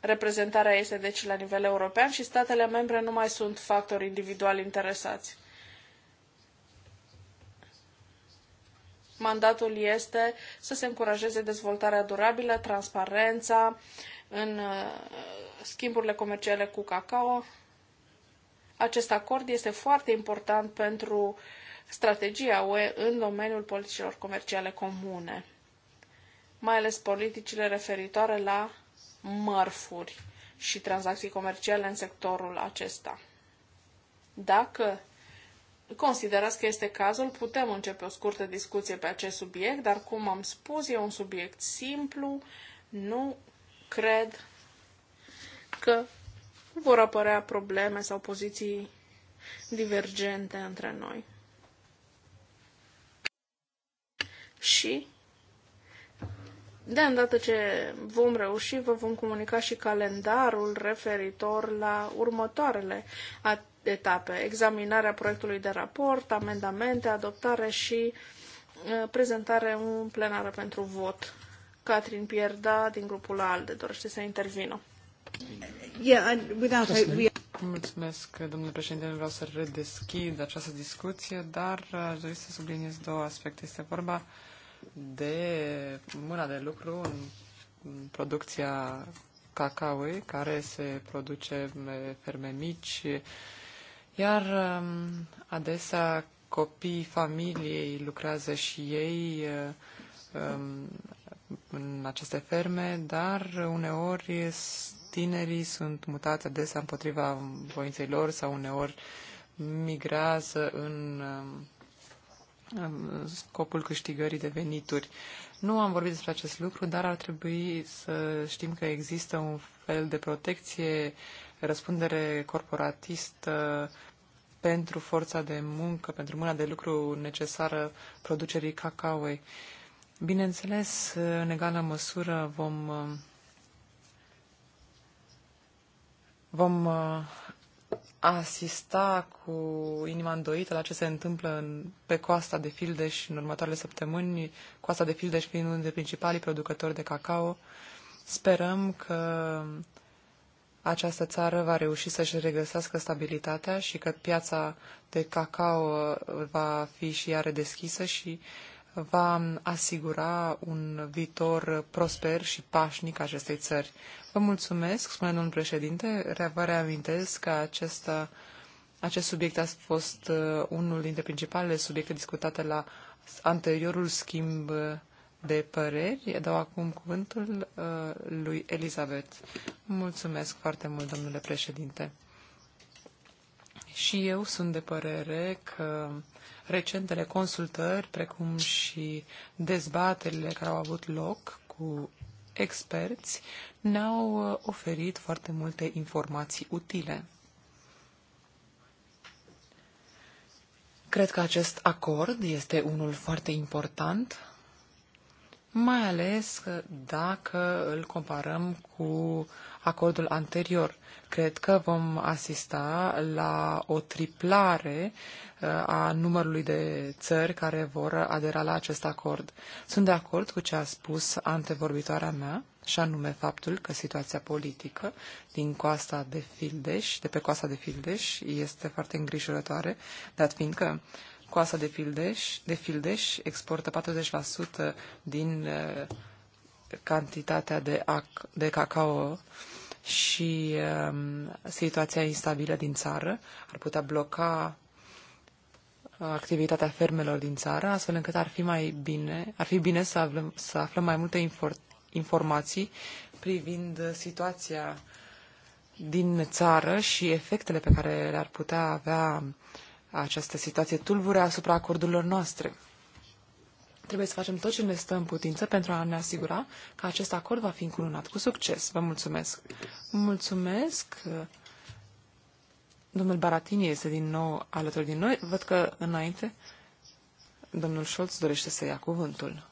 Reprezentarea este deci la nivel european și statele membre nu mai sunt factori individuali interesați. Mandatul este să se încurajeze dezvoltarea durabilă, transparența în uh, schimburile comerciale cu cacao, acest acord este foarte important pentru strategia UE în domeniul politicilor comerciale comune, mai ales politicile referitoare la mărfuri și tranzacții comerciale în sectorul acesta. Dacă considerați că este cazul, putem începe o scurtă discuție pe acest subiect, dar cum am spus, e un subiect simplu, nu cred că vor apărea probleme sau poziții divergente între noi. Și de îndată ce vom reuși, vă vom comunica și calendarul referitor la următoarele etape. Examinarea proiectului de raport, amendamente, adoptare și uh, prezentare în plenară pentru vot. Catrin Pierda, din grupul ALDE, dorește să intervină. Mulțumesc, domnule președinte. Vreau să redeschid această discuție, dar aș dori să subliniez două aspecte. Este vorba de mâna de lucru în producția cacaoi, care se produce ferme mici, iar um, adesea copiii familiei lucrează și ei um, în aceste ferme, dar uneori tinerii sunt mutați adesea împotriva voinței lor sau uneori migrează um, în scopul câștigării de venituri. Nu am vorbit despre acest lucru, dar ar trebui să știm că există un fel de protecție, răspundere corporatistă pentru forța de muncă, pentru mâna de lucru necesară producerii cacaoi. Bineînțeles, în egală măsură vom um, Vom uh, asista cu inima îndoită la ce se întâmplă în, pe coasta de Fildeș în următoarele săptămâni, coasta de Fildeș fiind unul dintre principalii producători de cacao. Sperăm că această țară va reuși să-și regăsească stabilitatea și că piața de cacao uh, va fi și ea redeschisă și uh, va asigura un viitor prosper și pașnic acestei țări. Vă mulțumesc, spune domnul președinte, vă reamintesc că acesta, acest subiect a fost uh, unul dintre principalele subiecte discutate la anteriorul schimb de păreri. Dau acum cuvântul uh, lui Elizabeth. Mulțumesc foarte mult, domnule președinte. Și eu sunt de părere că recentele consultări, precum și dezbaterile care au avut loc cu experți, ne-au uh, oferit foarte multe informații utile. Cred că acest acord este unul foarte important, mai ales dacă îl comparăm cu acordul anterior. Cred că vom asista la o triplare uh, a numărului de țări care vor adera la acest acord. Sunt de acord cu ce a spus antevorbitoarea mea, și anume faptul că situația politică din coasta de Fildeș, de pe coasta de Fildeș, este foarte îngrijorătoare, dat fiindcă coasta de Fildeș, de Fildeș exportă 40% din uh, cantitatea de, ac- de cacao și um, situația instabilă din țară ar putea bloca uh, activitatea fermelor din țară, astfel încât ar fi mai bine, ar fi bine să aflăm, să aflăm mai multe infor- informații privind situația din țară și efectele pe care le-ar putea avea această situație tulbure asupra acordurilor noastre. Trebuie să facem tot ce ne stă în putință pentru a ne asigura că acest acord va fi încununat cu succes. Vă mulțumesc! Mulțumesc! Domnul Baratini este din nou alături din noi. Văd că înainte domnul Scholz dorește să ia cuvântul.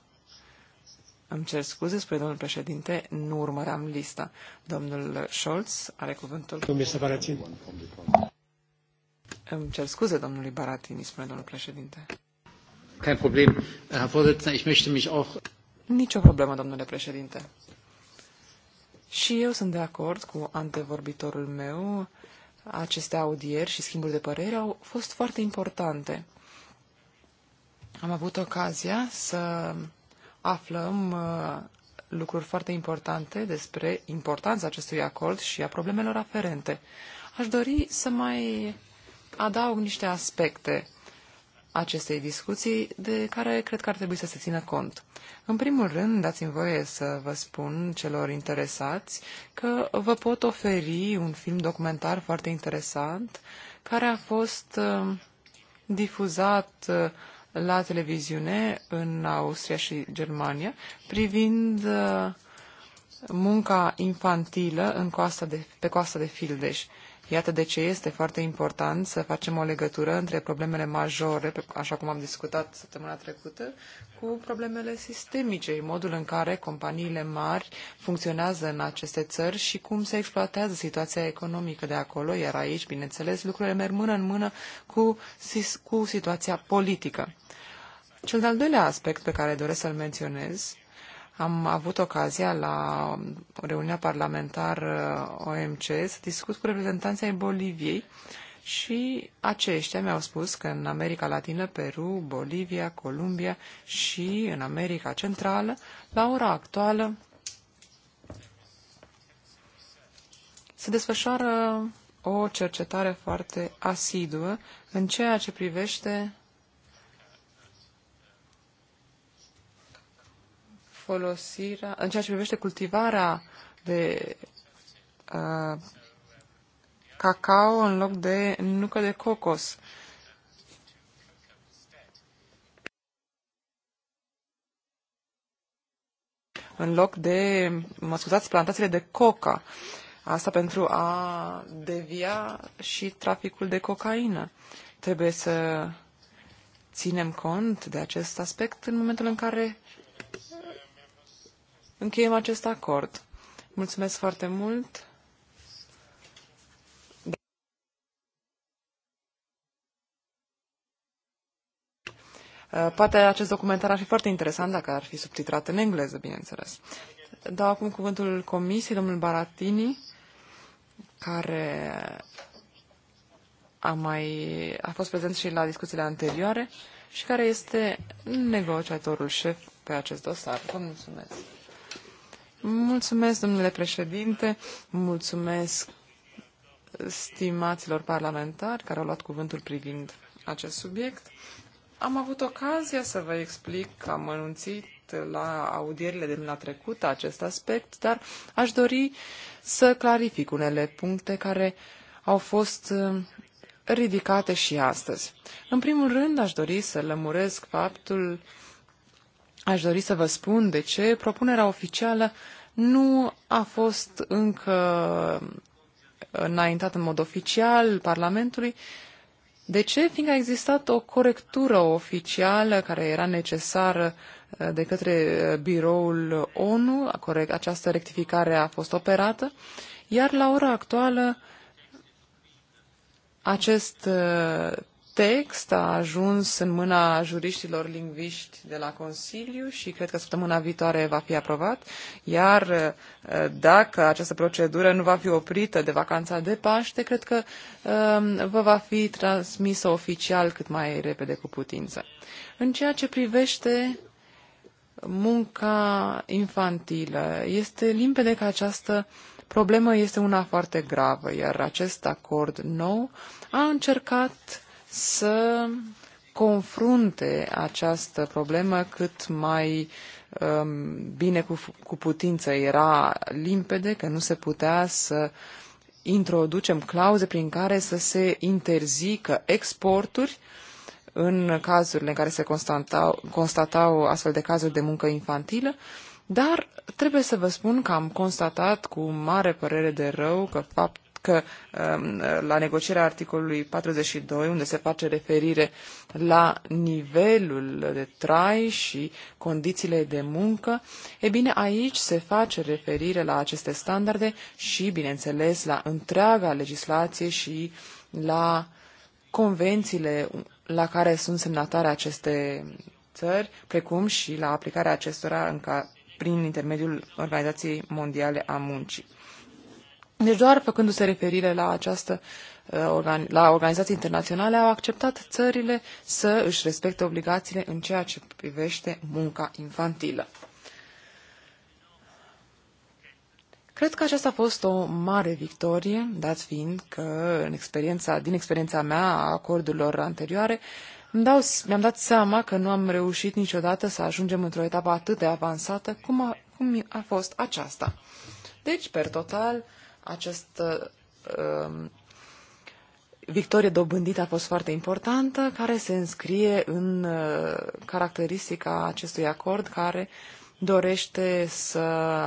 Îmi cer scuze, spre domnul președinte, nu urmăream lista. Domnul Scholz are cuvântul. Domnul Baratini. Îmi cer scuze domnului Baratini, spune domnul președinte. Kein Problem, äh, Herr Vorsitzender, ich möchte mich auch... Nicio problemă, domnule președinte. Și eu sunt de acord cu antevorbitorul meu. Aceste audieri și schimburi de păreri au fost foarte importante. Am avut ocazia să aflăm uh, lucruri foarte importante despre importanța acestui acord și a problemelor aferente. Aș dori să mai adaug niște aspecte acestei discuții, de care cred că ar trebui să se țină cont. În primul rând, dați-mi voie să vă spun celor interesați că vă pot oferi un film documentar foarte interesant care a fost uh, difuzat uh, la televiziune în Austria și Germania privind uh, munca infantilă în coasta de, pe coasta de Fildeș. Iată de ce este foarte important să facem o legătură între problemele majore, așa cum am discutat săptămâna trecută, cu problemele sistemice, modul în care companiile mari funcționează în aceste țări și cum se exploatează situația economică de acolo, iar aici, bineînțeles, lucrurile merg mână în mână cu, cu situația politică. Cel de-al doilea aspect pe care doresc să-l menționez am avut ocazia la reuniunea parlamentară uh, OMC să discut cu reprezentanții ai Boliviei și aceștia mi-au spus că în America Latină, Peru, Bolivia, Columbia și în America Centrală, la ora actuală, se desfășoară o cercetare foarte asiduă în ceea ce privește folosirea, în ceea ce privește cultivarea de uh, cacao în loc de nucă de cocos. În loc de, mă scuzați, plantațiile de coca. Asta pentru a devia și traficul de cocaină. Trebuie să ținem cont de acest aspect în momentul în care încheiem acest acord. Mulțumesc foarte mult! Uh, poate acest documentar ar fi foarte interesant dacă ar fi subtitrat în engleză, bineînțeles. Dau acum cuvântul comisiei, domnul Baratini, care a, mai, a fost prezent și la discuțiile anterioare și care este negociatorul șef pe acest dosar. Vă mulțumesc! Mulțumesc, domnule președinte, mulțumesc stimaților parlamentari care au luat cuvântul privind acest subiect. Am avut ocazia să vă explic, am anunțit la audierile de luna trecută acest aspect, dar aș dori să clarific unele puncte care au fost uh, ridicate și astăzi. În primul rând, aș dori să lămuresc faptul Aș dori să vă spun de ce propunerea oficială nu a fost încă înaintată în mod oficial Parlamentului. De ce? Fiindcă a existat o corectură oficială care era necesară uh, de către uh, biroul ONU, această rectificare a fost operată, iar la ora actuală acest uh, text a ajuns în mâna juriștilor lingviști de la Consiliu și cred că săptămâna viitoare va fi aprobat, iar uh, dacă această procedură nu va fi oprită de vacanța de Paște, cred că um, vă va fi transmisă oficial cât mai repede cu putință. În ceea ce privește munca infantilă, este limpede că această problemă este una foarte gravă, iar acest acord nou a încercat să confrunte această problemă cât mai um, bine cu, cu putință. Era limpede că nu se putea să introducem clauze prin care să se interzică exporturi în cazurile în care se constatau, constatau astfel de cazuri de muncă infantilă, dar trebuie să vă spun că am constatat cu mare părere de rău că fapt, că um, la negocierea articolului 42, unde se face referire la nivelul de trai și condițiile de muncă, e bine, aici se face referire la aceste standarde și, bineînțeles, la întreaga legislație și la convențiile la care sunt semnatare aceste țări, precum și la aplicarea acestora în ca, prin intermediul Organizației Mondiale a Muncii. Deci doar făcându-se referire la această uh, la organizații internaționale au acceptat țările să își respecte obligațiile în ceea ce privește munca infantilă. Cred că aceasta a fost o mare victorie, dat fiind că în experiența, din experiența mea a acordurilor anterioare, mi-am dat seama că nu am reușit niciodată să ajungem într-o etapă atât de avansată cum a, cum a fost aceasta. Deci, per total, această um, victorie dobândită a fost foarte importantă, care se înscrie în uh, caracteristica acestui acord care dorește să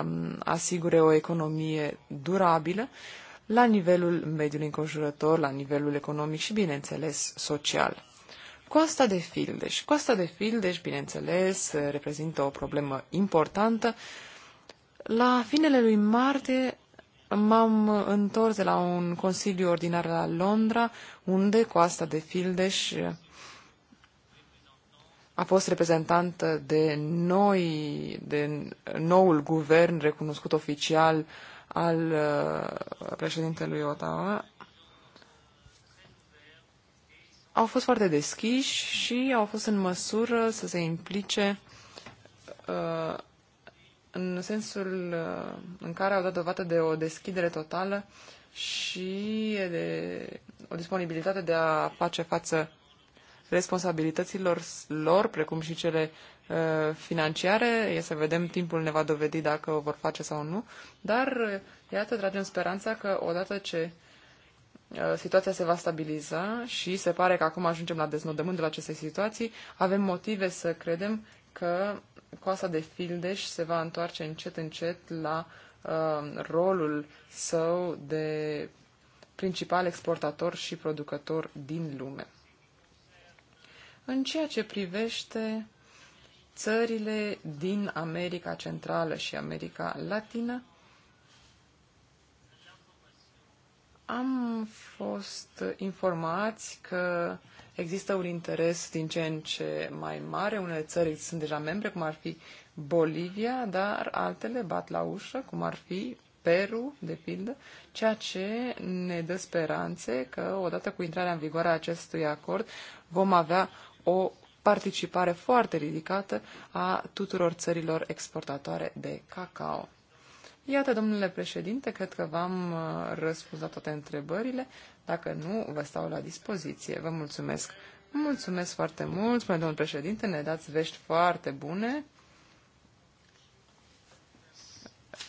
um, asigure o economie durabilă la nivelul mediului înconjurător, la nivelul economic și, bineînțeles, social. Coasta de Fildeș. Coasta de Fildeș, bineînțeles, reprezintă o problemă importantă. La finele lui martie M-am întors de la un consiliu ordinar la Londra, unde Coasta de Fildeș a fost reprezentantă de noi, de noul guvern recunoscut oficial al uh, președintelui Ottawa. Au fost foarte deschiși și au fost în măsură să se implice uh, în sensul uh, în care au dat dovadă de o deschidere totală și de o disponibilitate de a face față responsabilităților lor, precum și cele uh, financiare. E să vedem, timpul ne va dovedi dacă o vor face sau nu. Dar, uh, iată, tragem speranța că odată ce situația se va stabiliza și se pare că acum ajungem la deznodământul acestei situații, avem motive să credem că coasa de Fildeș se va întoarce încet, încet la uh, rolul său de principal exportator și producător din lume. În ceea ce privește țările din America Centrală și America Latină, am fost informați că uh, Există un interes din ce în ce mai mare. Unele țări sunt deja membre, cum ar fi Bolivia, dar altele bat la ușă, cum ar fi Peru, de pildă, ceea ce ne dă speranțe că odată cu intrarea în vigoare a acestui acord vom avea o participare foarte ridicată a tuturor țărilor exportatoare de cacao. Iată, domnule președinte, cred că v-am uh, răspuns la toate întrebările. Dacă nu, vă stau la dispoziție. Vă mulțumesc. Mulțumesc foarte mult, mai domnul președinte, ne dați vești foarte bune.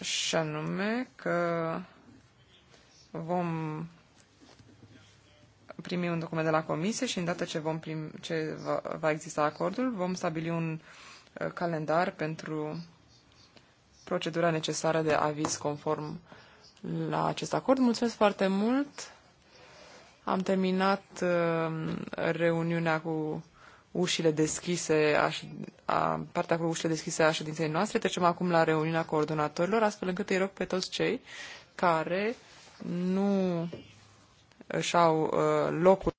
Și anume că vom primi un document de la comisie și îndată ce, vom primi, ce va, va exista acordul, vom stabili un uh, calendar pentru procedura necesară de aviz conform la acest acord. Mulțumesc foarte mult! Am terminat uh, reuniunea cu ușile deschise, a, a, partea cu ușile deschise a ședinței noastre. Trecem acum la reuniunea coordonatorilor, astfel încât îi rog pe toți cei care nu își au uh, locul